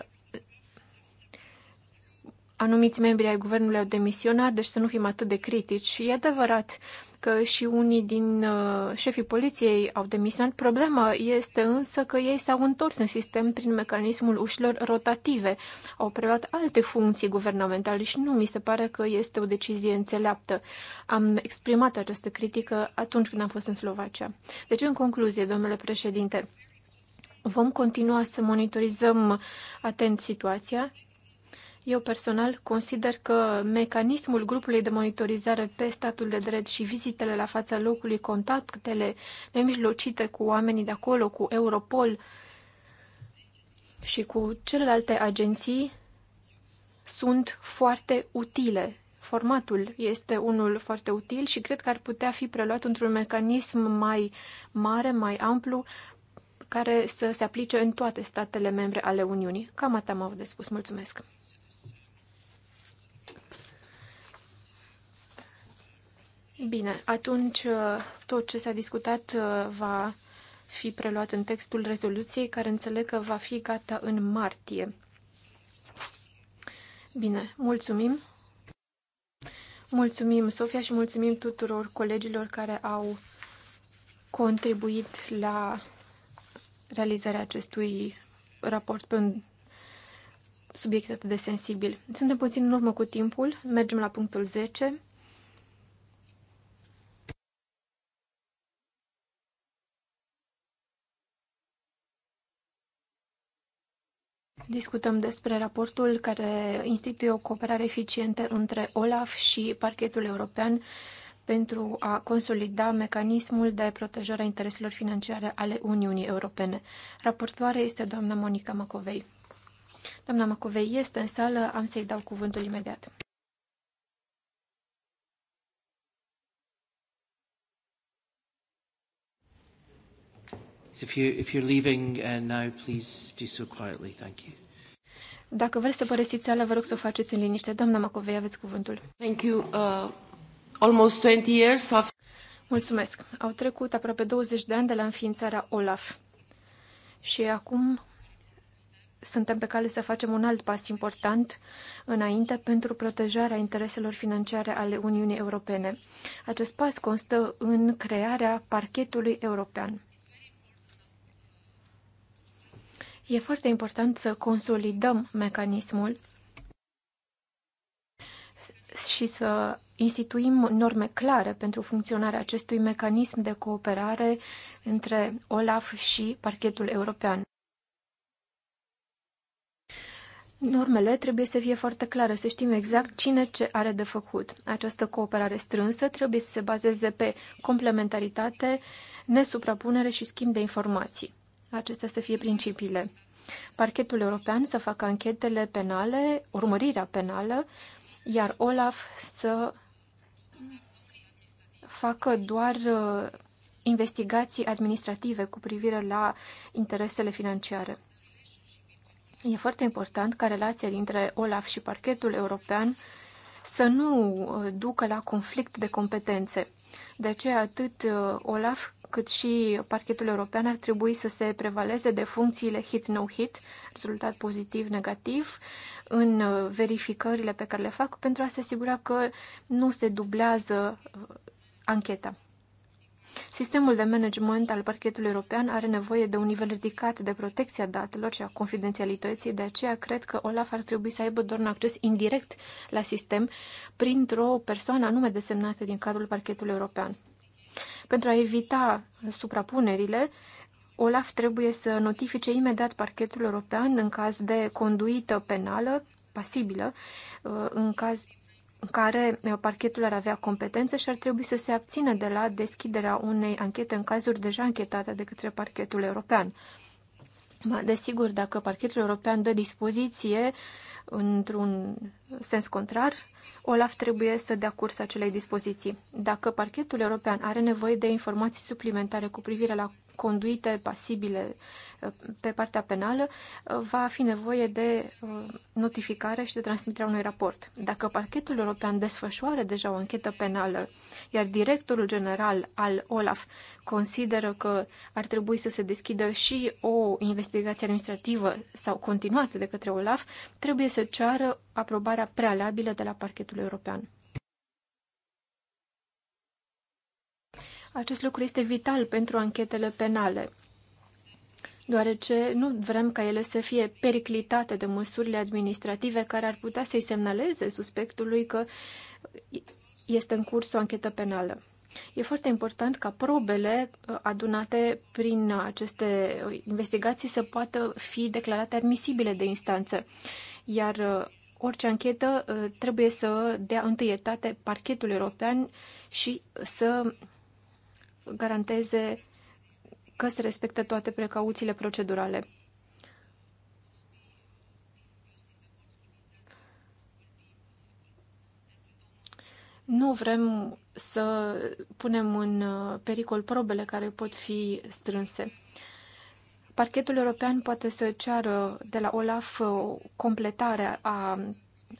anumiți membri ai guvernului au demisionat, deci să nu fim atât de critici. E adevărat, că și unii din uh, șefii poliției au demisionat. Problema este însă că ei s-au întors în sistem prin mecanismul ușilor rotative. Au preluat alte funcții guvernamentale și nu mi se pare că este o decizie înțeleaptă. Am exprimat această critică atunci când am fost în Slovacia. Deci, în concluzie, domnule președinte, vom continua să monitorizăm atent situația eu personal consider că mecanismul grupului de monitorizare pe statul de drept și vizitele la fața locului, contactele nemijlocite cu oamenii de acolo, cu Europol și cu celelalte agenții sunt foarte utile. Formatul este unul foarte util și cred că ar putea fi preluat într-un mecanism mai mare, mai amplu, care să se aplice în toate statele membre ale Uniunii. Cam atât am avut de spus. Mulțumesc! Bine, atunci uh, tot ce s-a discutat uh, va fi preluat în textul rezoluției, care înțeleg că va fi gata în martie. Bine, mulțumim! Mulțumim, Sofia, și mulțumim tuturor colegilor care au contribuit la realizarea acestui raport pe un subiect atât de sensibil. Suntem puțin în urmă cu timpul, mergem la punctul 10. Discutăm despre raportul care instituie o cooperare eficientă între OLAF și parchetul european pentru a consolida mecanismul de protejare a intereselor financiare ale Uniunii Europene. Raportoare este doamna Monica Macovei. Doamna Macovei este în sală, am să-i dau cuvântul imediat. if, you, if you're leaving uh, now, please do so quietly. Thank you. Dacă vreți să părăsiți sala, vă rog să o faceți în liniște. Doamna Macovei, aveți cuvântul. Thank you. Uh, almost 20 years of... Mulțumesc. Au trecut aproape 20 de ani de la înființarea OLAF. Și acum suntem pe cale să facem un alt pas important înainte pentru protejarea intereselor financiare ale Uniunii Europene. Acest pas constă în crearea parchetului european. E foarte important să consolidăm mecanismul și să instituim norme clare pentru funcționarea acestui mecanism de cooperare între OLAF și parchetul european. Normele trebuie să fie foarte clare, să știm exact cine ce are de făcut. Această cooperare strânsă trebuie să se bazeze pe complementaritate, nesuprapunere și schimb de informații. Acestea să fie principiile. Parchetul european să facă anchetele penale, urmărirea penală, iar Olaf să facă doar uh, investigații administrative cu privire la interesele financiare. E foarte important ca relația dintre Olaf și parchetul european să nu uh, ducă la conflict de competențe. De aceea atât uh, Olaf cât și parchetul european ar trebui să se prevaleze de funcțiile hit-no-hit, -no -hit, rezultat pozitiv-negativ, în uh, verificările pe care le fac pentru a se asigura că nu se dublează uh, ancheta. Sistemul de management al parchetului european are nevoie de un nivel ridicat de protecția datelor și a confidențialității, de aceea cred că OLAF ar trebui să aibă doar un acces indirect la sistem printr-o persoană anume desemnată din cadrul parchetului european. Pentru a evita suprapunerile, OLAF trebuie să notifice imediat parchetul european în caz de conduită penală pasibilă, uh, în caz în care uh, parchetul ar avea competență și ar trebui să se abțină de la deschiderea unei anchete în cazuri deja închetate de către parchetul european. Desigur, dacă parchetul european dă dispoziție într-un sens contrar, Olaf trebuie să dea curs acelei dispoziții. Dacă parchetul european are nevoie de informații suplimentare cu privire la conduite pasibile uh, pe partea penală, uh, va fi nevoie de uh, notificare și de transmiterea unui raport. Dacă parchetul european desfășoară deja o anchetă penală, iar directorul general al OLAF consideră că ar trebui să se deschidă și o investigație administrativă sau continuată de către OLAF, trebuie să ceară aprobarea prealabilă de la parchetul european. Acest lucru este vital pentru anchetele penale, deoarece nu vrem ca ele să fie periclitate de măsurile administrative care ar putea să-i semnaleze suspectului că este în curs o anchetă penală. E foarte important ca probele uh, adunate prin aceste uh, investigații să poată fi declarate admisibile de instanță, iar uh, orice anchetă trebuie să dea întâietate parchetul european și să garanteze că se respectă toate precauțiile procedurale. Nu vrem să punem în uh, pericol probele care pot fi strânse. Parchetul european poate să ceară de la OLAF uh, completarea a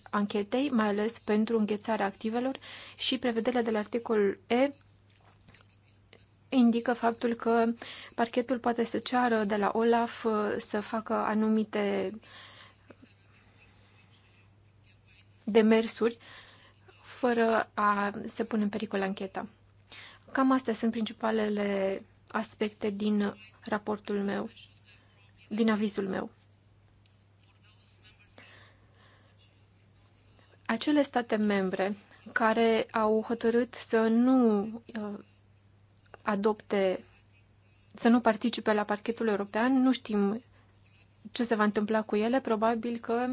anchetei, mai ales pentru înghețarea activelor și prevederile de la articol E indică faptul că parchetul poate să ceară de la OLAF uh, să facă anumite demersuri fără a se pune în pericol ancheta. Cam astea sunt principalele aspecte din raportul meu, din avizul meu. Acele state membre care au hotărât să nu uh, adopte, să nu participe la parchetul european. Nu știm ce se va întâmpla cu ele. Probabil că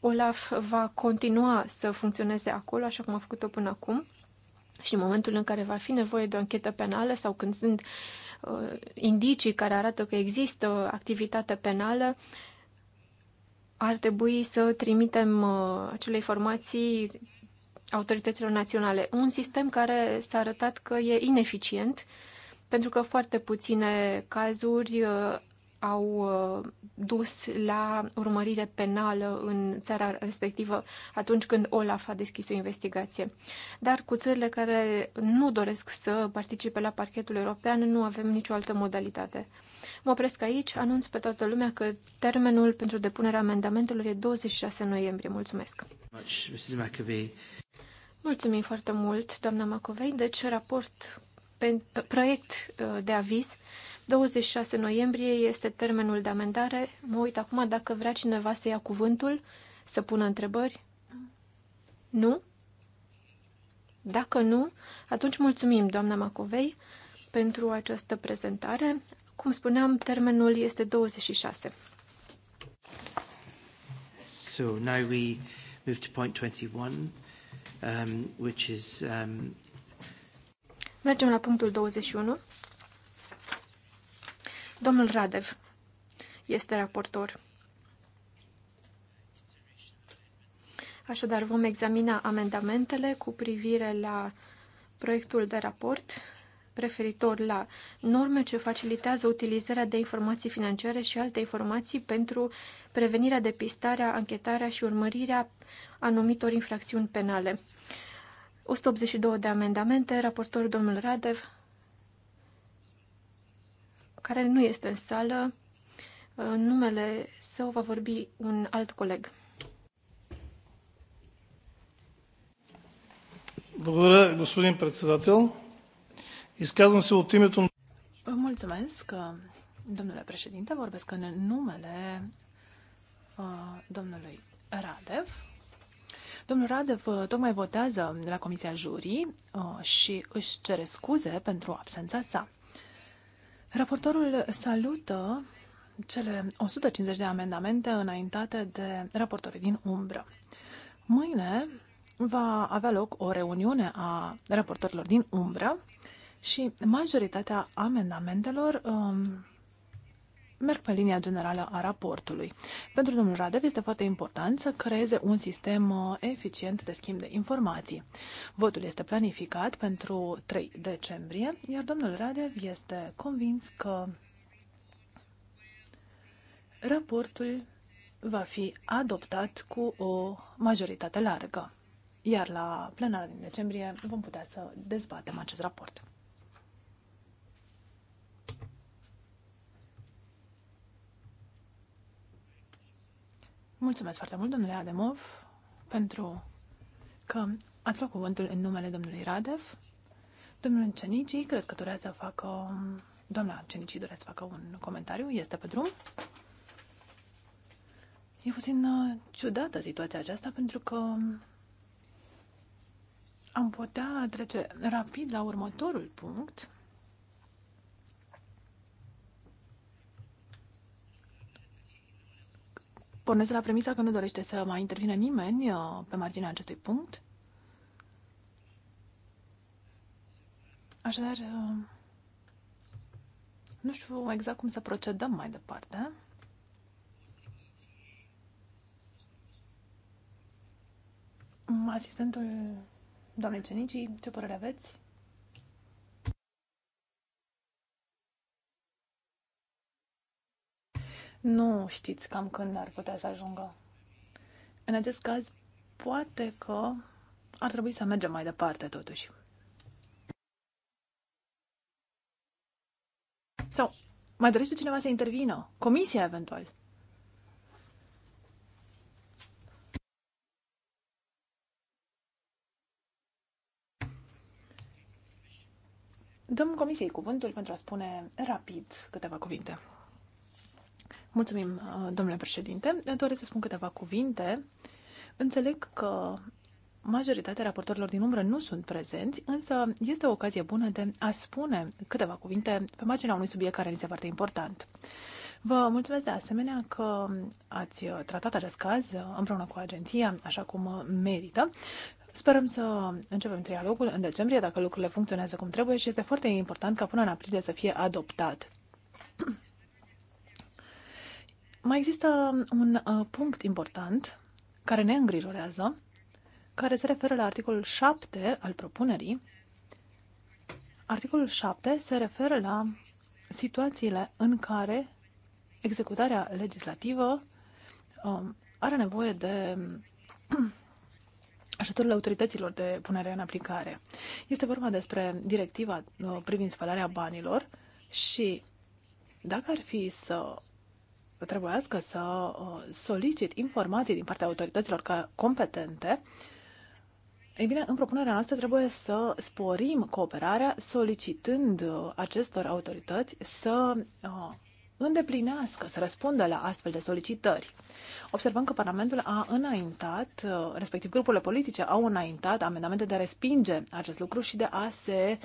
Olaf va continua să funcționeze acolo, așa cum a făcut-o până acum. Și în momentul în care va fi nevoie de o anchetă penală sau când sunt uh, indicii care arată că există activitate penală, ar trebui să trimitem uh, acele informații autorităților naționale. Un sistem care s-a arătat că e ineficient, pentru că foarte puține cazuri uh, au uh, dus la urmărire penală în țara respectivă atunci când Olaf a deschis o investigație. Dar cu țările care nu doresc să participe la parchetul european, nu avem nicio altă modalitate. Mă opresc aici, anunț pe toată lumea că termenul pentru depunerea amendamentelor e 26 noiembrie. Mulțumesc! Mulțumim foarte mult, doamna Macovei. Deci, raport, pe, uh, proiect uh, de aviz, 26 noiembrie este termenul de amendare. Mă uit acum dacă vrea cineva să ia cuvântul, să pună întrebări. Nu? Dacă nu, atunci mulțumim, doamna Macovei, pentru această prezentare. Cum spuneam, termenul este 26. So now we move to point 21 um, which is... Um... Mergem la punctul 21. Domnul Radev este raportor. Așadar, vom examina amendamentele cu privire la proiectul de raport referitor la norme ce facilitează utilizarea de informații financiare și alte informații pentru prevenirea, depistarea, anchetarea și urmărirea anumitor infracțiuni penale. 182 de amendamente, raportor domnul Radev, care nu este în sală, în numele său va vorbi un alt coleg. Благодаря, господин председател. Изказвам се от името Mulțumesc, uh, domnule președinte. Vorbesc în numele uh, domnului Radev. Domnul Radev uh, tocmai votează la Comisia Jurii și își cere scuze pentru absența sa. Raportorul salută cele 150 de amendamente înaintate de raportorii din umbră. Mâine va avea loc o reuniune a raportorilor din umbră și majoritatea amendamentelor um, merg pe linia generală a raportului. Pentru domnul Radev este foarte important să creeze un sistem uh, eficient de schimb de informații. Votul este planificat pentru 3 decembrie, iar domnul Radev este convins că raportul va fi adoptat cu o majoritate largă. Iar la plenara din decembrie vom putea să dezbatem acest raport. Mulțumesc foarte mult, domnule Ademov, pentru că ați luat cuvântul în numele domnului Radev. Domnul Cenici, cred că dorea să facă... Doamna Cenici dorea să facă un comentariu. Este pe drum. E puțin uh, ciudată situația aceasta, pentru că am putea trece rapid la următorul punct. pornesc la premisa că nu dorește să mai intervine nimeni uh, pe marginea acestui punct. Așadar, uh, nu știu exact cum să procedăm mai departe. Asistentul doamnei Cenicii, ce părere aveți? nu știți cam când ar putea să ajungă. În acest caz, poate că ar trebui să mergem mai departe, totuși. Sau mai dorește cineva să intervină? Comisia, eventual. Dăm comisiei cuvântul pentru a spune rapid câteva cuvinte. Mulțumim, uh, domnule președinte. Doresc să spun câteva cuvinte. Înțeleg că majoritatea raportorilor din umbră nu sunt prezenți, însă este o ocazie bună de a spune câteva cuvinte pe marginea unui subiect care ni se foarte important. Vă mulțumesc de asemenea că ați tratat acest caz împreună cu agenția, așa cum merită. Sperăm să începem trialogul în decembrie, dacă lucrurile funcționează cum trebuie și este foarte important ca până în aprilie să fie adoptat. Mai există un uh, punct important care ne îngrijorează, care se referă la articolul 7 al propunerii. Articolul 7 se referă la situațiile în care executarea legislativă uh, are nevoie de [clears throat] ajutorul autorităților de punere în aplicare. Este vorba despre directiva uh, privind spălarea banilor și dacă ar fi să trebuiască să uh, solicit informații din partea autorităților competente, ei bine, în propunerea noastră trebuie să sporim cooperarea solicitând uh, acestor autorități să uh, îndeplinească, să răspundă la astfel de solicitări. Observăm că Parlamentul a înaintat, respectiv grupurile politice au înaintat amendamente de a respinge acest lucru și de a se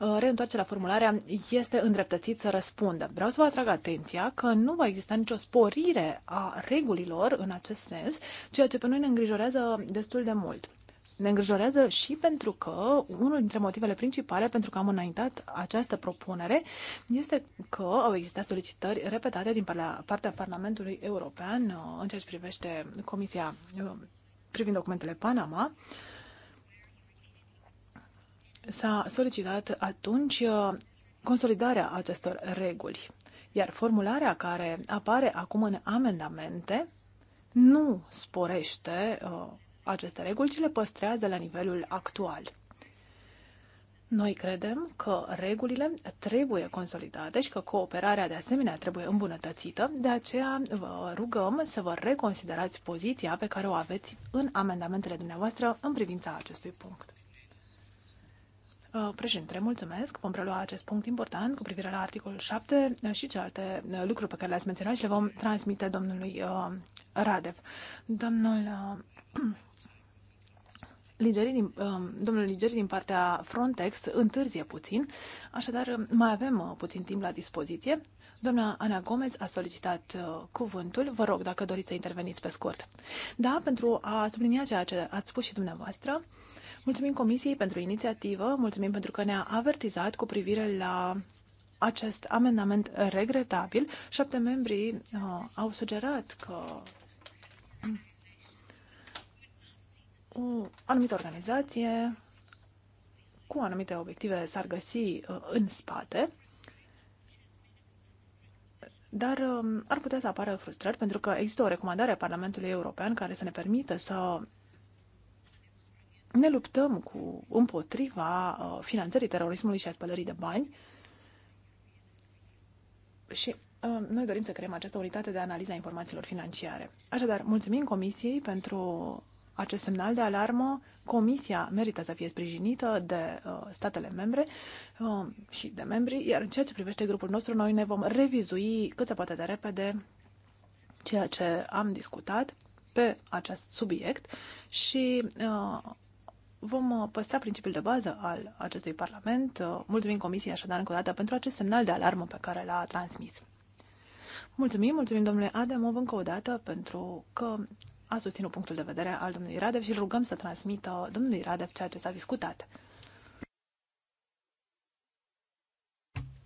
Uh, reîntoarce la formularea este îndreptățit să răspundă. Vreau să vă atrag atenția că nu va exista nicio sporire a regulilor în acest sens, ceea ce pe noi ne îngrijorează destul de mult. Ne îngrijorează și pentru că unul dintre motivele principale pentru că am înaintat această propunere este că au existat solicitări repetate din partea Parlamentului European uh, în ceea ce privește Comisia uh, privind documentele Panama s-a solicitat atunci uh, consolidarea acestor reguli, iar formularea care apare acum în amendamente nu sporește uh, aceste reguli, ci le păstrează la nivelul actual. Noi credem că regulile trebuie consolidate și că cooperarea de asemenea trebuie îmbunătățită, de aceea vă rugăm să vă reconsiderați poziția pe care o aveți în amendamentele dumneavoastră în privința acestui punct. Uh, președintele, mulțumesc. Vom prelua acest punct important cu privire la articolul 7 uh, și celelalte uh, lucruri pe care le-ați menționat și le vom transmite domnului Radev. Domnul [clears throat] Ligeri din, domnul Ligeri din partea Frontex întârzie puțin, așadar mai avem puțin timp la dispoziție. Doamna Ana Gomez a solicitat cuvântul. Vă rog, dacă doriți să interveniți pe scurt. Da, pentru a sublinia ceea ce ați spus și dumneavoastră, uh, Mulțumim Comisiei pentru inițiativă, mulțumim pentru că ne-a avertizat cu privire la acest amendament regretabil. Șapte membri uh, au sugerat că o anumită organizație cu anumite obiective s-ar găsi uh, în spate, dar uh, ar putea să apară frustrări pentru că există o recomandare a Parlamentului European care să ne permită să ne luptăm cu împotriva uh, finanțării terorismului și a spălării de bani și uh, noi dorim să creăm această unitate de analiză a informațiilor financiare. Așadar, mulțumim Comisiei pentru acest semnal de alarmă. Comisia merită să fie sprijinită de uh, statele membre uh, și de membri, iar în ceea ce privește grupul nostru, noi ne vom revizui cât se poate de repede ceea ce am discutat pe acest subiect și uh, vom uh, păstra principiul de bază al acestui Parlament. Uh, mulțumim Comisiei așadar încă o dată pentru acest semnal de alarmă pe care l-a transmis. Mulțumim, mulțumim domnule Ademov încă o dată pentru că a susținut punctul de vedere al domnului Radev și îl rugăm să transmită domnului Radev ceea ce s-a discutat.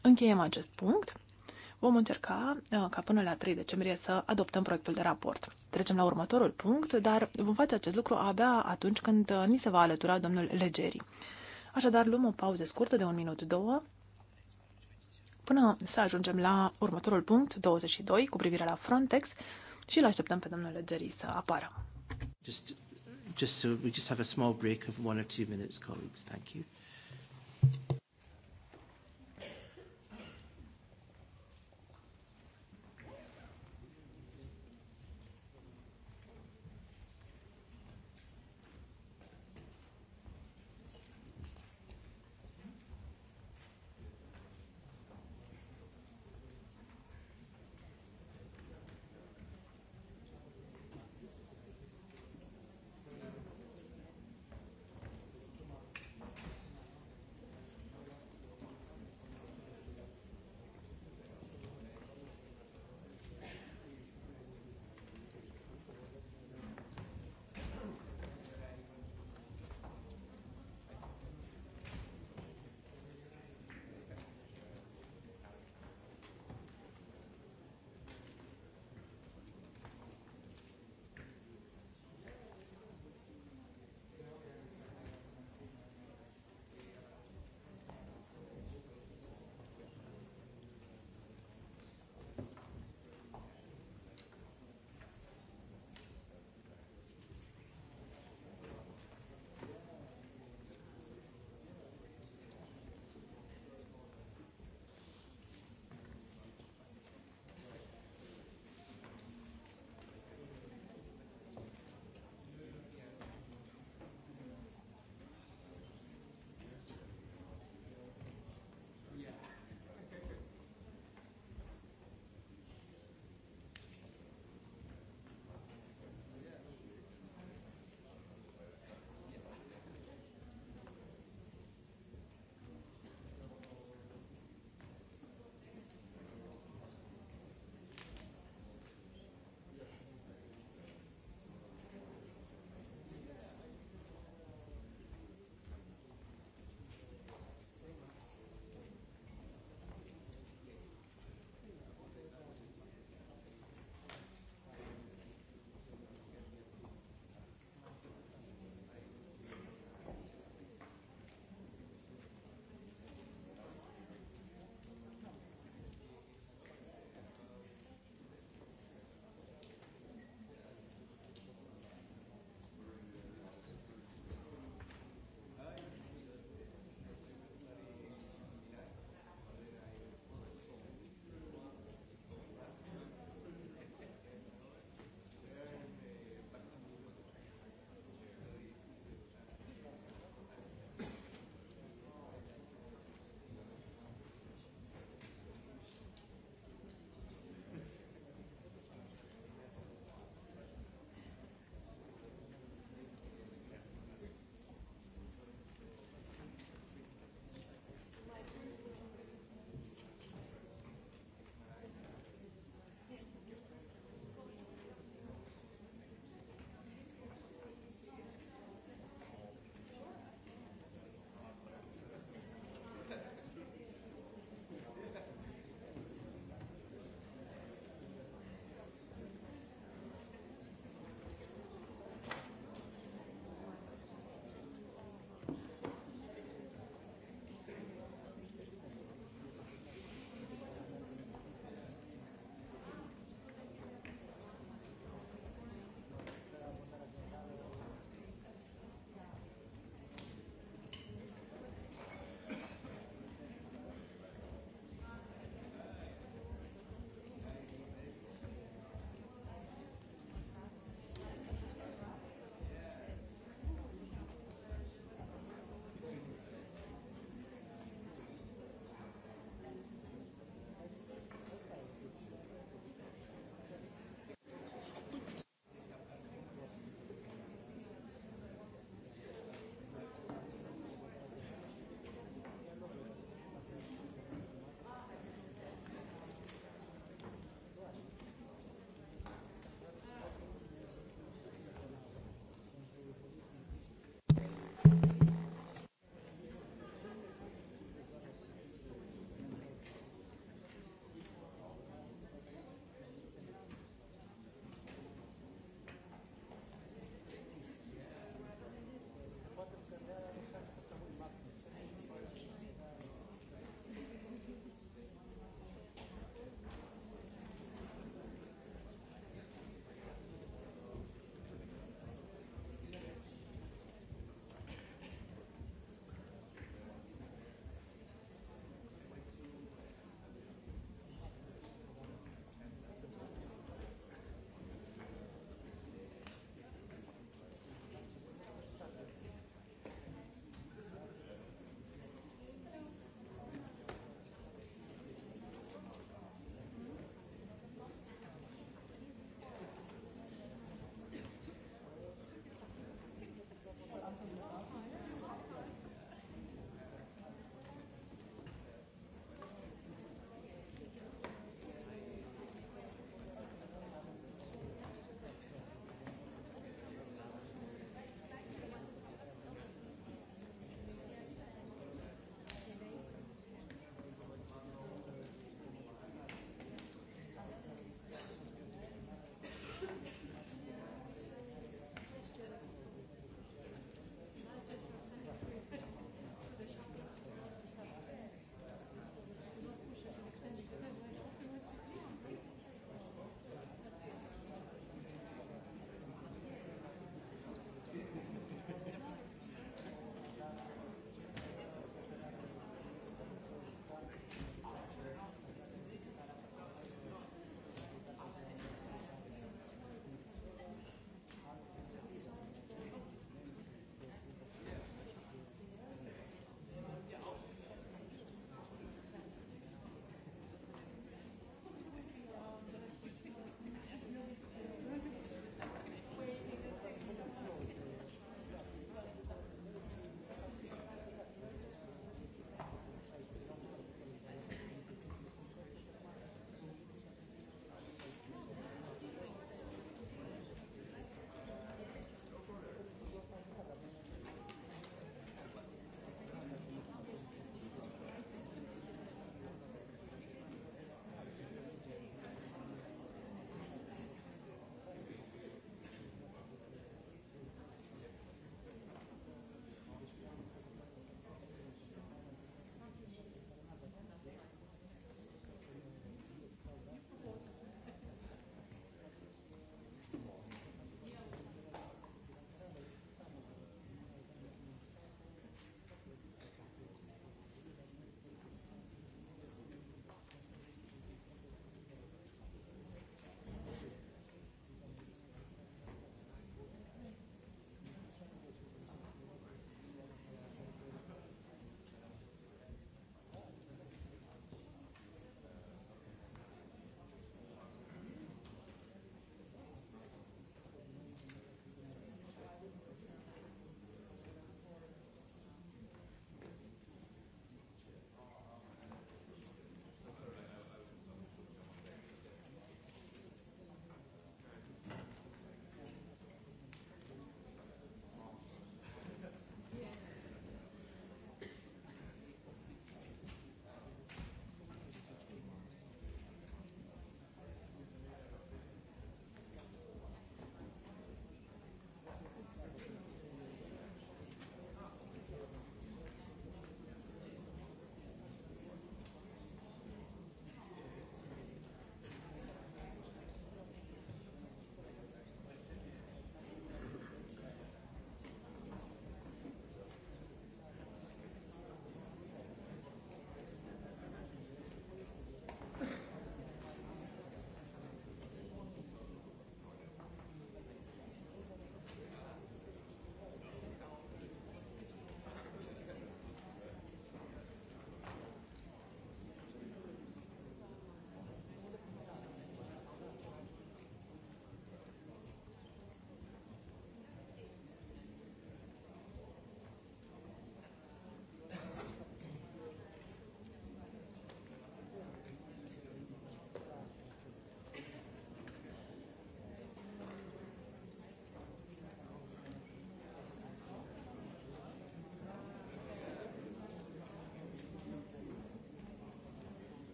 Încheiem acest punct. Vom încerca uh, ca până la 3 decembrie să adoptăm proiectul de raport. Trecem la următorul punct, dar vom face acest lucru abia atunci când uh, ni se va alătura domnul Legeri. Așadar, luăm o pauză scurtă de un minut, două, până să ajungem la următorul punct, 22, cu privire la Frontex, și îl așteptăm pe domnul Legeri să apară. Just, just so we just have a small break of one or two minutes, colleagues. Thank you.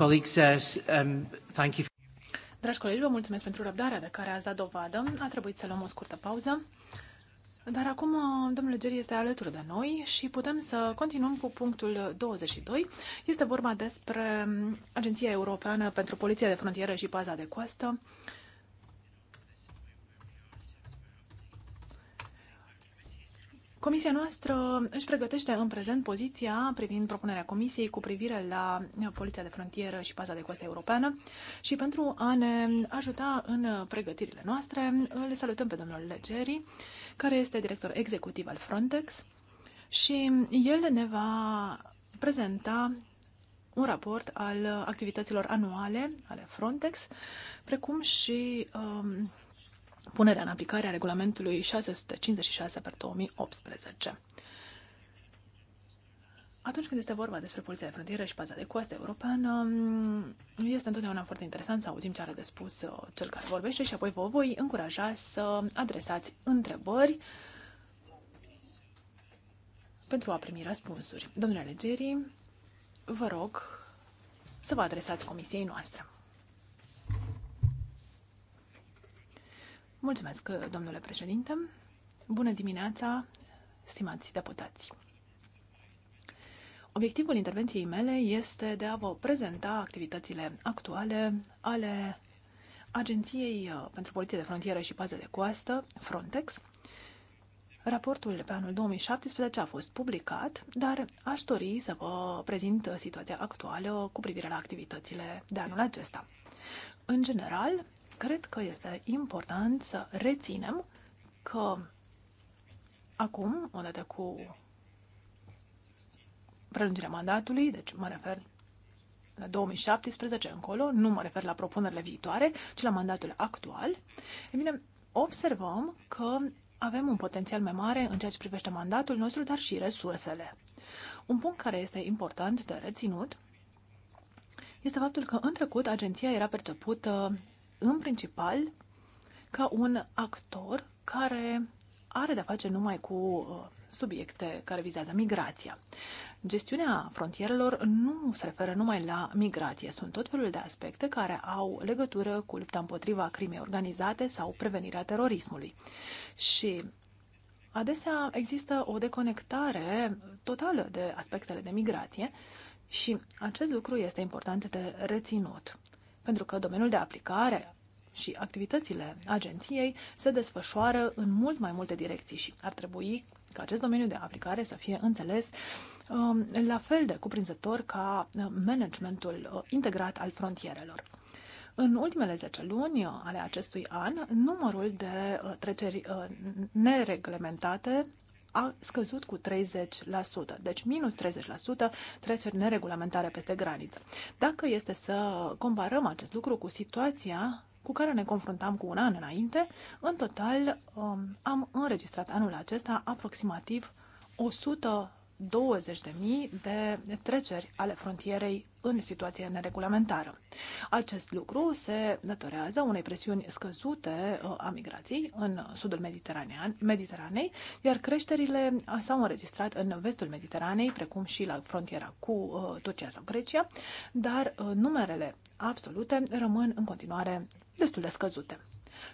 Uh, um, Dragi colegi, vă mulțumesc pentru răbdarea de care ați dat dovadă. A trebuit să luăm o scurtă pauză. Dar acum uh, domnul Geri este alături de noi și putem să continuăm cu punctul 22. Este vorba despre um, Agenția Europeană pentru Poliția de Frontieră și Paza de Coastă. Uh, Comisia noastră își pregătește în prezent poziția privind propunerea Comisiei cu privire la Poliția de Frontieră și Paza de Coastă Europeană și pentru a ne ajuta în pregătirile noastre, le salutăm pe domnul Legeri, care este director executiv al Frontex și el ne va prezenta un raport al activităților anuale ale Frontex, precum și um, punerea în aplicare a regulamentului 656 per 2018. Atunci când este vorba despre Poliția de Frontieră și Paza de Coastă Europeană, este întotdeauna foarte interesant să auzim ce are de spus uh, cel care vorbește și apoi vă voi încuraja să adresați întrebări pentru a primi răspunsuri. Domnule alegerii, vă rog să vă adresați comisiei noastre. Mulțumesc, domnule președinte. Bună dimineața, stimați deputați. Obiectivul intervenției mele este de a vă prezenta activitățile actuale ale Agenției uh, pentru Poliție de Frontieră și Pază de Coastă, Frontex. Raportul pe anul 2017 a fost publicat, dar aș dori să vă prezint situația actuală cu privire la activitățile de anul acesta. În general, Cred că este important să reținem că acum, odată cu prelungirea mandatului, deci mă refer la 2017 încolo, nu mă refer la propunerile viitoare, ci la mandatul actual, e bine, observăm că avem un potențial mai mare în ceea ce privește mandatul nostru, dar și resursele. Un punct care este important de reținut este faptul că în trecut agenția era percepută în principal ca un actor care are de-a face numai cu uh, subiecte care vizează migrația. Gestiunea frontierelor nu se referă numai la migrație, sunt tot felul de aspecte care au legătură cu lupta împotriva crimei organizate sau prevenirea terorismului. Și adesea există o deconectare totală de aspectele de migrație și acest lucru este important de reținut, pentru că domeniul de aplicare și activitățile agenției se desfășoară în mult mai multe direcții și ar trebui ca acest domeniu de aplicare să fie înțeles um, la fel de cuprinzător ca uh, managementul uh, integrat al frontierelor. În ultimele 10 luni uh, ale acestui an, numărul de treceri nereglementate a scăzut cu 30%, deci minus 30% treceri neregulamentare peste graniță. Dacă este să comparăm acest lucru cu situația cu care ne confruntam cu un an înainte, în total um, am înregistrat anul acesta aproximativ 120.000 de treceri ale frontierei în situație neregulamentară. Acest lucru se datorează unei presiuni scăzute uh, a migrației în sudul Mediteranean, Mediteranei, iar creșterile s-au înregistrat în vestul Mediteranei, precum și la frontiera cu uh, Turcia sau Grecia, dar uh, numerele absolute rămân în continuare destul de scăzute.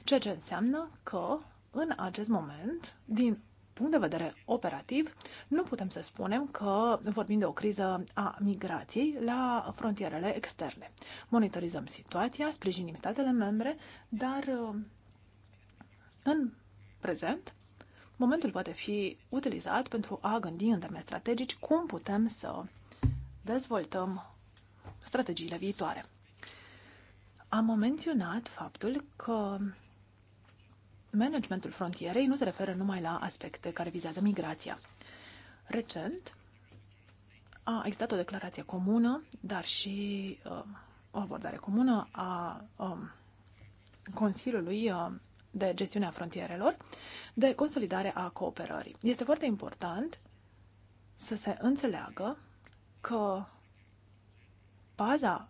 Ceea ce înseamnă că, în acest moment, din punct de vedere operativ, nu putem să spunem că vorbim de o criză a migrației la frontierele externe. Monitorizăm situația, sprijinim statele membre, dar uh, în prezent, momentul poate fi utilizat pentru a gândi în termeni strategici cum putem să dezvoltăm strategiile viitoare. Am menționat faptul că managementul frontierei nu se referă numai la aspecte care vizează migrația. Recent a existat o declarație comună, dar și uh, o abordare comună a uh, Consiliului uh, de gestiune a frontierelor, de consolidare a cooperării. Este foarte important să se înțeleagă că baza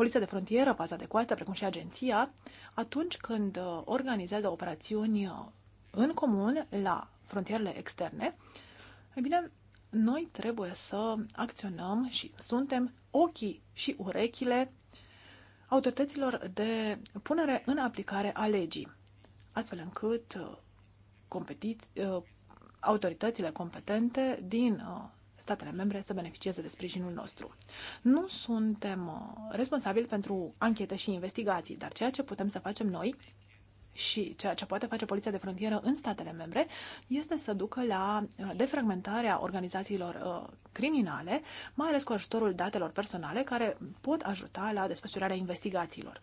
poliția de frontieră, paza de coastă, precum și agenția, atunci când uh, organizează operațiuni uh, în comun la frontierele externe, ei bine, noi trebuie să acționăm și suntem ochii și urechile autorităților de punere în aplicare a legii, astfel încât uh, competiți, autoritățile competente din statele membre să beneficieze de sprijinul nostru. Nu suntem uh, responsabili pentru anchete și investigații, dar ceea ce putem să facem noi și ceea ce poate face Poliția de Frontieră în statele membre este să ducă la uh, defragmentarea organizațiilor uh, criminale, mai ales cu ajutorul datelor personale care pot ajuta la desfășurarea investigațiilor.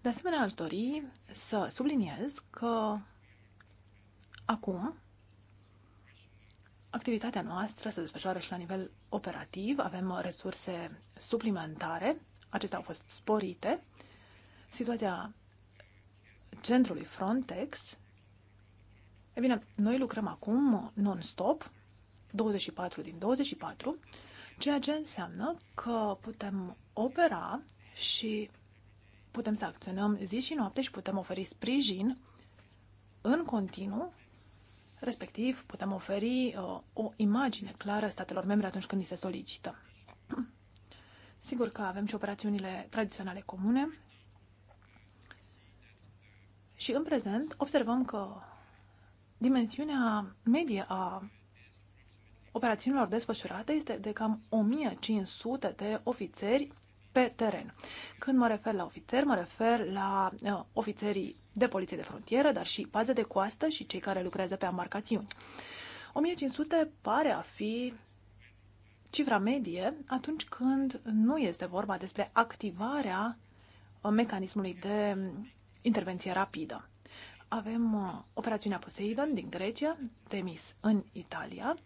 De asemenea, aș dori să subliniez că acum activitatea noastră se desfășoară și la nivel operativ. Avem resurse suplimentare. Acestea au fost sporite. Situația centrului Frontex. E bine, noi lucrăm acum non-stop, 24 din 24, ceea ce înseamnă că putem opera și putem să acționăm zi și noapte și putem oferi sprijin în continuu Respectiv, putem oferi uh, o imagine clară statelor membre atunci când ni se solicită. [clears throat] Sigur că avem și operațiunile tradiționale comune și în prezent observăm că dimensiunea medie a operațiunilor desfășurate este de cam 1500 de ofițeri pe teren. Când mă refer la ofițeri, mă refer la uh, ofițerii de poliție de frontieră, dar și bază de coastă și cei care lucrează pe amarcațiuni. 1500 pare a fi cifra medie atunci când nu este vorba despre activarea uh, mecanismului de um, intervenție rapidă. Avem uh, operațiunea Poseidon din Grecia, Temis în Italia.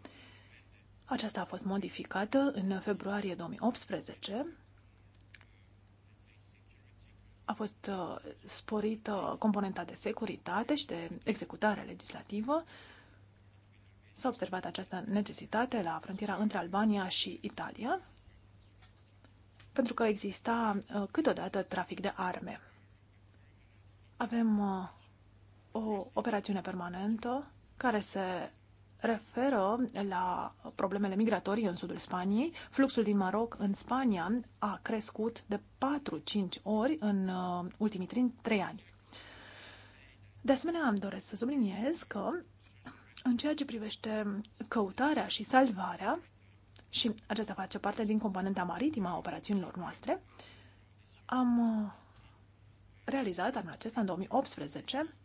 Aceasta a fost modificată în februarie 2018 a fost uh, sporită componenta de securitate și de executare legislativă. S-a observat această necesitate la frontiera între Albania și Italia, pentru că exista uh, câteodată trafic de arme. Avem uh, o operațiune permanentă care se referă la problemele migratorii în sudul Spaniei. Fluxul din Maroc în Spania a crescut de 4-5 ori în uh, ultimii 3 ani. De asemenea, am doresc să subliniez că în ceea ce privește căutarea și salvarea, și aceasta face parte din componenta maritimă a operațiunilor noastre, am uh, realizat anul acesta, în 2018,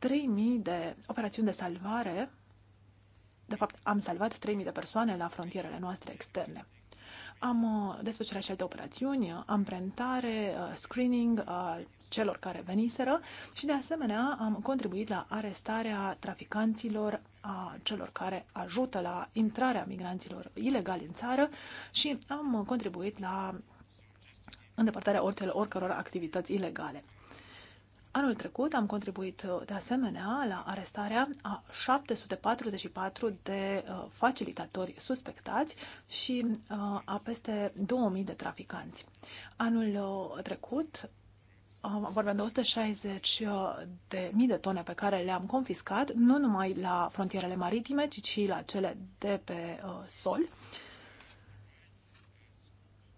3000 de operațiuni de salvare. De fapt, am salvat 3000 de persoane la frontierele noastre externe. Am uh, desfășurat și alte operațiuni, amprentare, uh, screening a uh, celor care veniseră și, de asemenea, am contribuit la arestarea traficanților, a celor care ajută la intrarea migranților ilegali în țară și am contribuit la îndepărtarea oricăror activități ilegale. Anul trecut am contribuit uh, de asemenea la arestarea a 744 de uh, facilitatori suspectați și uh, a peste 2000 de traficanți. Anul trecut vorbim de 160 de mii de tone pe care le-am confiscat, nu numai la frontierele maritime, ci și la cele de pe sol.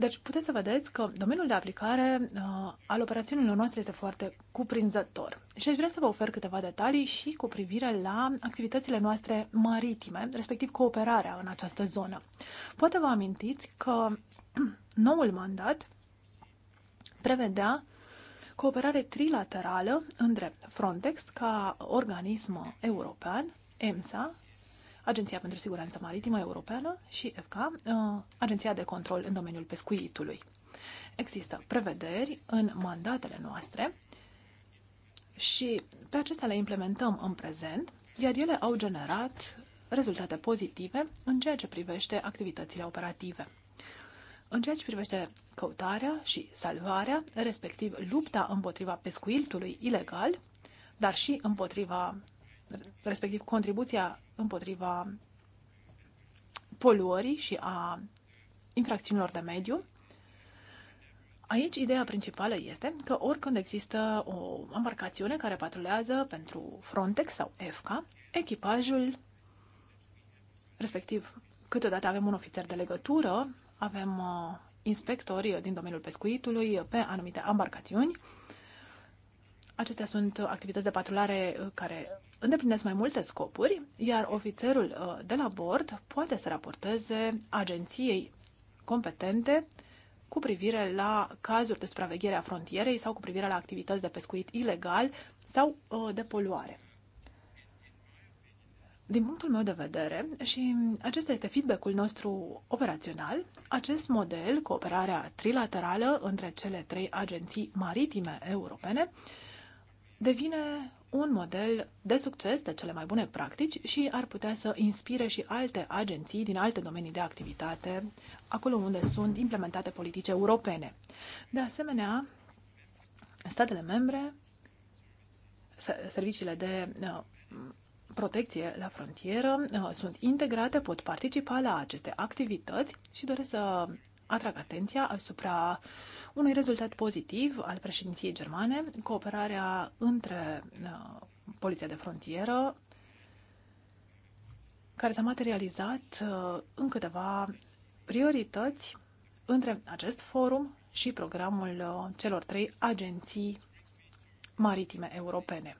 Deci puteți să vedeți că domeniul de aplicare uh, al operațiunilor noastre este foarte cuprinzător. Și aș vrea să vă ofer câteva detalii și cu privire la activitățile noastre maritime, respectiv cooperarea în această zonă. Poate vă amintiți că [clears throat] noul mandat prevedea cooperare trilaterală între Frontex ca organism european, EMSA Agenția pentru Siguranță Maritimă Europeană și EFCA, uh, Agenția de Control în domeniul pescuitului. Există prevederi în mandatele noastre și pe acestea le implementăm în prezent, iar ele au generat rezultate pozitive în ceea ce privește activitățile operative. În ceea ce privește căutarea și salvarea, respectiv lupta împotriva pescuitului ilegal, dar și împotriva, respectiv contribuția împotriva poluării și a infracțiunilor de mediu. Aici ideea principală este că oricând există o embarcațiune care patrulează pentru Frontex sau EFCA, echipajul, respectiv câteodată avem un ofițer de legătură, avem uh, inspectori din domeniul pescuitului pe anumite embarcațiuni, Acestea sunt activități de patrulare uh, care îndeplinesc mai multe scopuri, iar ofițerul uh, de la bord poate să raporteze agenției competente cu privire la cazuri de supraveghere a frontierei sau cu privire la activități de pescuit ilegal sau uh, de poluare. Din punctul meu de vedere, și acesta este feedback-ul nostru operațional, acest model, cooperarea trilaterală între cele trei agenții maritime europene, devine un model de succes, de cele mai bune practici și ar putea să inspire și alte agenții din alte domenii de activitate, acolo unde sunt implementate politici europene. De asemenea, statele membre, serviciile de uh, protecție la frontieră uh, sunt integrate, pot participa la aceste activități și doresc să atrag atenția asupra unui rezultat pozitiv al președinției germane, cooperarea între uh, Poliția de Frontieră, care s-a materializat uh, în câteva priorități între acest forum și programul uh, celor trei agenții maritime europene.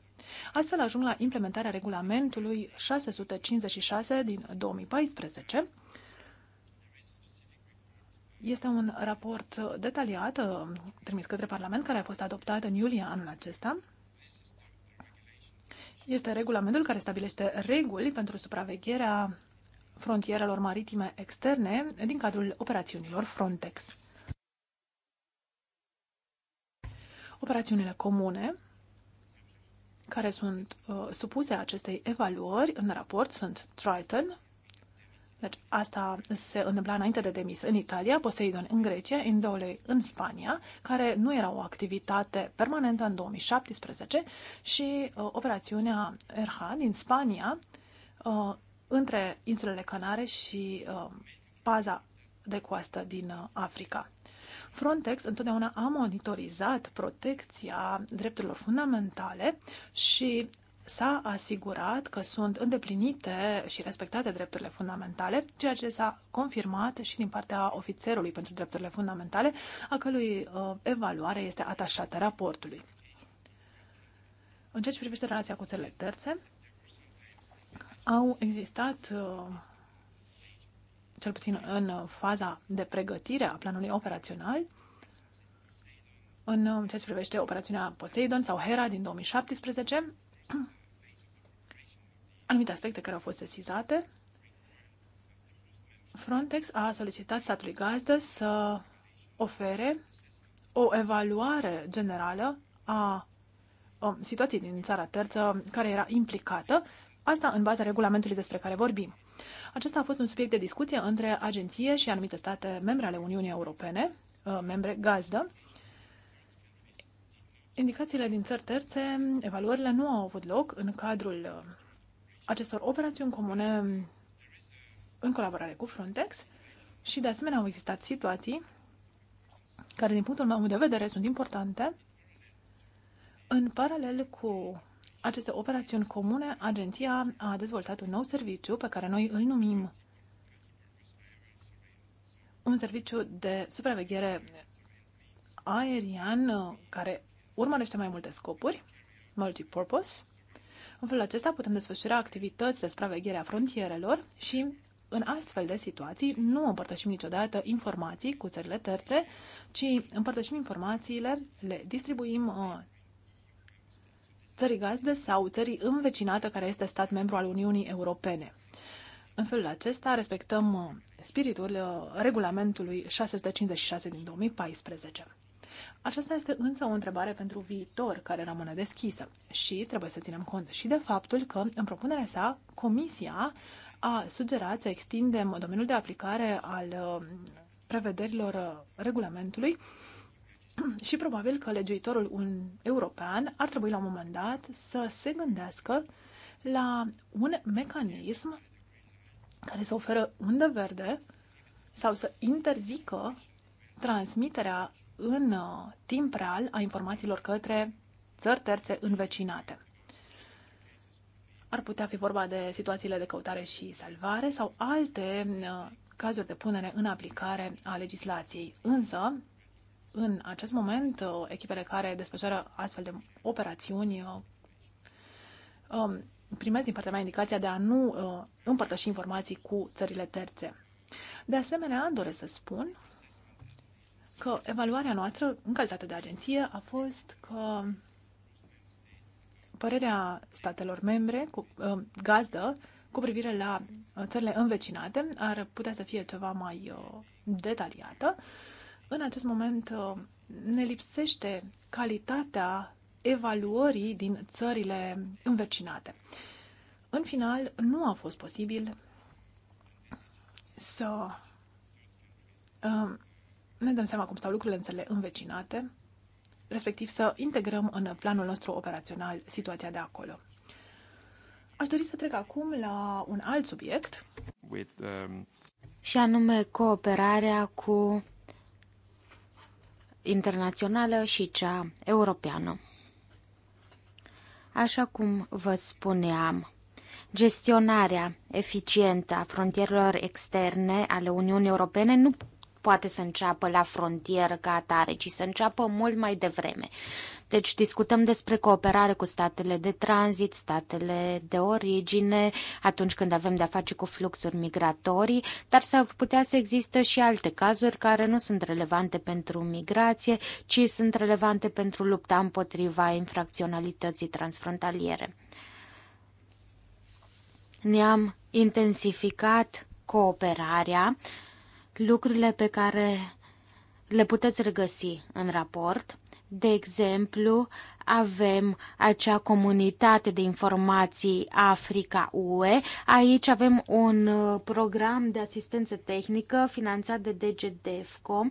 Astfel ajung la implementarea regulamentului 656 din 2014, este un raport detaliat trimis către Parlament, care a fost adoptat în iulie anul acesta. Este regulamentul care stabilește reguli pentru supravegherea frontierelor maritime externe din cadrul operațiunilor Frontex. Operațiunile comune care sunt uh, supuse acestei evaluări în raport sunt Triton, deci asta se întâmpla înainte de demis în Italia, Poseidon în Grecia, Indole în Spania, care nu era o activitate permanentă în 2017 și uh, operațiunea RH din Spania uh, între insulele Canare și uh, paza de coastă din uh, Africa. Frontex întotdeauna a monitorizat protecția drepturilor fundamentale și s-a asigurat că sunt îndeplinite și respectate drepturile fundamentale, ceea ce s-a confirmat și din partea ofițerului pentru drepturile fundamentale, a cărui uh, evaluare este atașată raportului. În ceea ce privește relația cu țările terțe, au existat, uh, cel puțin în faza de pregătire a planului operațional, în uh, ceea ce privește operațiunea Poseidon sau Hera din 2017, [clears throat] anumite aspecte care au fost sesizate. Frontex a solicitat statului gazdă să ofere o evaluare generală a situației din țara terță care era implicată, asta în baza regulamentului despre care vorbim. Acesta a fost un subiect de discuție între agenție și anumite state membre ale Uniunii Europene, membre gazdă, indicațiile din țări terțe, evaluările nu au avut loc în cadrul uh, acestor operațiuni comune în colaborare cu Frontex și de asemenea au existat situații care din punctul meu de vedere sunt importante. În paralel cu aceste operațiuni comune, agenția a dezvoltat un nou serviciu pe care noi îl numim un serviciu de supraveghere aerian uh, care urmărește mai multe scopuri, multipurpose. În felul acesta putem desfășura activități de supraveghere a frontierelor și în astfel de situații nu împărtășim niciodată informații cu țările terțe, ci împărtășim informațiile, le distribuim uh, țării gazde sau țării învecinată care este stat membru al Uniunii Europene. În felul acesta respectăm uh, spiritul uh, regulamentului 656 din 2014. Aceasta este însă o întrebare pentru viitor care rămâne deschisă și trebuie să ținem cont și de faptul că în propunerea sa Comisia a sugerat să extindem domeniul de aplicare al uh, prevederilor uh, regulamentului [clears throat] și probabil că legiuitorul un european ar trebui la un moment dat să se gândească la un mecanism care să oferă undă verde sau să interzică transmiterea în uh, timp real a informațiilor către țări terțe învecinate. Ar putea fi vorba de situațiile de căutare și salvare sau alte uh, cazuri de punere în aplicare a legislației. Însă, în acest moment, uh, echipele care desfășoară astfel de operațiuni um, primesc din partea mea indicația de a nu împărtăși informații cu țările terțe. De asemenea, doresc să spun că evaluarea noastră, în calitate de agenție, a fost că părerea statelor membre cu uh, gazdă cu privire la ă, țările învecinate ar putea să fie ceva mai uh, detaliată. În acest moment uh, ne lipsește calitatea evaluării din țările învecinate. În final, nu a fost posibil să uh, ne dăm seama cum stau lucrurile în țările învecinate, respectiv să integrăm în planul nostru operațional situația de acolo. Aș dori să trec acum la un alt subiect. With, um... Și anume cooperarea cu internațională și cea europeană. Așa cum vă spuneam, gestionarea eficientă a frontierelor externe ale Uniunii Europene nu poate să înceapă la frontieră ca atare, ci să înceapă mult mai devreme. Deci discutăm despre cooperare cu statele de tranzit, statele de origine, atunci când avem de-a face cu fluxuri migratorii, dar s-ar putea să există și alte cazuri care nu sunt relevante pentru migrație, ci sunt relevante pentru lupta împotriva infracționalității transfrontaliere. Ne-am intensificat cooperarea uh, lucrurile pe care le puteți regăsi în raport. De exemplu, avem acea comunitate de informații Africa-UE. Aici avem un uh, program de asistență tehnică finanțat de DGDFCO.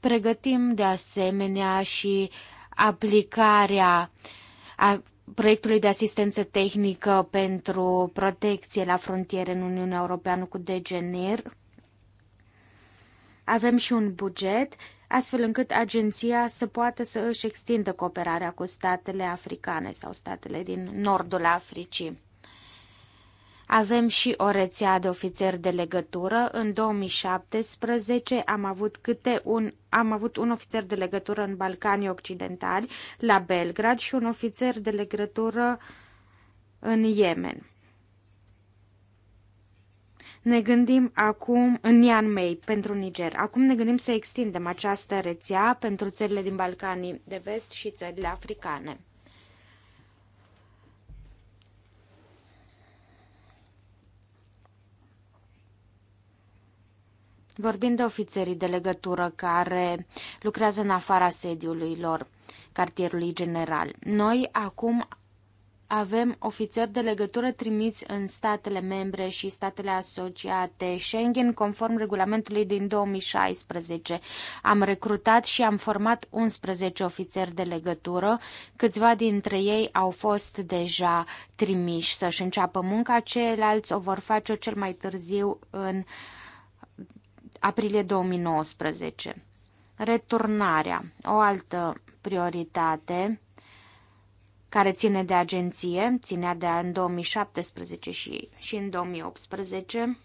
Pregătim de asemenea și aplicarea a proiectului de asistență tehnică pentru protecție la frontiere în Uniunea Europeană cu DGNIR avem și un buget, astfel încât agenția să poată să își extindă cooperarea cu statele africane sau statele din nordul Africii. Avem și o rețea de ofițeri de legătură. În 2017 am avut câte un am avut un ofițer de legătură în Balcanii Occidentali, la Belgrad și un ofițer de legătură în Yemen. Ne gândim acum în May pentru Niger. Acum ne gândim să extindem această rețea pentru țările din Balcanii de vest și țările africane. Vorbind de ofițerii de legătură care lucrează în afara sediului lor, cartierului general. Noi acum avem ofițeri de legătură trimiți în statele membre și statele asociate Schengen conform regulamentului din 2016. Am recrutat și am format 11 ofițeri de legătură. Câțiva dintre ei au fost deja trimiși să-și înceapă munca, ceilalți o vor face cel mai târziu în aprilie 2019. Returnarea, o altă prioritate care ține de agenție, ținea de în 2017 și, și în 2018.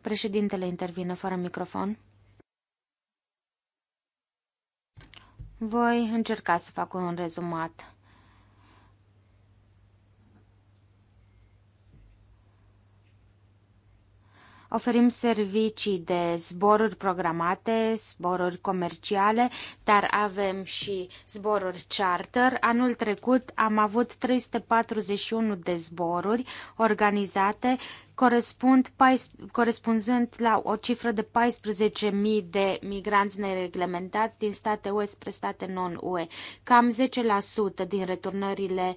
Președintele intervine fără microfon. Voi încerca să fac un rezumat. Oferim servicii de zboruri programate, zboruri comerciale, dar avem și zboruri charter. Anul trecut am avut 341 de zboruri organizate, corespund, corespunzând la o cifră de 14.000 de migranți nereglementați din state UE spre state non-UE. Cam 10% din returnările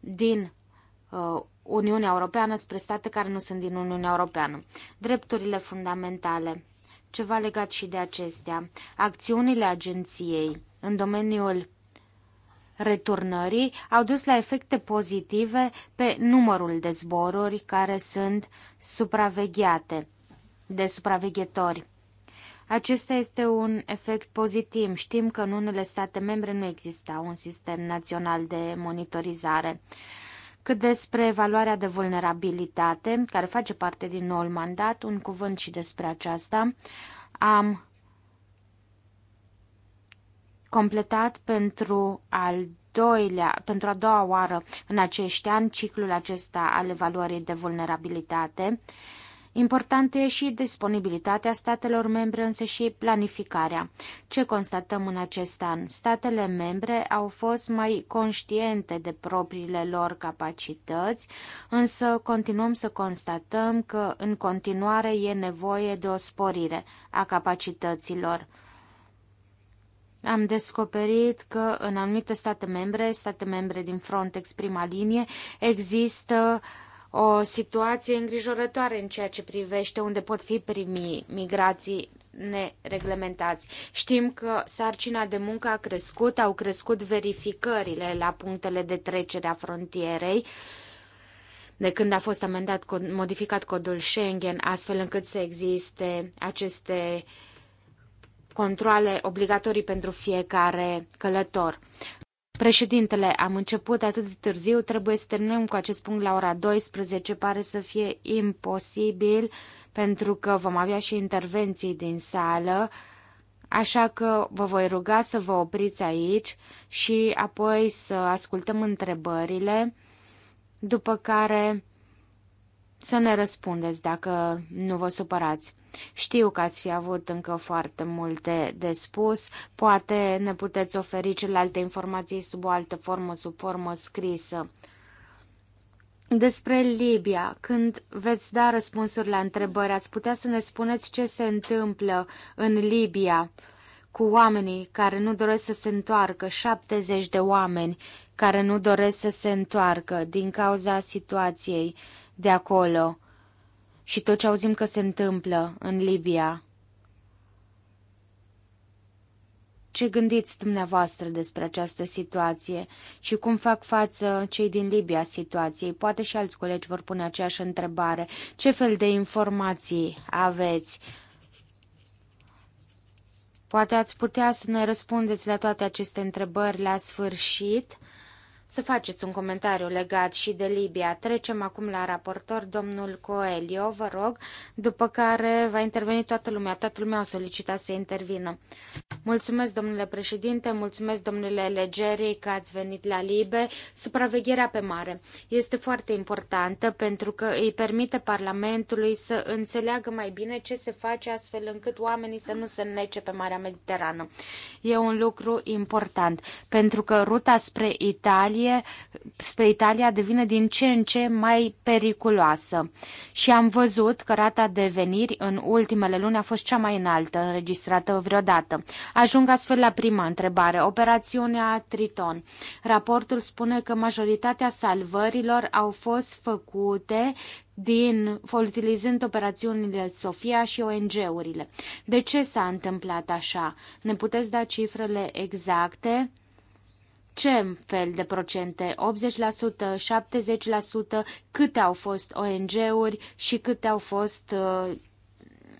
din Uh, Uniunea Europeană spre state care nu sunt din Uniunea Europeană. Drepturile fundamentale. Ceva legat și de acestea. Acțiunile agenției în domeniul returnării au dus la efecte pozitive pe numărul de zboruri care sunt supravegheate de supraveghetori. Acesta este un efect pozitiv. Știm că în unele state membre nu exista un sistem național de monitorizare cât despre evaluarea de vulnerabilitate, care face parte din noul mandat, un cuvânt și despre aceasta, am completat pentru al doilea, pentru a doua oară în acești ani ciclul acesta al evaluării de vulnerabilitate. Uh, Importantă e și disponibilitatea statelor membre, însă și planificarea. Ce constatăm în acest an? Statele membre au fost mai conștiente de propriile lor capacități, însă continuăm să constatăm că în continuare e nevoie de o sporire a capacităților. Am descoperit că în anumite state membre, state membre din Frontex prima linie, există uh, o situație îngrijorătoare în ceea ce privește unde pot fi primi migrații nereglementați. Știm că sarcina de muncă a crescut, au crescut verificările la punctele de trecere a frontierei de când a fost amendat, modificat codul Schengen, astfel încât să existe aceste controle obligatorii pentru fiecare călător. Președintele, am început atât de târziu, trebuie să terminăm cu acest punct la ora 12, pare să fie imposibil pentru că vom avea și intervenții din sală, așa că vă voi ruga să vă opriți aici și apoi să ascultăm întrebările, după care să ne răspundeți dacă nu vă supărați. Știu că ați fi avut încă foarte multe de spus, poate ne puteți oferi celelalte informații sub o altă formă, sub formă scrisă. Despre Libia, când veți da răspunsuri la întrebări, ați putea să ne spuneți ce se întâmplă în Libia cu oamenii care nu doresc să se întoarcă, 70 de oameni care nu doresc să se întoarcă din cauza situației de acolo și tot ce auzim că se întâmplă în Libia. Ce gândiți dumneavoastră despre această situație și cum fac față cei din Libia situației? Poate și alți colegi vor pune aceeași întrebare. Ce fel de informații aveți? Poate ați putea să ne răspundeți la toate aceste întrebări la sfârșit să faceți un comentariu legat și de Libia. Trecem acum la raportor, domnul Coelio, vă rog, după care va interveni toată lumea. Toată lumea o solicita să intervină. Mulțumesc, domnule președinte, mulțumesc, domnule Legerii, că ați venit la Libe. Supravegherea pe mare este foarte importantă pentru că îi permite Parlamentului să înțeleagă mai bine ce se face astfel încât oamenii să nu se nece pe Marea Mediterană. E un lucru important pentru că ruta spre Italia Italie, spre Italia devine din ce în ce mai periculoasă. Și am văzut că rata de veniri în ultimele luni a fost cea mai înaltă înregistrată vreodată. Ajung astfel la prima întrebare. Operațiunea Triton. Raportul spune că majoritatea salvărilor au fost făcute din utilizând operațiunile Sofia și ONG-urile. De ce s-a întâmplat așa? Ne puteți da cifrele exacte? ce fel de procente, 80%, 70%, câte au fost ONG-uri și câte au fost uh,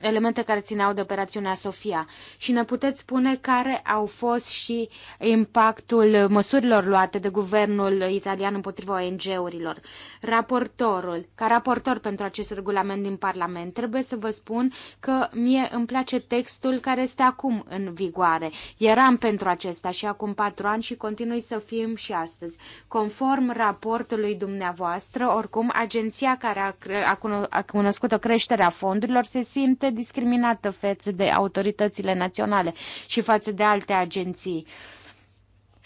elemente care țineau de operațiunea Sofia și ne puteți spune care au fost și impactul măsurilor luate de guvernul italian împotriva ONG-urilor. Raportorul, ca raportor pentru acest regulament din Parlament, trebuie să vă spun că mie îmi place textul care este acum în vigoare. Eram pentru acesta și acum patru ani și continui să fim și astăzi. Conform raportului dumneavoastră, oricum, agenția care a, a cunoscut o creștere a fondurilor se simte este discriminată față de autoritățile naționale și față de alte agenții.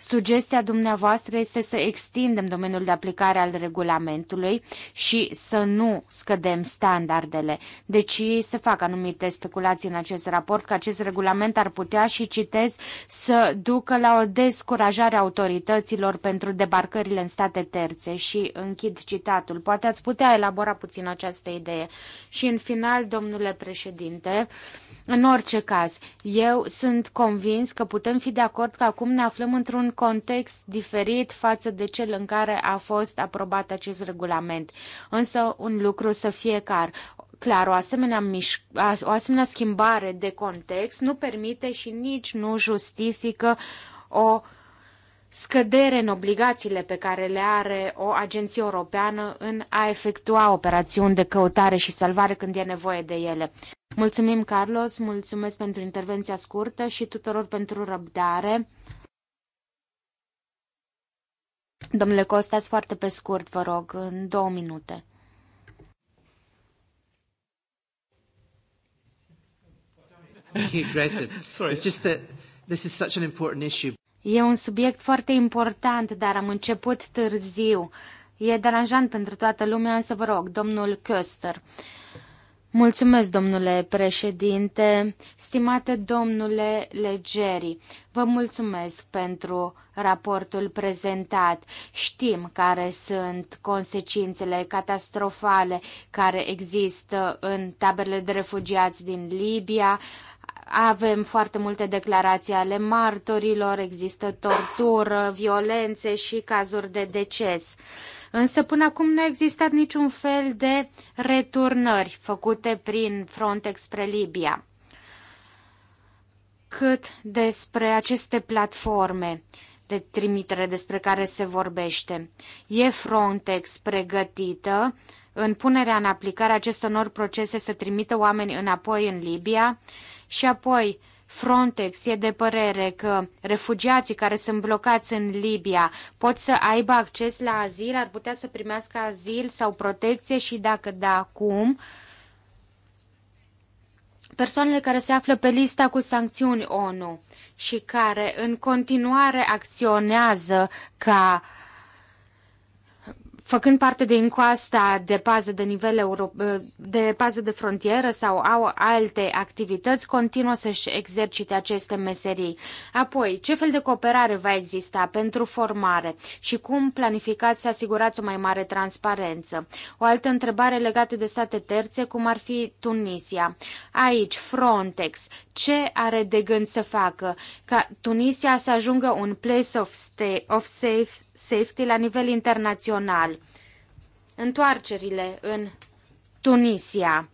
Sugestia dumneavoastră este să extindem domeniul de aplicare al regulamentului și să nu scădem standardele. Deci se fac anumite speculații în acest raport că acest regulament ar putea și citez să ducă la o descurajare a autorităților pentru debarcările în state terțe și închid citatul. Poate ați putea elabora puțin această idee. Și în final, domnule președinte, în orice caz, eu sunt convins că putem fi de acord că acum ne aflăm într-un context diferit față de cel în care a fost aprobat acest regulament. Însă, un lucru să fie clar, clar, o asemenea, miș- o asemenea schimbare de context nu permite și nici nu justifică o uh, scădere în obligațiile pe care le are o agenție europeană în a efectua operațiuni de căutare și salvare când e nevoie de ele. Mulțumim, Carlos, mulțumesc pentru intervenția scurtă și tuturor pentru răbdare. Domnule Costas, foarte pe scurt, vă rog, în două minute. Sorry. It's just that this is such an important issue. E un subiect foarte important, dar am început târziu. E deranjant pentru toată lumea, însă vă rog, domnul Köster. Mulțumesc, domnule președinte, stimate domnule Legeri, vă mulțumesc pentru raportul prezentat. Știm care sunt consecințele catastrofale care există în taberele de refugiați din Libia, avem foarte multe declarații ale martorilor, există tortură, violențe și cazuri de deces. Însă până acum nu a existat niciun fel de returnări făcute prin Frontex spre Libia. Cât despre aceste platforme de trimitere despre care se vorbește. E Frontex pregătită în punerea în aplicare acestor procese să trimită oameni înapoi în Libia și apoi, Frontex e de părere că refugiații care sunt blocați în Libia pot să aibă acces la azil, ar putea să primească azil sau protecție și dacă da, cum? Persoanele care se află pe lista cu sancțiuni ONU și care în continuare acționează ca uh, făcând parte din coasta de pază de nivel euro, de pază de frontieră sau au alte activități, continuă să-și exercite aceste meserii. Apoi, ce fel de cooperare va exista pentru formare și cum planificați să asigurați o mai mare transparență? O altă întrebare legată de state terțe, cum ar fi Tunisia. Aici, Frontex, ce are de gând să facă ca Tunisia să ajungă un place of, stay, of safe, safety la nivel internațional? întoarcerile în Tunisia,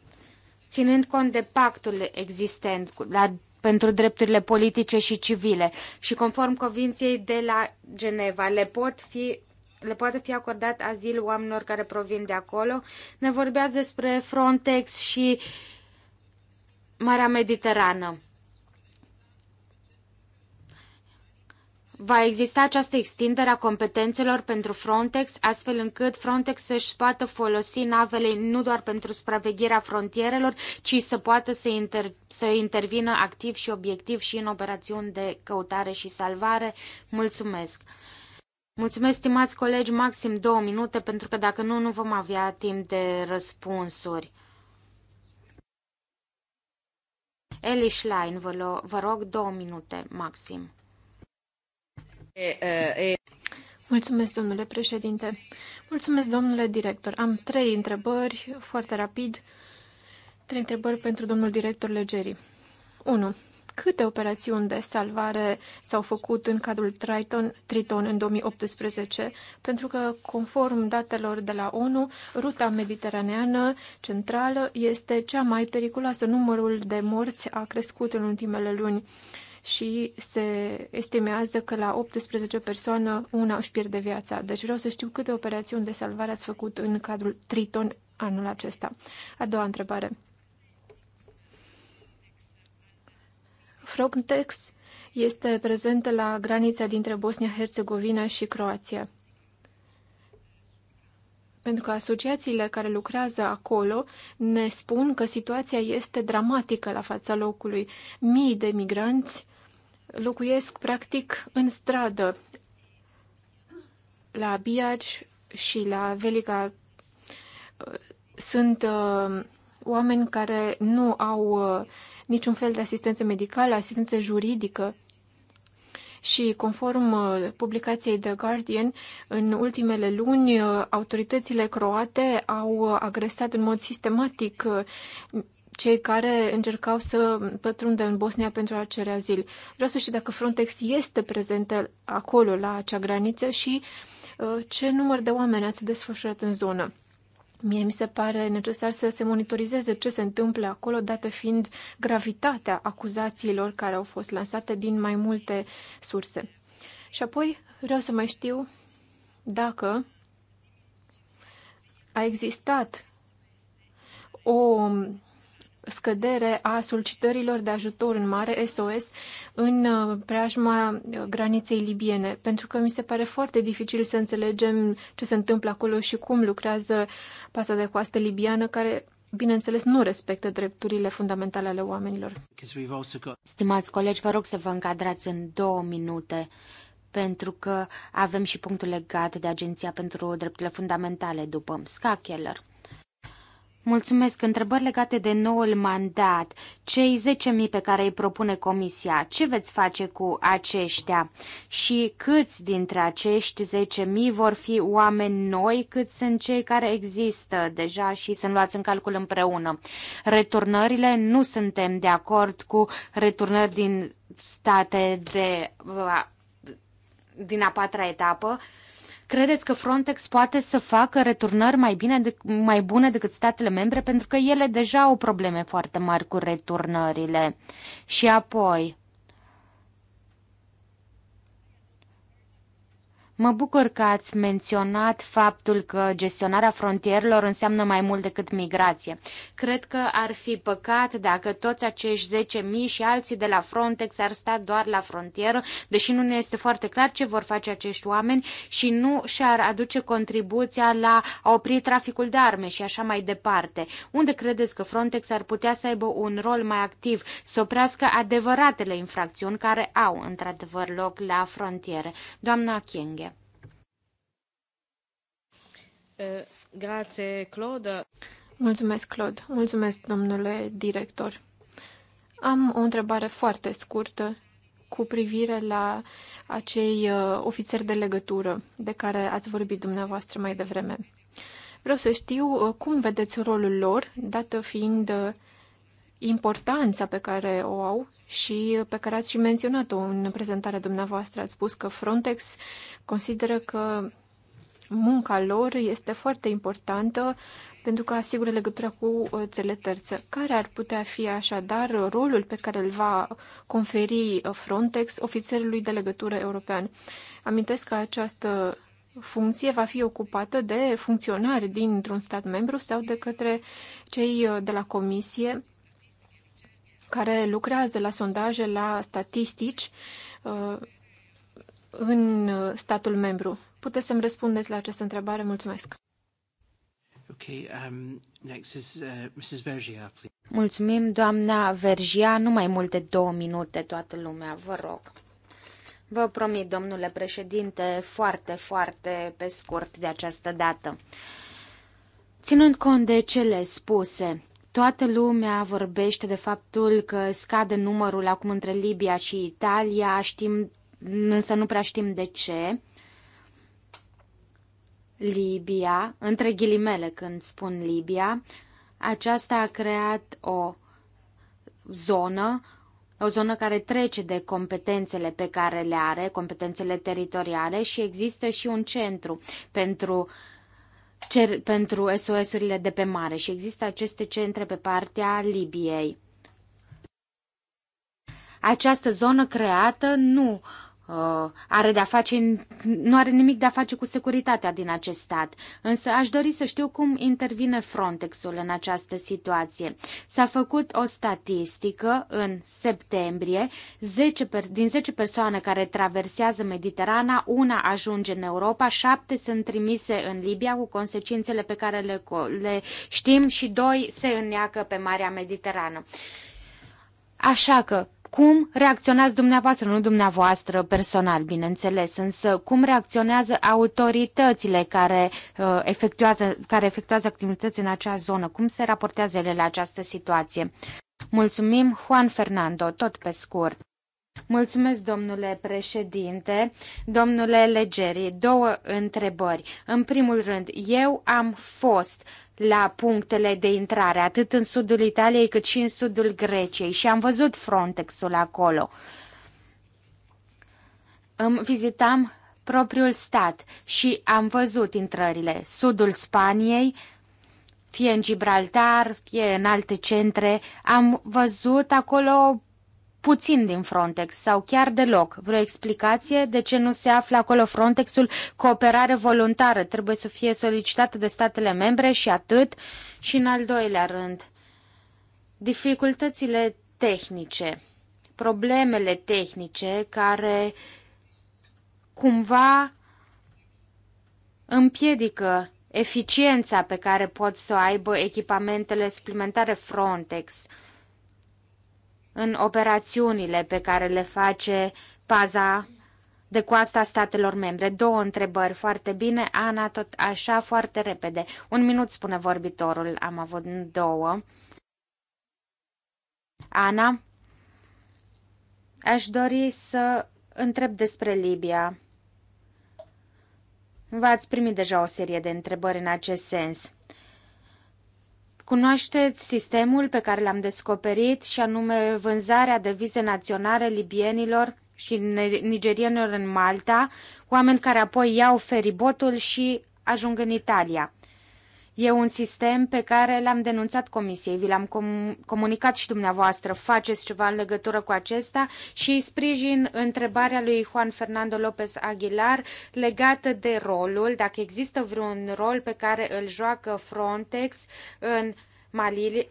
ținând cont de pactul existent la, pentru drepturile politice și civile și conform convinției de la Geneva, le pot fi le poate fi acordat azil oamenilor care provin de acolo. Ne vorbeați despre Frontex și Marea Mediterană. va exista această extindere a competențelor pentru Frontex, astfel încât Frontex să-și poată folosi navele nu doar pentru supravegherea frontierelor, ci să poată să, inter- să intervină activ și obiectiv și în operațiuni de căutare și salvare. Mulțumesc! Mulțumesc, stimați colegi, maxim două minute, pentru că dacă nu, nu vom avea timp de răspunsuri. Eli Schlein, vă, vă rog două minute maxim. Mulțumesc, domnule președinte. Mulțumesc, domnule director. Am trei întrebări foarte rapid. Trei întrebări pentru domnul director Legerii. 1. Câte operațiuni de salvare s-au făcut în cadrul Triton, Triton în 2018? Pentru că, conform datelor de la ONU, ruta mediteraneană centrală este cea mai periculoasă. Numărul de morți a crescut în ultimele luni și se estimează că la 18 persoane una își pierde viața. Deci vreau să știu câte operațiuni de salvare ați făcut în cadrul Triton anul acesta. A doua întrebare. Frontex este prezentă la granița dintre Bosnia-Herzegovina și Croația. Pentru că asociațiile care lucrează acolo ne spun că situația este dramatică la fața locului. Mii de migranți locuiesc practic în stradă la Biaci și la Velica sunt uh, oameni care nu au uh, niciun fel de asistență medicală, asistență juridică. Și conform uh, publicației The Guardian, în ultimele luni, uh, autoritățile croate au uh, agresat în mod sistematic uh, cei care încercau să pătrundă în Bosnia pentru a cere azil. Vreau să știu dacă Frontex este prezentă acolo, la acea graniță și uh, ce număr de oameni ați desfășurat în zonă. Mie mi se pare necesar să se monitorizeze ce se întâmplă acolo, dată fiind gravitatea acuzațiilor care au fost lansate din mai multe surse. Și apoi vreau să mai știu dacă a existat o scădere a solicitărilor de ajutor în mare SOS în uh, preajma uh, graniței libiene, pentru că mi se pare foarte dificil să înțelegem ce se întâmplă acolo și cum lucrează pasa de coastă libiană care bineînțeles, nu respectă drepturile fundamentale ale oamenilor. Stimați colegi, vă rog să vă încadrați în două minute, pentru că avem și punctul legat de Agenția pentru Drepturile Fundamentale după Ska Keller. Mulțumesc. Întrebări legate de noul mandat. Cei 10.000 pe care îi propune Comisia, ce veți face cu aceștia? Și câți dintre acești 10.000 vor fi oameni noi, cât sunt cei care există deja și sunt luați în calcul împreună? Returnările, nu suntem de acord cu returnări din state de, uh, din a patra etapă. Uh, Credeți că Frontex poate să facă returnări mai, bine de, mai bune decât statele membre? Pentru că ele deja au probleme foarte mari cu returnările. Și apoi, Mă bucur că ați menționat faptul că gestionarea frontierelor înseamnă mai mult decât migrație. Cred că ar fi păcat dacă toți acești 10.000 și alții de la Frontex ar sta doar la frontieră, deși nu ne este foarte clar ce vor face acești oameni și nu și-ar aduce contribuția la a opri traficul de arme și așa mai departe. Unde credeți că Frontex ar putea să aibă un rol mai activ, să oprească adevăratele infracțiuni care au într-adevăr loc la frontiere? Doamna Kienge. Eh, Claude. Mulțumesc, Claude. Mulțumesc, domnule director. Am o întrebare foarte scurtă cu privire la acei eh, ofițeri de legătură de care ați vorbit dumneavoastră mai devreme. Vreau să știu eh, cum vedeți rolul lor, dată fiind importanța pe care o au și pe care ați și menționat-o în prezentarea dumneavoastră. Ați spus că Frontex consideră că munca lor este foarte importantă pentru că asigură legătura cu uh, țele terțe. Care ar putea fi așadar rolul pe care îl va conferi uh, Frontex ofițerului de legătură european? Amintesc că această funcție va fi ocupată de funcționari dintr-un stat membru sau de către cei uh, de la comisie care lucrează la sondaje, la statistici în statul membru. Puteți să-mi răspundeți la această întrebare. Mulțumesc. Okay, um, next is, uh, Mrs. Vergia, Mulțumim, doamna Vergia. Nu mai mult de două minute, toată lumea, vă rog. Vă promit, domnule președinte, foarte, foarte pe scurt de această dată. Ținând cont de cele spuse, toată lumea vorbește de faptul că scade numărul acum între Libia și Italia, știm, însă nu prea știm de ce. Libia, între ghilimele când spun Libia, aceasta a creat o zonă, o zonă care trece de competențele pe care le are, competențele teritoriale și există și un centru pentru, cer, pentru SOS-urile de pe mare și există aceste centre pe partea Libiei. Această zonă creată nu uh, Uh, are de-a face, nu are nimic de-a face cu securitatea din acest stat. Însă aș dori să știu cum intervine Frontexul în această situație. S-a făcut o statistică în septembrie, 10 din 10 persoane care traversează Mediterana, una ajunge în Europa, 7 sunt trimise în Libia cu consecințele pe care le, le știm și doi se înneacă pe Marea Mediterană. Așa că cum reacționați dumneavoastră, nu dumneavoastră personal, bineînțeles, însă cum reacționează autoritățile care, uh, efectuează, care efectuează activități în acea zonă, cum se raportează ele la această situație. Mulțumim, Juan Fernando, tot pe scurt. Mulțumesc, domnule președinte. Domnule Legeri, două întrebări. În primul rând, eu am fost uh, la punctele de intrare, atât în sudul Italiei cât și în sudul Greciei și am văzut Frontex-ul acolo. Îmi vizitam propriul stat și am văzut intrările, sudul Spaniei, fie în Gibraltar, fie în alte centre, am văzut acolo puțin din Frontex sau chiar deloc. Vreo explicație de ce nu se află acolo Frontexul? Cooperare voluntară trebuie să fie solicitată de statele membre și atât. Și în al doilea rând, dificultățile tehnice, problemele tehnice care cumva împiedică eficiența pe care pot să o aibă echipamentele suplimentare Frontex în operațiunile pe care le face paza de coasta statelor membre. Două întrebări foarte bine, Ana, tot așa foarte repede. Un minut spune vorbitorul, am avut două. Ana, aș dori să întreb despre Libia. V-ați primit deja o serie de întrebări în acest sens. Cunoașteți sistemul pe care l-am descoperit și anume vânzarea de vize naționale libienilor și nigerienilor în Malta, oameni care apoi iau feribotul și ajung în Italia. E un sistem pe care l-am denunțat comisiei, vi l-am com- comunicat și dumneavoastră, faceți ceva în legătură cu acesta și sprijin întrebarea lui Juan Fernando López Aguilar legată de rolul, dacă există vreun rol pe care îl joacă Frontex în Malili,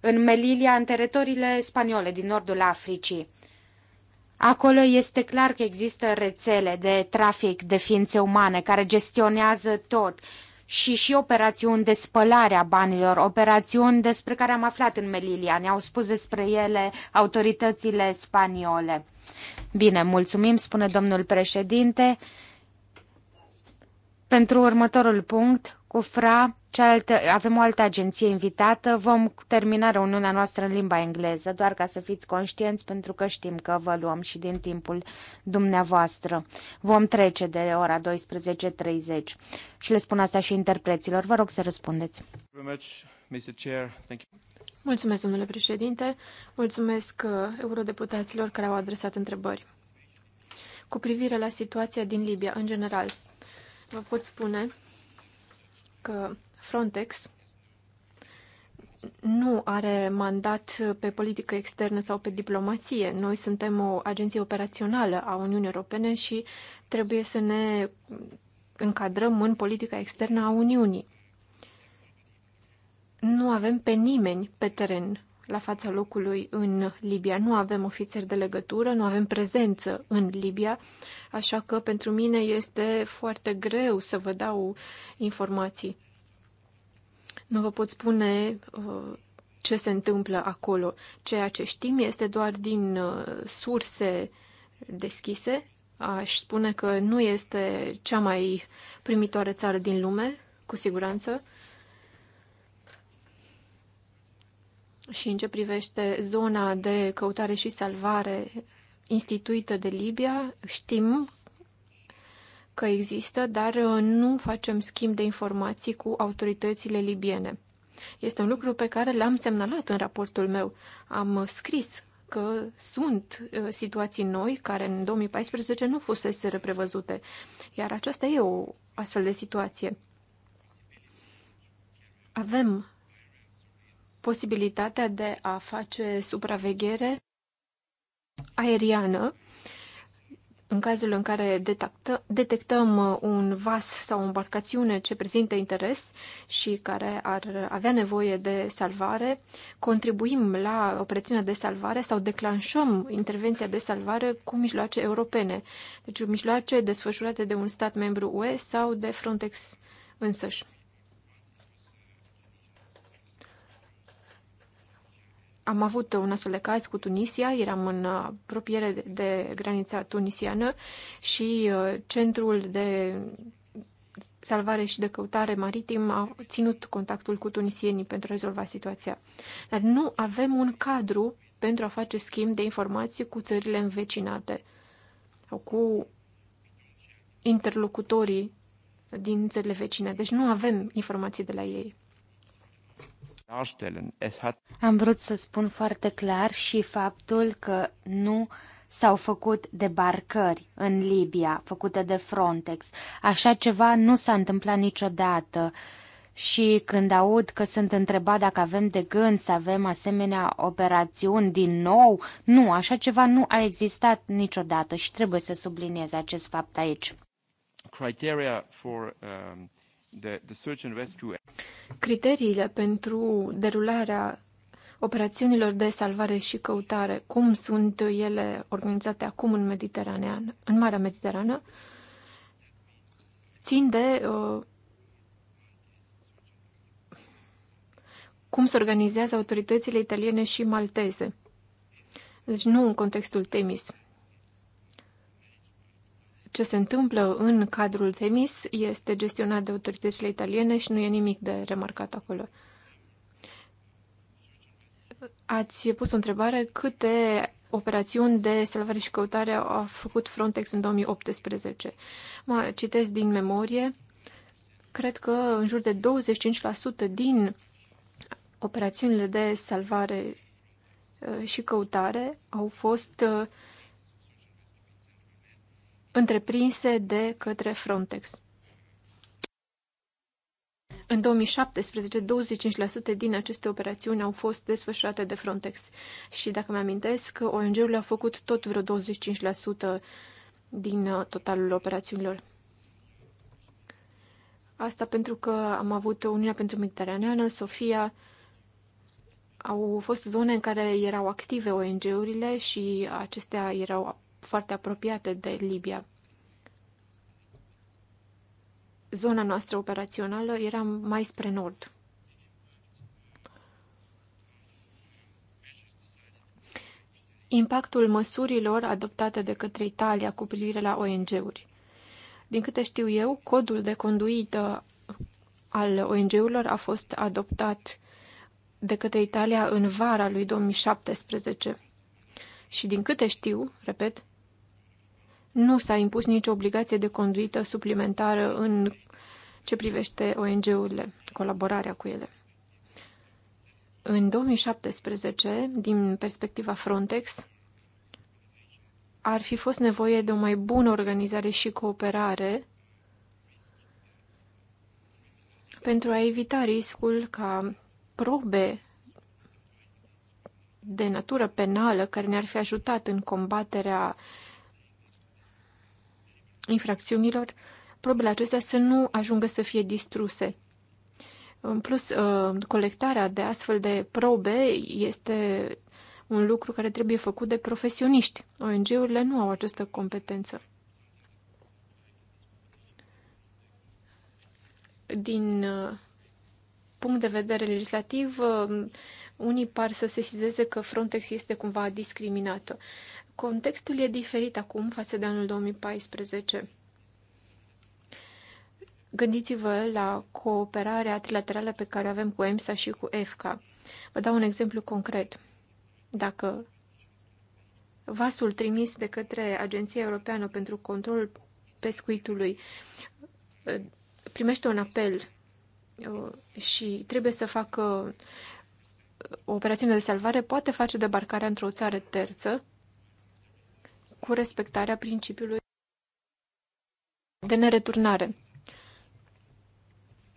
în Melilia, în teritoriile spaniole din nordul Africii. Acolo este clar că există rețele de trafic de ființe umane care gestionează tot și și operațiuni de spălare a banilor, operațiuni despre care am aflat în Melilia. Ne-au spus despre ele autoritățile spaniole. Bine, mulțumim, spune domnul președinte. Pentru următorul punct, cu FRA Cealaltă, avem o altă agenție invitată, vom termina reuniunea noastră în limba engleză, doar ca să fiți conștienți, pentru că știm că vă luăm și din timpul dumneavoastră. Vom trece de ora 12.30 și le spun asta și interpreților. Vă rog să răspundeți. Mulțumesc, domnule președinte. Mulțumesc uh, eurodeputaților care au adresat întrebări. Cu privire la situația din Libia, în general, vă pot spune că Frontex nu are mandat pe politică externă sau pe diplomație. Noi suntem o agenție operațională a Uniunii Europene și trebuie să ne încadrăm în politica externă a Uniunii. Nu avem pe nimeni pe teren la fața locului în Libia. Nu avem ofițeri de legătură, nu avem prezență în Libia, așa că pentru mine este foarte greu să vă dau informații. Nu vă pot spune uh, ce se întâmplă acolo. Ceea ce știm este doar din uh, surse deschise. Aș spune că nu este cea mai primitoare țară din lume, cu siguranță. Și în ce privește zona de căutare și salvare instituită de Libia, știm că există, dar uh, nu facem schimb de informații cu autoritățile libiene. Este un lucru pe care l-am semnalat în raportul meu. Am scris că sunt uh, situații noi care în 2014 nu fusese reprevăzute, iar aceasta e o astfel de situație. Avem posibilitatea de a face supraveghere aeriană în cazul în care detectă, detectăm uh, un vas sau o embarcațiune ce prezintă interes și care ar avea nevoie de salvare, contribuim la operațiunea de salvare sau declanșăm intervenția de salvare cu mijloace europene, deci mijloace desfășurate de un stat membru UE sau de Frontex însăși. Am avut un astfel de caz cu Tunisia, eram în apropiere de granița tunisiană și uh, centrul de salvare și de căutare maritim a ținut contactul cu tunisienii pentru a rezolva situația. Dar nu avem un cadru pentru a face schimb de informații cu țările învecinate sau cu interlocutorii din țările vecine. Deci nu avem informații de la ei. Am vrut să spun foarte clar și faptul că nu s-au făcut debarcări în Libia, făcute de Frontex. Așa ceva nu s-a întâmplat niciodată. Și când aud că sunt întrebat dacă avem de gând să avem asemenea operațiuni din nou, nu, așa ceva nu a existat niciodată și trebuie să subliniez acest fapt aici. Criteria for um, the, the search and rescue. Criteriile pentru derularea operațiunilor de salvare și căutare, cum sunt ele organizate acum în Mediteranean, în Marea Mediterană, țin de uh, cum se organizează autoritățile italiene și malteze. Deci nu în contextul Temis ce se întâmplă în cadrul Temis este gestionat de autoritățile italiene și nu e nimic de remarcat acolo. Ați pus o întrebare, câte operațiuni de salvare și căutare a făcut Frontex în 2018? Mă citesc din memorie, cred că în jur de 25% din operațiunile de salvare uh, și căutare au fost uh, întreprinse de către Frontex. În 2017, 25% din aceste operațiuni au fost desfășurate de Frontex și, dacă mi-amintesc, ONG-urile au făcut tot vreo 25% din uh, totalul operațiunilor. Asta pentru că am avut Uniunea pentru Mediteraneană, Sofia, au fost zone în care erau active ONG-urile și acestea erau foarte apropiate de Libia. Zona noastră operațională era mai spre nord. Impactul măsurilor adoptate de către Italia cu privire la ONG-uri. Din câte știu eu, codul de conduită al ONG-urilor a fost adoptat de către Italia în vara lui 2017. Și din câte știu, repet, nu s-a impus nicio obligație de conduită suplimentară în ce privește ONG-urile, colaborarea cu ele. În 2017, din perspectiva Frontex, ar fi fost nevoie de o mai bună organizare și cooperare pentru a evita riscul ca probe de natură penală care ne-ar fi ajutat în combaterea uh, infracțiunilor, probele acestea să nu ajungă să fie distruse. În plus, ă, colectarea de astfel de probe este un lucru care trebuie făcut de profesioniști. ONG-urile nu au această competență. Din ă, punct de vedere legislativ, ă, unii par să se sizeze că Frontex este cumva discriminată. Contextul e diferit acum față de anul 2014. Gândiți-vă la cooperarea trilaterală pe care o avem cu EMSA și cu EFCA. Vă dau un exemplu concret. Dacă vasul trimis de către Agenția Europeană pentru Controlul Pescuitului uh, primește un apel uh, și trebuie să facă uh, o operațiune de salvare, poate face debarcarea într-o țară terță cu respectarea principiului de nereturnare.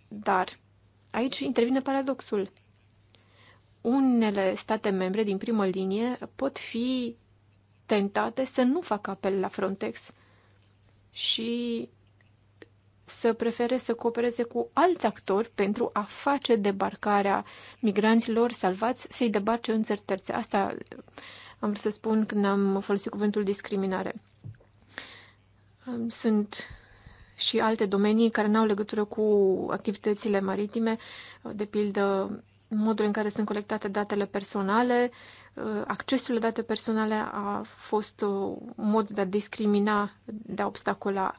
Dar aici intervine paradoxul. Unele state membre din primă linie pot fi tentate să nu facă apel la Frontex și să prefere să coopereze cu alți actori pentru a face debarcarea migranților salvați, să-i debarce în țări terțe. Asta am vrut să spun când am folosit cuvântul discriminare. Sunt și alte domenii care n-au legătură cu activitățile maritime, de pildă modul în care sunt colectate datele personale, accesul la date personale a fost un mod de a discrimina, de a obstacola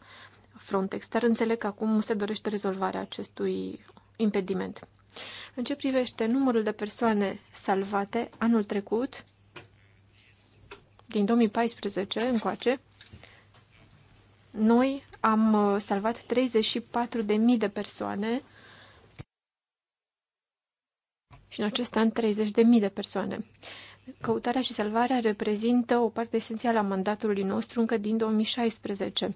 Frontex, dar înțeleg că acum se dorește rezolvarea acestui impediment. În ce privește numărul de persoane salvate anul trecut, din 2014 încoace, noi am uh, salvat 34.000 de persoane și în acest an 30.000 de persoane. Căutarea și salvarea reprezintă o parte esențială a mandatului nostru încă din 2016.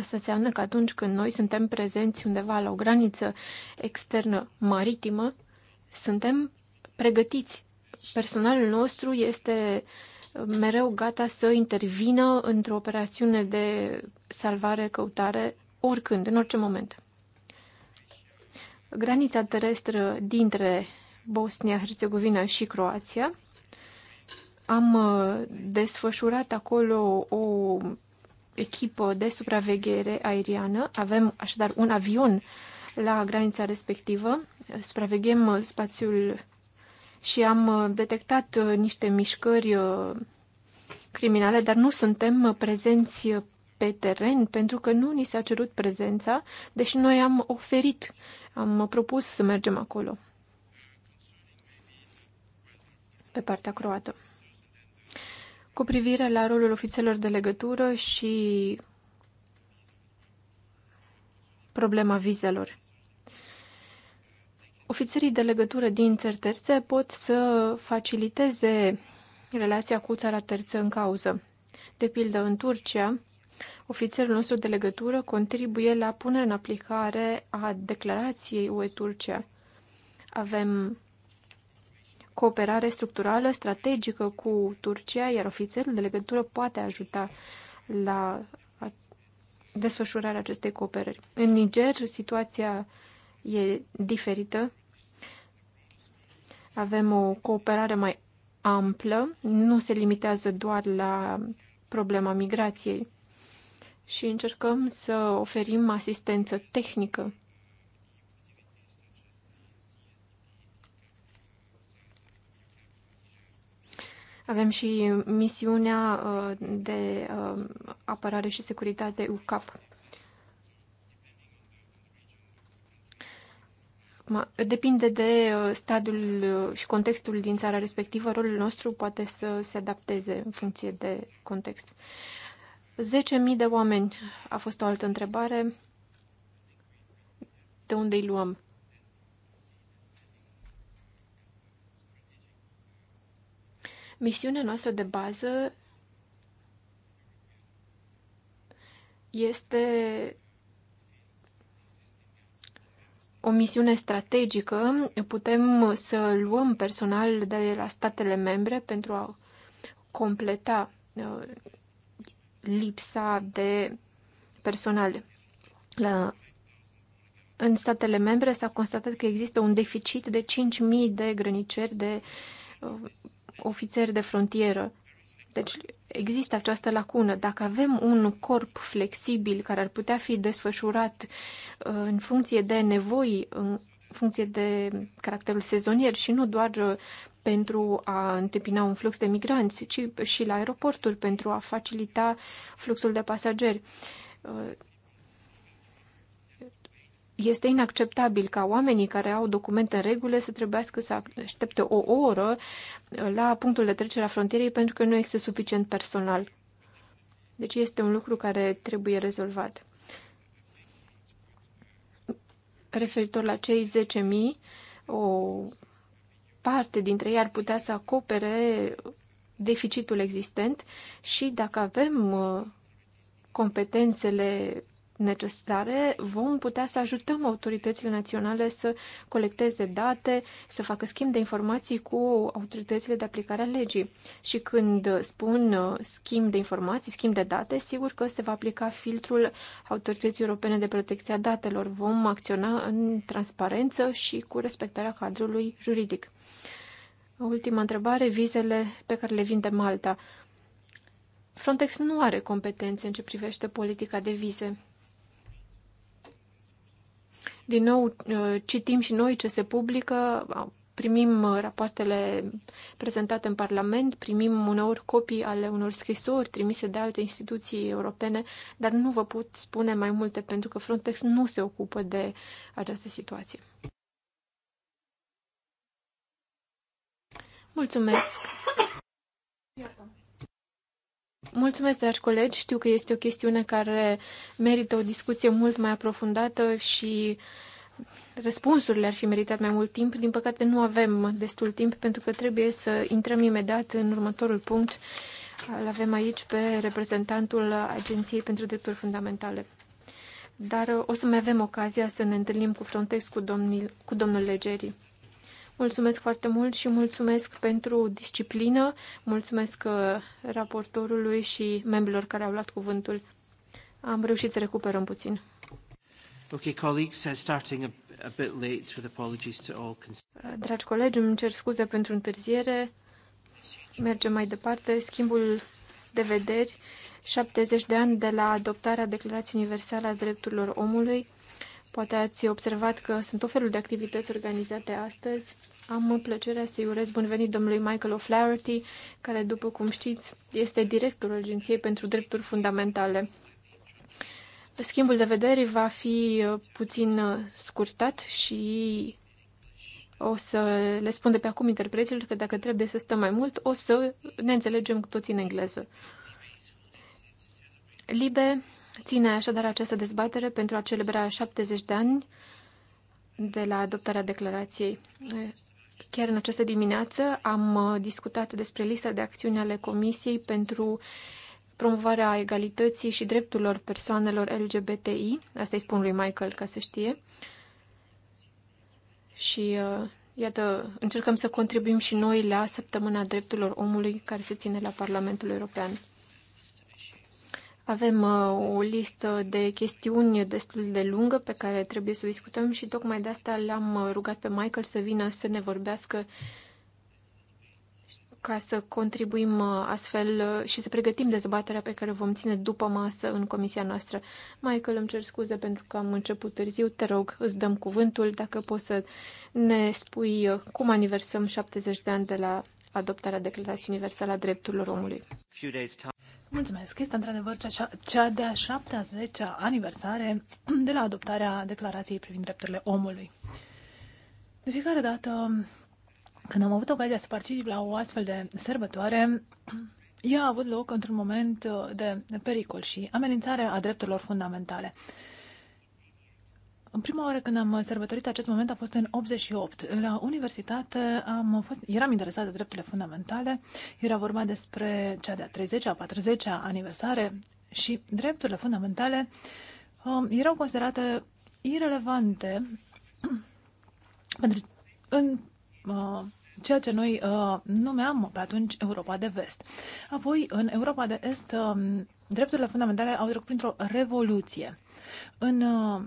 Asta înseamnă că atunci când noi suntem prezenți undeva la o graniță externă maritimă, suntem pregătiți. Personalul nostru este mereu gata să intervină într-o operațiune de salvare, căutare, oricând, în orice moment. Granița terestră dintre Bosnia, Herțegovina și Croația. Am uh, desfășurat acolo o echipă de supraveghere aeriană. Avem așadar un avion la granița respectivă. Supraveghem uh, spațiul și am uh, detectat uh, niște mișcări uh, criminale, dar nu suntem prezenți pe teren pentru că nu ni s-a cerut prezența, deși noi am oferit, am propus să mergem acolo. Pe partea croată. Cu privire la rolul ofițerilor de legătură și problema vizelor. Ofițerii de legătură din țări terțe pot să faciliteze relația cu țara terță în cauză. De pildă, în Turcia, ofițerul nostru de legătură contribuie la punerea în aplicare a declarației UE-Turcia. Avem cooperare structurală, strategică cu Turcia, iar ofițerul de legătură poate ajuta la desfășurarea acestei cooperări. În Niger, situația e diferită. Avem o cooperare mai amplă, nu se limitează doar la problema migrației și încercăm să oferim asistență tehnică. Avem și misiunea uh, de uh, apărare și securitate UCAP. Depinde de uh, stadiul uh, și contextul din țara respectivă, rolul nostru poate să se adapteze în funcție de context. 10.000 de oameni a fost o altă întrebare. De unde îi luăm? Misiunea noastră de bază este o misiune strategică, putem să luăm personal de la statele membre pentru a completa uh, lipsa de personal. La, în statele membre s-a constatat că există un deficit de 5.000 de grăniceri, de uh, ofițeri de frontieră. Deci există această lacună. Dacă avem un corp flexibil care ar putea fi desfășurat uh, în funcție de nevoi, în funcție de caracterul sezonier și nu doar uh, pentru a întâmpina un flux de migranți, ci și la aeroporturi pentru a facilita fluxul de pasageri, uh, este inacceptabil ca oamenii care au documente în regulă să trebuiască să aștepte o oră la punctul de trecere a frontierei pentru că nu există suficient personal. Deci este un lucru care trebuie rezolvat. Referitor la cei 10.000, o parte dintre ei ar putea să acopere deficitul existent și dacă avem uh, competențele necesare, vom putea să ajutăm autoritățile naționale să colecteze date, să facă schimb de informații cu autoritățile de aplicare a legii. Și când spun uh, schimb de informații, schimb de date, sigur că se va aplica filtrul Autorității Europene de Protecție a Datelor. Vom acționa în transparență și cu respectarea cadrului juridic. Ultima întrebare, vizele pe care le vinde Malta. Frontex nu are competențe în ce privește politica de vize. Din nou, uh, citim și noi ce se publică, uh, primim uh, rapoartele prezentate în Parlament, primim uneori copii ale unor scrisori trimise de alte instituții europene, dar nu vă pot spune mai multe pentru că Frontex nu se ocupă de această situație. Mulțumesc! Iată. Mulțumesc, dragi colegi. Știu că este o chestiune care merită o discuție mult mai aprofundată și răspunsurile ar fi meritat mai mult timp. Din păcate, nu avem destul timp pentru că trebuie să intrăm imediat în următorul punct. Îl avem aici pe reprezentantul Agenției pentru Drepturi Fundamentale. Dar o să mai avem ocazia să ne întâlnim cu Frontex, cu, domnil, cu domnul Legerii. Mulțumesc foarte mult și mulțumesc pentru disciplină, mulțumesc uh, raportorului și membrilor care au luat cuvântul. Am reușit să recuperăm puțin. Okay, colleagues, uh, starting a, a bit late with apologies to all. Uh, dragi colegi, îmi cer scuze pentru întârziere. Mergem mai departe. Schimbul de vederi. 70 de ani de la adoptarea Declarației Universale a Drepturilor Omului Poate ați observat că sunt o felul de activități organizate astăzi. Am plăcerea să-i urez bun venit domnului Michael O'Flaherty, care, după cum știți, este directorul Agenției pentru Drepturi Fundamentale. Schimbul de vedere va fi uh, puțin uh, scurtat și o să le spun de pe acum interpreților că dacă trebuie să stăm mai mult, o să ne înțelegem cu toții în engleză. Libe Ține așadar această dezbatere pentru a celebra 70 de ani de la adoptarea declarației. Chiar în această dimineață am uh, discutat despre lista de acțiuni ale Comisiei pentru promovarea egalității și drepturilor persoanelor LGBTI. Asta îi spun lui Michael ca să știe. Și uh, iată, încercăm să contribuim și noi la Săptămâna Drepturilor Omului care se ține la Parlamentul European. Avem uh, o listă de chestiuni destul de lungă pe care trebuie să o discutăm și tocmai de asta l-am uh, rugat pe Michael să vină să ne vorbească ca să contribuim uh, astfel și să pregătim dezbaterea pe care o vom ține după masă în comisia noastră. Michael, îmi cer scuze pentru că am început târziu. Te rog, îți dăm cuvântul dacă poți să ne spui cum aniversăm 70 de ani de la adoptarea Declarației Universale a Drepturilor Omului. Mulțumesc! Este într-adevăr cea, de-a 70-a aniversare de la adoptarea declarației privind drepturile omului. De fiecare dată când am avut ocazia să particip la o astfel de sărbătoare, ea a avut loc într-un moment uh, de pericol și amenințare a drepturilor fundamentale. În prima oară când am sărbătorit acest moment a fost în 88. La universitate am fost, eram interesat de drepturile fundamentale, era vorba despre cea de-a 30-a, 40-a aniversare și drepturile fundamentale um, erau considerate irelevante [clears throat] pentru în uh, ceea ce noi uh, numeam pe atunci Europa de Vest. Apoi, în Europa de Est, uh, drepturile fundamentale au trecut printr-o revoluție. În uh,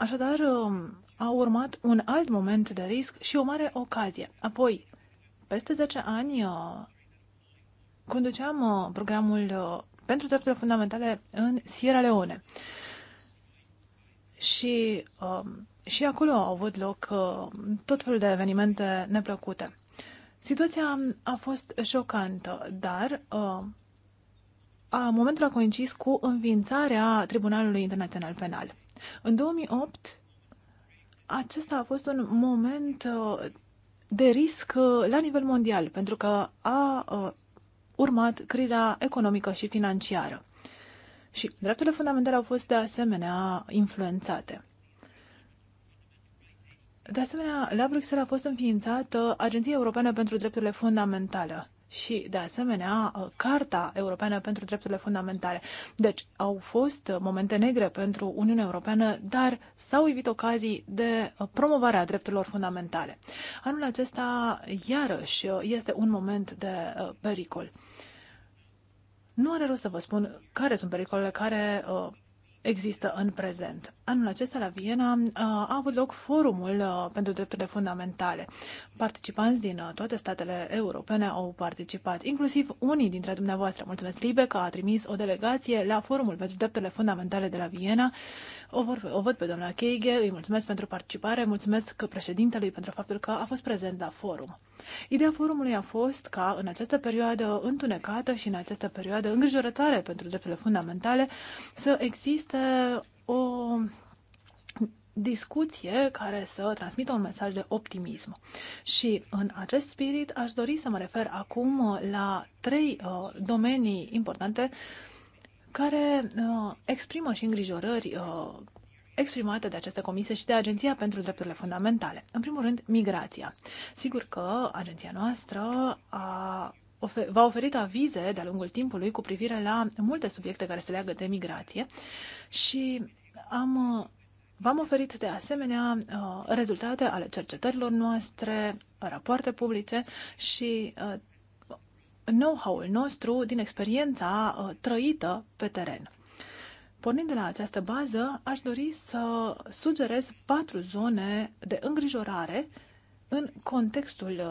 Așadar, um, a urmat un alt moment de risc și o mare ocazie. Apoi, peste 10 ani, uh, conduceam uh, programul uh, pentru drepturile fundamentale în Sierra Leone. Și, um, și acolo au avut loc tot felul de evenimente neplăcute. Situația a fost șocantă, dar a, momentul a coincis cu înființarea Tribunalului Internațional Penal. În 2008, acesta a fost un moment uh, de risc uh, la nivel mondial, pentru că a uh, urmat criza economică și financiară. Și drepturile fundamentale au fost de asemenea influențate. De asemenea, la Bruxelles a fost înființată Agenția Europeană pentru Drepturile Fundamentale și, de asemenea, uh, Carta Europeană pentru Drepturile Fundamentale. Deci, au fost uh, momente negre pentru Uniunea Europeană, dar s-au evit ocazii de uh, promovare a drepturilor fundamentale. Anul acesta, iarăși, este un moment de pericol. Nu are rost să vă spun care sunt pericolele care există în prezent. Anul acesta la Viena a avut loc forumul pentru drepturile fundamentale. Participanți din toate statele europene au participat, inclusiv unii dintre dumneavoastră. Mulțumesc, Libe, că a trimis o delegație la forumul pentru drepturile fundamentale de la Viena. O, vor, o văd pe doamna Keige, îi mulțumesc pentru participare, mulțumesc că președintelui pentru faptul că a fost prezent la forum. Ideea forumului a fost ca în această perioadă întunecată și în această perioadă îngrijorătoare pentru drepturile fundamentale să existe este o discuție care să transmită un mesaj de optimism. Și în acest spirit aș dori să mă refer acum la trei uh, domenii importante care uh, exprimă și îngrijorări uh, exprimate de această comisie și de Agenția pentru Drepturile Fundamentale. În primul rând, migrația. Sigur că agenția noastră a v-a oferit avize de-a lungul timpului cu privire la multe subiecte care se leagă de migrație și am, v-am oferit de asemenea uh, rezultate ale cercetărilor noastre, rapoarte publice și uh, know-how-ul nostru din experiența uh, trăită pe teren. Pornind de la această bază, aș dori să sugerez patru zone de îngrijorare în contextul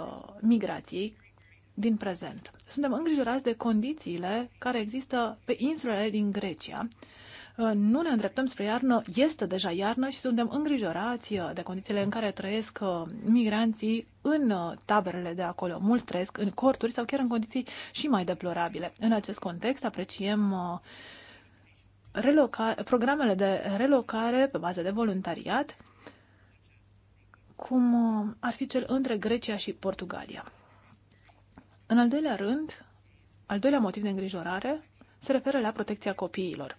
migrației din prezent. Suntem îngrijorați de condițiile care există pe insulele din Grecia. Uh, nu ne îndreptăm spre iarnă, este deja iarnă și suntem îngrijorați uh, de condițiile în care trăiesc uh, migranții în taberele de acolo. Mulți trăiesc în corturi sau chiar în condiții și mai deplorabile. În acest context apreciem programele de relocare pe bază de voluntariat, cum ar fi cel între Grecia și Portugalia. În al doilea rând, al doilea motiv de îngrijorare se referă la protecția copiilor.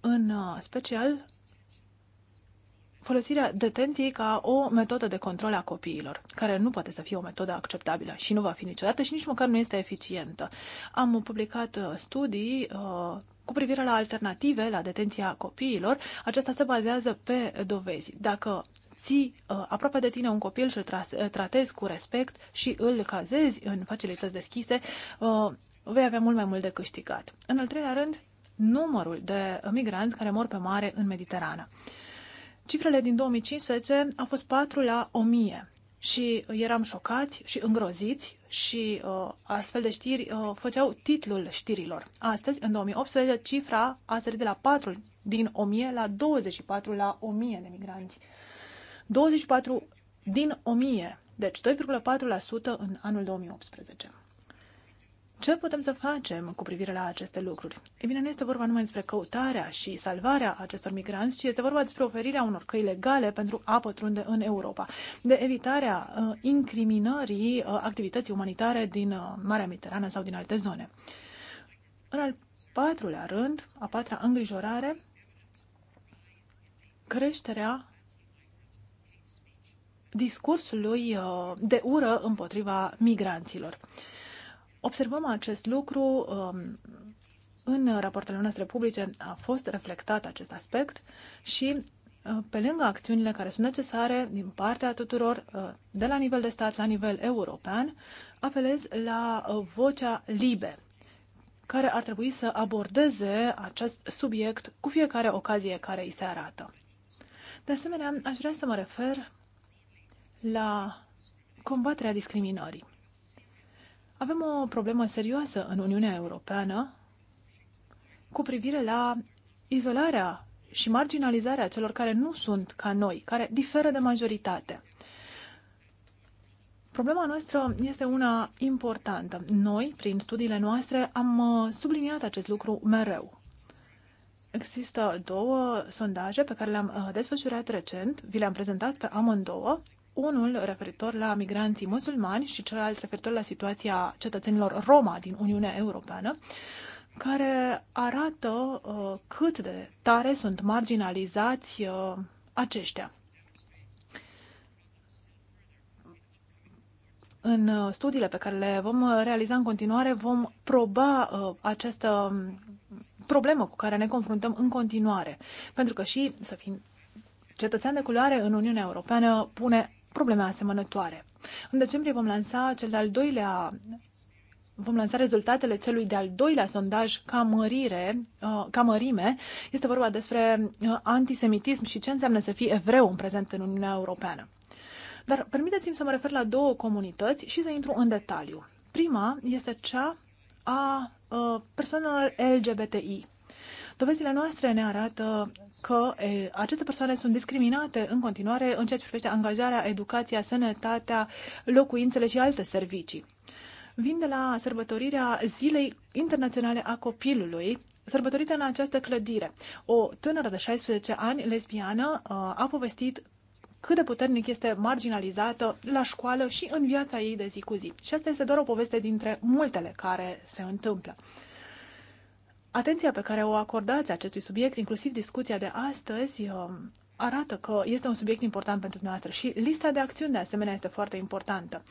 În uh, special, folosirea detenției ca o metodă de control a copiilor, care nu poate să fie o metodă acceptabilă și nu va fi niciodată și nici măcar nu este eficientă. Am publicat uh, studii uh, cu privire la alternative la detenția copiilor. Aceasta se bazează pe dovezi. Dacă ții uh, aproape de tine un copil și îl uh, tratezi cu respect și îl cazezi în facilități deschise, uh, vei avea mult mai mult de câștigat. În al treilea rând, numărul de migranți care mor pe mare în Mediterană. Cifrele din 2015 au fost 4 la 1000 și eram șocați și îngroziți și uh, astfel de știri uh, făceau titlul știrilor. Astăzi, în 2018, cifra a sărit de la 4 din 1000 la 24 la 1000 de migranți 24 din 1000, deci 2,4% în anul 2018. Ce putem să facem cu privire la aceste lucruri? Ei bine, nu este vorba numai despre căutarea și salvarea acestor migranți, ci este vorba despre oferirea unor căi legale pentru a pătrunde în Europa, de evitarea uh, incriminării uh, activității umanitare din uh, Marea Mediterană sau din alte zone. În al patrulea rând, a patra îngrijorare, creșterea discursului uh, de ură împotriva migranților. Observăm acest lucru um, în rapoartele noastre publice a fost reflectat acest aspect și uh, pe lângă acțiunile care sunt necesare din partea tuturor, uh, de la nivel de stat, la nivel european, apelez la vocea libe, care ar trebui să abordeze acest subiect cu fiecare ocazie care îi se arată. De asemenea, aș vrea să mă refer la combaterea discriminării. Avem o problemă serioasă în Uniunea Europeană cu privire la izolarea și marginalizarea celor care nu sunt ca noi, care diferă de majoritate. Problema noastră este una importantă. Noi, prin studiile noastre, am uh, subliniat acest lucru mereu. Există două sondaje pe care le-am uh, desfășurat recent, vi le-am prezentat pe amândouă unul referitor la migranții musulmani și celălalt referitor la situația cetățenilor Roma din Uniunea Europeană, care arată uh, cât de tare sunt marginalizați uh, aceștia. În uh, studiile pe care le vom uh, realiza în continuare, vom proba uh, această um, problemă cu care ne confruntăm în continuare. Pentru că și să fim cetățean de culoare în Uniunea Europeană pune probleme asemănătoare. În decembrie vom lansa cel de-al doilea vom lansa rezultatele celui de-al doilea sondaj ca mărire, uh, ca mărime. Este vorba despre uh, antisemitism și ce înseamnă să fii evreu în prezent în Uniunea Europeană. Dar permiteți-mi să mă refer la două comunități și să intru în detaliu. Prima este cea a uh, persoanelor LGBTI. Dovezile noastre ne arată că e, aceste persoane sunt discriminate în continuare în ceea ce privește angajarea, educația, sănătatea, locuințele și alte servicii. Vin de la sărbătorirea Zilei Internaționale a Copilului, sărbătorită în această clădire. O tânără de 16 ani, lesbiană, uh, a povestit cât de puternic este marginalizată la școală și în viața ei de zi cu zi. Și asta este doar o poveste dintre multele care se întâmplă. Atenția pe care o acordați acestui subiect, inclusiv discuția de astăzi, um, arată că este un subiect important pentru dumneavoastră și lista de acțiuni de asemenea este foarte importantă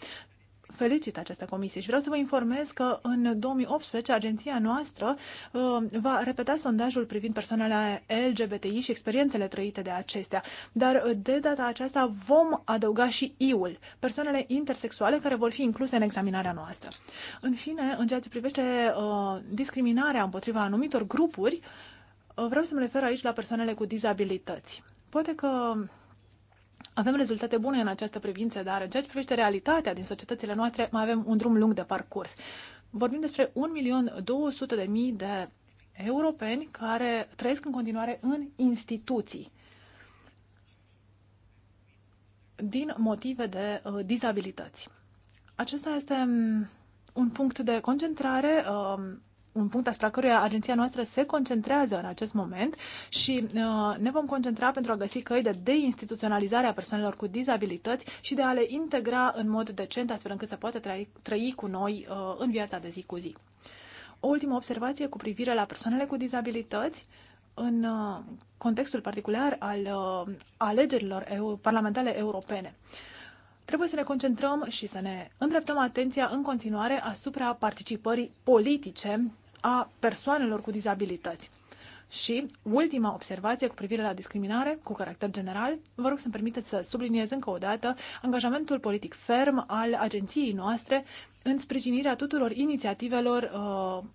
felicit această comisie și vreau să vă informez că în 2018 agenția noastră uh, va repeta sondajul privind persoanele LGBTI și experiențele trăite de acestea, dar uh, de data aceasta vom adăuga și IUL, persoanele intersexuale care vor fi incluse în examinarea noastră. În fine, în ceea ce privește uh, discriminarea împotriva anumitor grupuri, uh, vreau să mă refer aici la persoanele cu dizabilități. Poate că avem rezultate bune în această privință, dar în ceea ce privește realitatea din societățile noastre, mai avem un drum lung de parcurs. Vorbim despre 1.200.000 de europeni care trăiesc în continuare în instituții din motive de uh, dizabilități. Acesta este mm, un punct de concentrare uh, un punct asupra căruia agenția noastră se concentrează în acest moment și uh, ne vom concentra pentru a găsi căi de deinstituționalizare a persoanelor cu dizabilități și de a le integra în mod decent, astfel încât să poată trăi, trăi cu noi uh, în viața de zi cu zi. O ultimă observație cu privire la persoanele cu dizabilități în uh, contextul particular al alegerilor parlamentare europene trebuie să ne concentrăm și să ne îndreptăm atenția în continuare asupra participării politice a persoanelor cu dizabilități. Și ultima observație cu privire la discriminare cu caracter general, vă rog să-mi permiteți să subliniez încă o dată angajamentul politic ferm al agenției noastre în sprijinirea tuturor inițiativelor uh, uh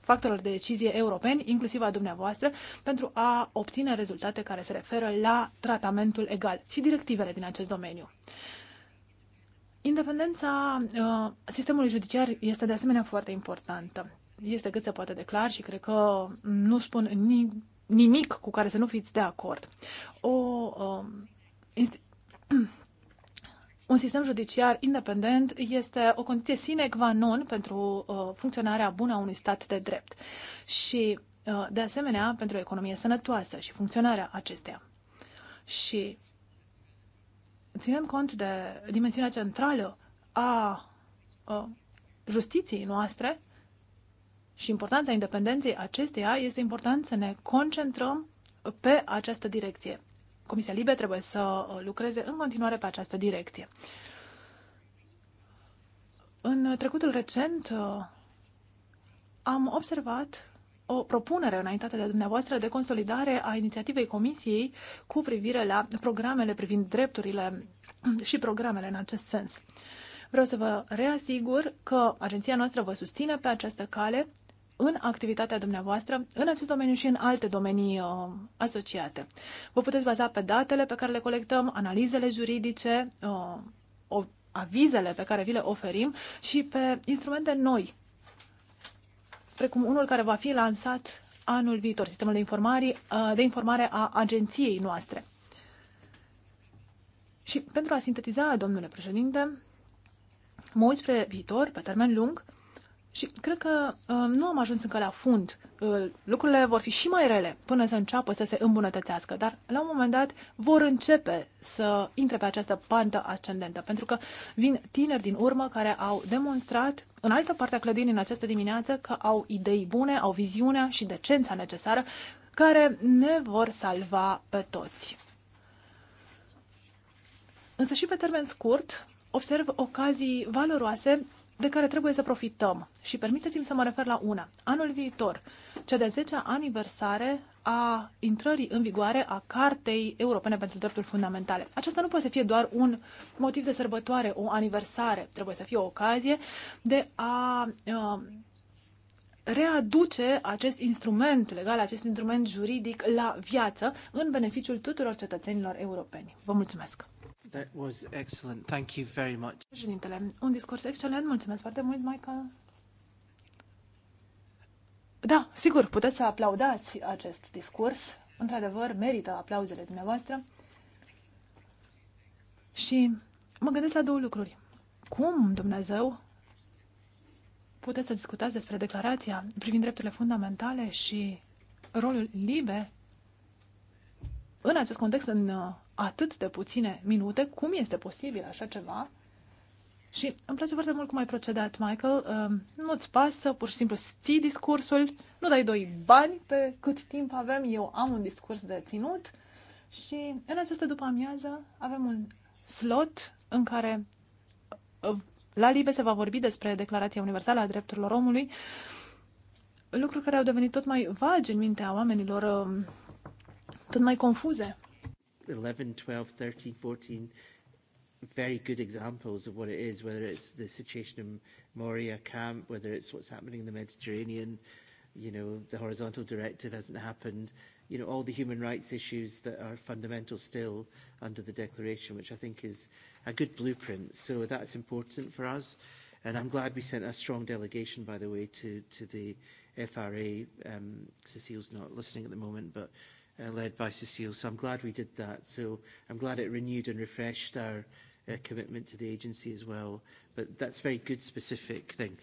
factorilor de decizie europeni, inclusiv a dumneavoastră, pentru a obține rezultate care se referă la tratamentul egal și directivele din acest domeniu. Independența uh, sistemului judiciar este de asemenea foarte importantă este cât se poate de clar și cred că nu spun ni, nimic cu care să nu fiți de acord. O, um, [clears throat] un sistem judiciar independent este o condiție sine qua non pentru uh, funcționarea bună a unui stat de drept și, uh, de asemenea, pentru o economie sănătoasă și funcționarea acesteia. Și, ținând cont de dimensiunea centrală a uh, justiției noastre, și importanța independenței acesteia, este important să ne concentrăm pe această direcție. Comisia Libe trebuie să uh, lucreze în continuare pe această direcție. În trecutul recent uh, am observat o propunere înaintată de dumneavoastră de consolidare a inițiativei Comisiei cu privire la programele privind drepturile și programele în acest sens. Vreau să vă reasigur că agenția noastră vă susține pe această cale în activitatea dumneavoastră, în acest domeniu și în alte domenii uh, asociate. Vă puteți baza pe datele pe care le colectăm, analizele juridice, uh, o, avizele pe care vi le oferim și pe instrumente noi, precum unul care va fi lansat anul viitor, sistemul de informare, uh, de informare a agenției noastre. Și pentru a sintetiza, domnule președinte, mă uit spre viitor, pe termen lung, uh, și cred că uh, nu am ajuns încă la fund. Uh, lucrurile vor fi și mai rele până să înceapă să se îmbunătățească, dar la un moment dat vor începe să intre pe această pantă ascendentă, pentru că vin tineri din urmă care au demonstrat în altă parte a clădirii în această dimineață că au idei bune, au viziunea și decența necesară care ne vor salva pe toți. Însă și pe termen scurt, observ ocazii valoroase de care trebuie să profităm. Și permiteți-mi să mă refer la una. Anul viitor, cea de 10 aniversare a intrării în vigoare a Cartei Europene pentru Drepturi Fundamentale. Aceasta nu poate să fie doar un motiv de sărbătoare, o aniversare. Trebuie să fie o ocazie de a um, readuce acest instrument legal, acest instrument juridic la viață în beneficiul tuturor cetățenilor europeni. Vă mulțumesc! That was excellent. Thank you very much. Președintele, un discurs excelent. Mulțumesc foarte mult, Michael. Da, sigur, puteți să aplaudați acest discurs. Într-adevăr, merită aplauzele dumneavoastră. Și mă gândesc la două lucruri. Cum, Dumnezeu, puteți să discutați despre declarația privind drepturile fundamentale și rolul liber în acest context, în uh, atât de puține minute, cum este posibil așa ceva? Și îmi place foarte mult cum ai procedat, Michael. Uh, ehm, nu-ți pasă, pur și simplu ții discursul, nu dai doi bani pe cât timp avem. Eu am un discurs de ținut și în această după amiază avem un slot în care uh, la Libe se va vorbi despre Declarația Universală a Drepturilor Omului, lucruri care au devenit tot mai vagi în mintea oamenilor, uh, tot mai confuze. 11, 12, 13, 14, very good examples of what it is, whether it's the situation in Moria camp, whether it's what's happening in the Mediterranean, you know, the horizontal directive hasn't happened, you know, all the human rights issues that are fundamental still under the declaration, which I think is a good blueprint. So that's important for us. And I'm glad we sent a strong delegation, by the way, to, to the FRA. Um, Cecile's not listening at the moment, but uh, led by Cecile. So I'm glad we did that. So I'm glad it renewed and refreshed our uh, commitment to the agency as well. But that's a very good specific thing.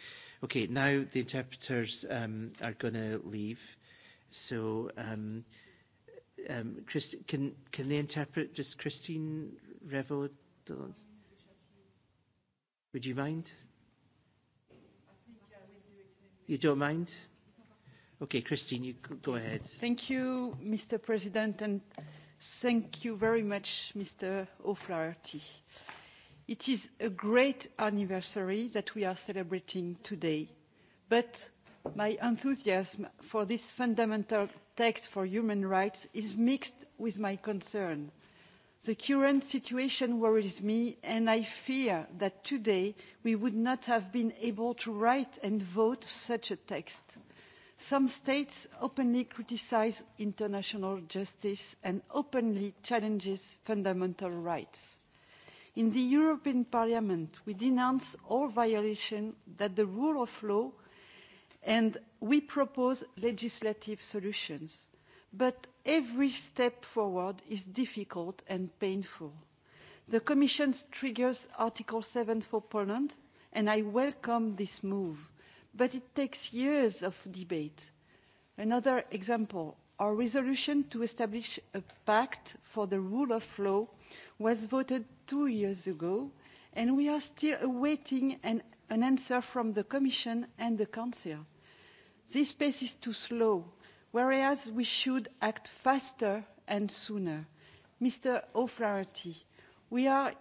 Okay, now the interpreters um, are going to leave. So um, um, Christ can, can they interpret just Christine Revel? Would you mind? Uh, you don't mind? Okay, Christine, you go ahead. Thank you, Mr. President, and thank you very much, Mr. O'Flaherty. It is a great anniversary that we are celebrating today, but my enthusiasm for this fundamental text for human rights is mixed with my concern. The current situation worries me, and I fear that today we would not have been able to write and vote such a text some states openly criticise international justice and openly challenge fundamental rights. in the european parliament we denounce all violations of the rule of law and we propose legislative solutions but every step forward is difficult and painful. the commission triggers article seven for poland and i welcome this move but it takes years of debate. Another example, our resolution to establish a pact for the rule of law was voted two years ago, and we are still awaiting an, an answer from the Commission and the Council. This pace is too slow, whereas we should act faster and sooner. Mr. O'Flaherty, we are,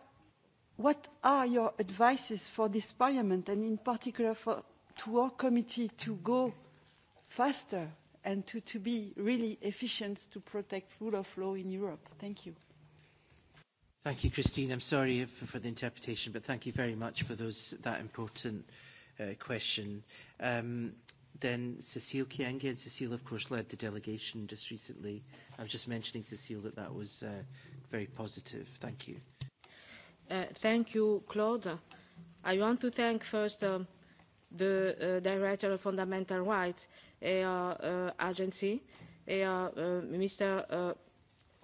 what are your advices for this Parliament and in particular for to our committee to go faster and to, to be really efficient to protect rule of law in Europe. Thank you. Thank you, Christine. I'm sorry for, for the interpretation, but thank you very much for those that important uh, question. Um, then Cecile Kienge, and Cecile, of course, led the delegation just recently. I was just mentioning, Cecile, that that was uh, very positive. Thank you. Uh, thank you, Claude. I want to thank first um, the uh, Director of Fundamental Rights uh, Agency, Mr. Uh, uh,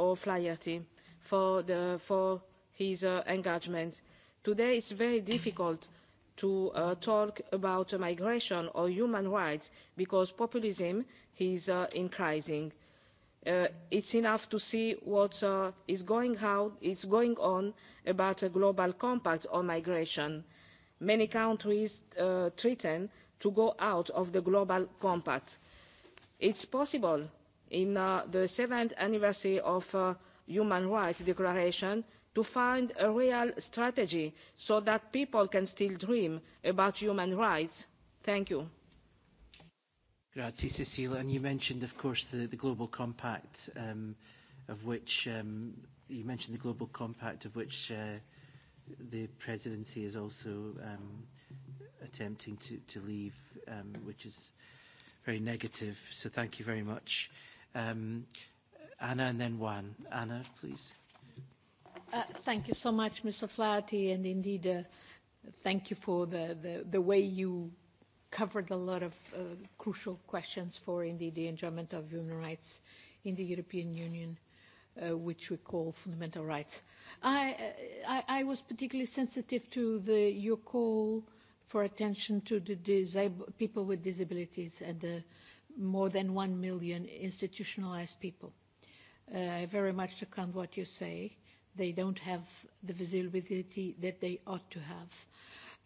O'Flaherty, for, the, for his engagement. Today it's very difficult to talk about migration or human rights because populism is increasing. Uh, it's enough to see what uh, is going, how, going on about a global compact on migration many countries uh, threaten to go out of the global compact. It's possible in uh, the seventh anniversary of uh, Human Rights Declaration to find a real strategy so that people can still dream about human rights. Thank you. Grazie, Cecilia. And you mentioned, of course, the, the Global Compact, um, of which um, you mentioned the Global Compact, of which uh, the presidency is also um, attempting to, to leave, um, which is very negative. So thank you very much. Um, Anna and then Juan. Anna, please. Uh, thank you so much, Mr. Flaherty, and indeed, uh, thank you for the, the, the way you covered a lot of uh, crucial questions for indeed the enjoyment of human rights in the European Union uh, which we call fundamental rights. I, uh, I, I was particularly sensitive to the, your call for attention to the disabled, people with disabilities and the more than one million institutionalized people. Uh, I very much second what you say. They don't have the visibility that they ought to have.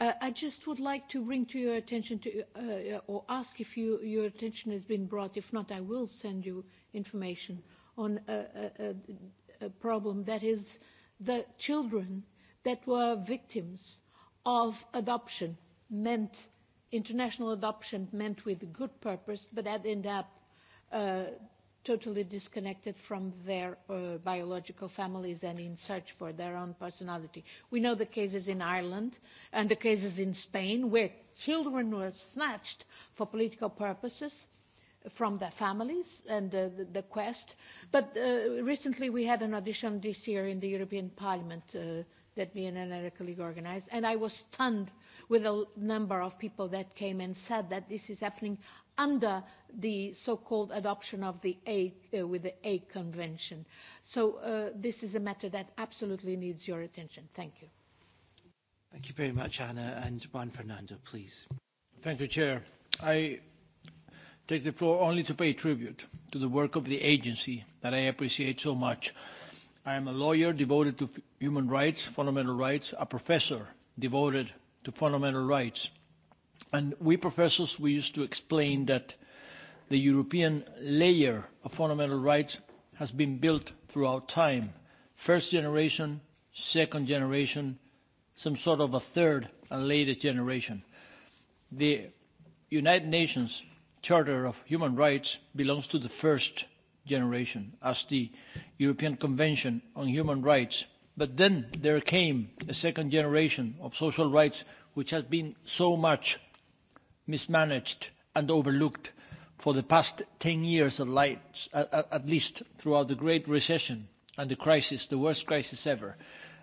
Uh, I just would like to bring to your attention to, uh, or ask if you, your attention has been brought. If not, I will send you information on a, a, a, a problem that is the children that were victims of adoption meant international adoption meant with good purpose but that end up uh, totally disconnected from their uh, biological families and in search for their own personality. We know the cases in Ireland and the cases in Spain where children were snatched for political purposes from their families and uh, the, the quest. But uh, recently we had an audition this year in the European Parliament uh, that me and Erica League organized, and I was stunned with a number of people that came and said that this is happening under the so-called adoption of the A, uh, with the A Convention. So uh, this is a matter that absolutely needs your attention. Thank you. Thank you very much, Anna. And Juan Fernando, please. Thank you, Chair. I take the floor only to pay tribute to the work of the agency that I appreciate so much. I am a lawyer devoted to human rights, fundamental rights, a professor devoted to fundamental rights. And we professors, we used to explain that the European layer of fundamental rights has been built throughout time. First generation, second generation, some sort of a third and latest generation. The United Nations Charter of Human Rights belongs to the first generation as the European Convention on Human Rights. But then there came a second generation of social rights which has been so much mismanaged and overlooked for the past 10 years at, at least throughout the Great Recession and the crisis, the worst crisis ever.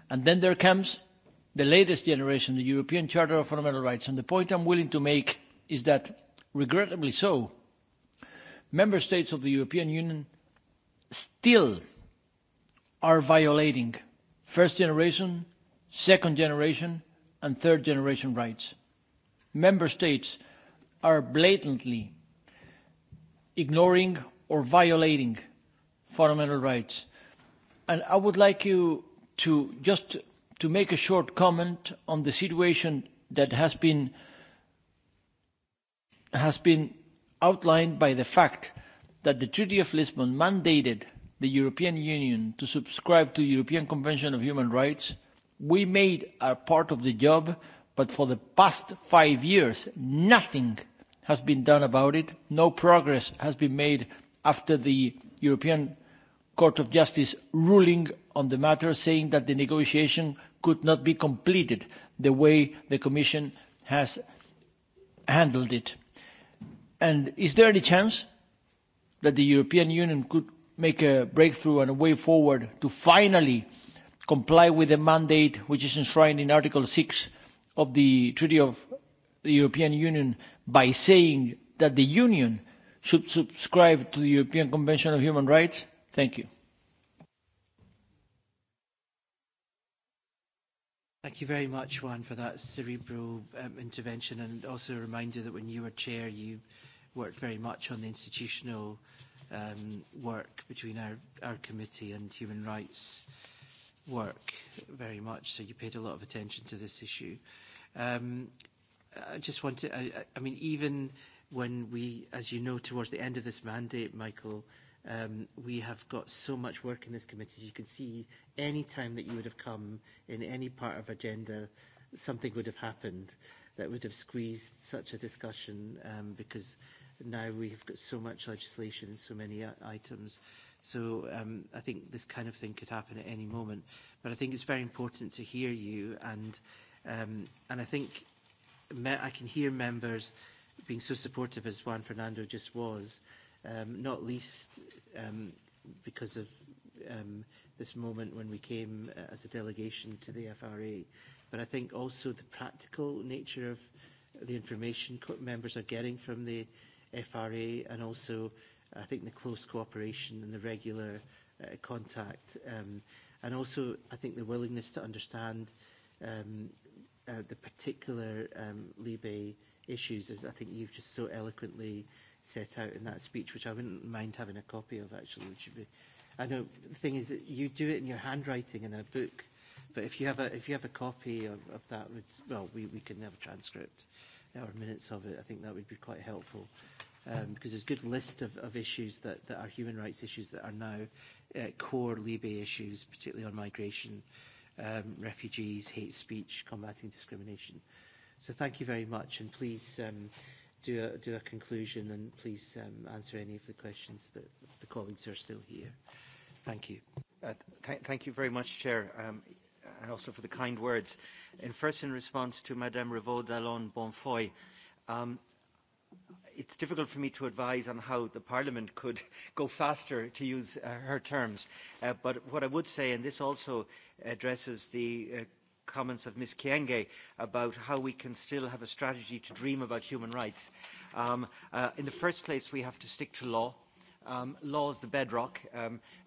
And then there comes the latest generation, the European Charter of Fundamental Rights. And the point I'm willing to make is that regrettably so, member states of the European Union still are violating first generation, second generation and third generation rights. Member states are blatantly ignoring or violating fundamental rights. And I would like you to just to make a short comment on the situation that has been has been outlined by the fact that the Treaty of Lisbon mandated the European Union to subscribe to the European Convention of Human Rights. We made our part of the job, but for the past five years, nothing has been done about it. No progress has been made after the European Court of Justice ruling on the matter, saying that the negotiation could not be completed the way the Commission has handled it. And is there any chance that the European Union could make a breakthrough and a way forward to finally comply with the mandate which is enshrined in Article 6 of the Treaty of the European Union by saying that the Union should subscribe to the European Convention of Human Rights? Thank you. Thank you very much, Juan, for that cerebral um, intervention and also a reminder that when you were chair, you worked very much on the institutional um, work between our, our committee and human rights work very much, so you paid a lot of attention to this issue. Um, I just want to, I, I mean, even when we, as you know, towards the end of this mandate, Michael, um, we have got so much work in this committee. As you can see, any time that you would have come in any part of agenda, something would have happened that would have squeezed such a discussion um, because now we've got so much legislation, so many uh, items. So um, I think this kind of thing could happen at any moment. But I think it's very important to hear you, and um, and I think me I can hear members being so supportive as Juan Fernando just was, um, not least um, because of um, this moment when we came uh, as a delegation to the FRA, but I think also the practical nature of the information members are getting from the FRA and also I think the close cooperation and the regular uh, contact um, and also I think the willingness to understand um, uh, the particular um, Libé issues as I think you've just so eloquently set out in that speech which I wouldn't mind having a copy of actually which would be I know the thing is that you do it in your handwriting in a book but if you have a if you have a copy of, of that would well we, we can have a transcript or minutes of it, I think that would be quite helpful. Um, because there's a good list of, of issues that, that are human rights issues that are now uh, core Libya issues, particularly on migration, um, refugees, hate speech, combating discrimination. So thank you very much, and please um, do, a, do a conclusion and please um, answer any of the questions that the colleagues are still here. Thank you. Uh, th thank you very much, Chair. Um, and also for the kind words. And first, in response to Madame Revaud d'Allon Bonfoy, um, it's difficult for me to advise on how the Parliament could [laughs] go faster, to use uh, her terms. Uh, but what I would say, and this also addresses the uh, comments of Ms. Kienge about how we can still have a strategy to dream about human rights. Um, uh, in the first place, we have to stick to law. Um, law is the bedrock. Um,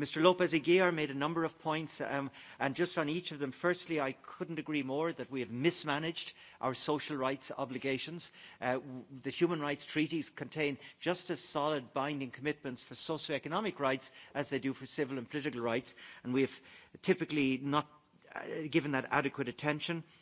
Mr Lopez Aguilar made a number of points, um, and just on each of them, firstly, I couldn't agree more that we have mismanaged our social rights obligations. Uh, the human rights treaties contain just as solid binding commitments for socioeconomic rights as they do for civil and political rights, and we have typically not uh, given that adequate attention. Uh,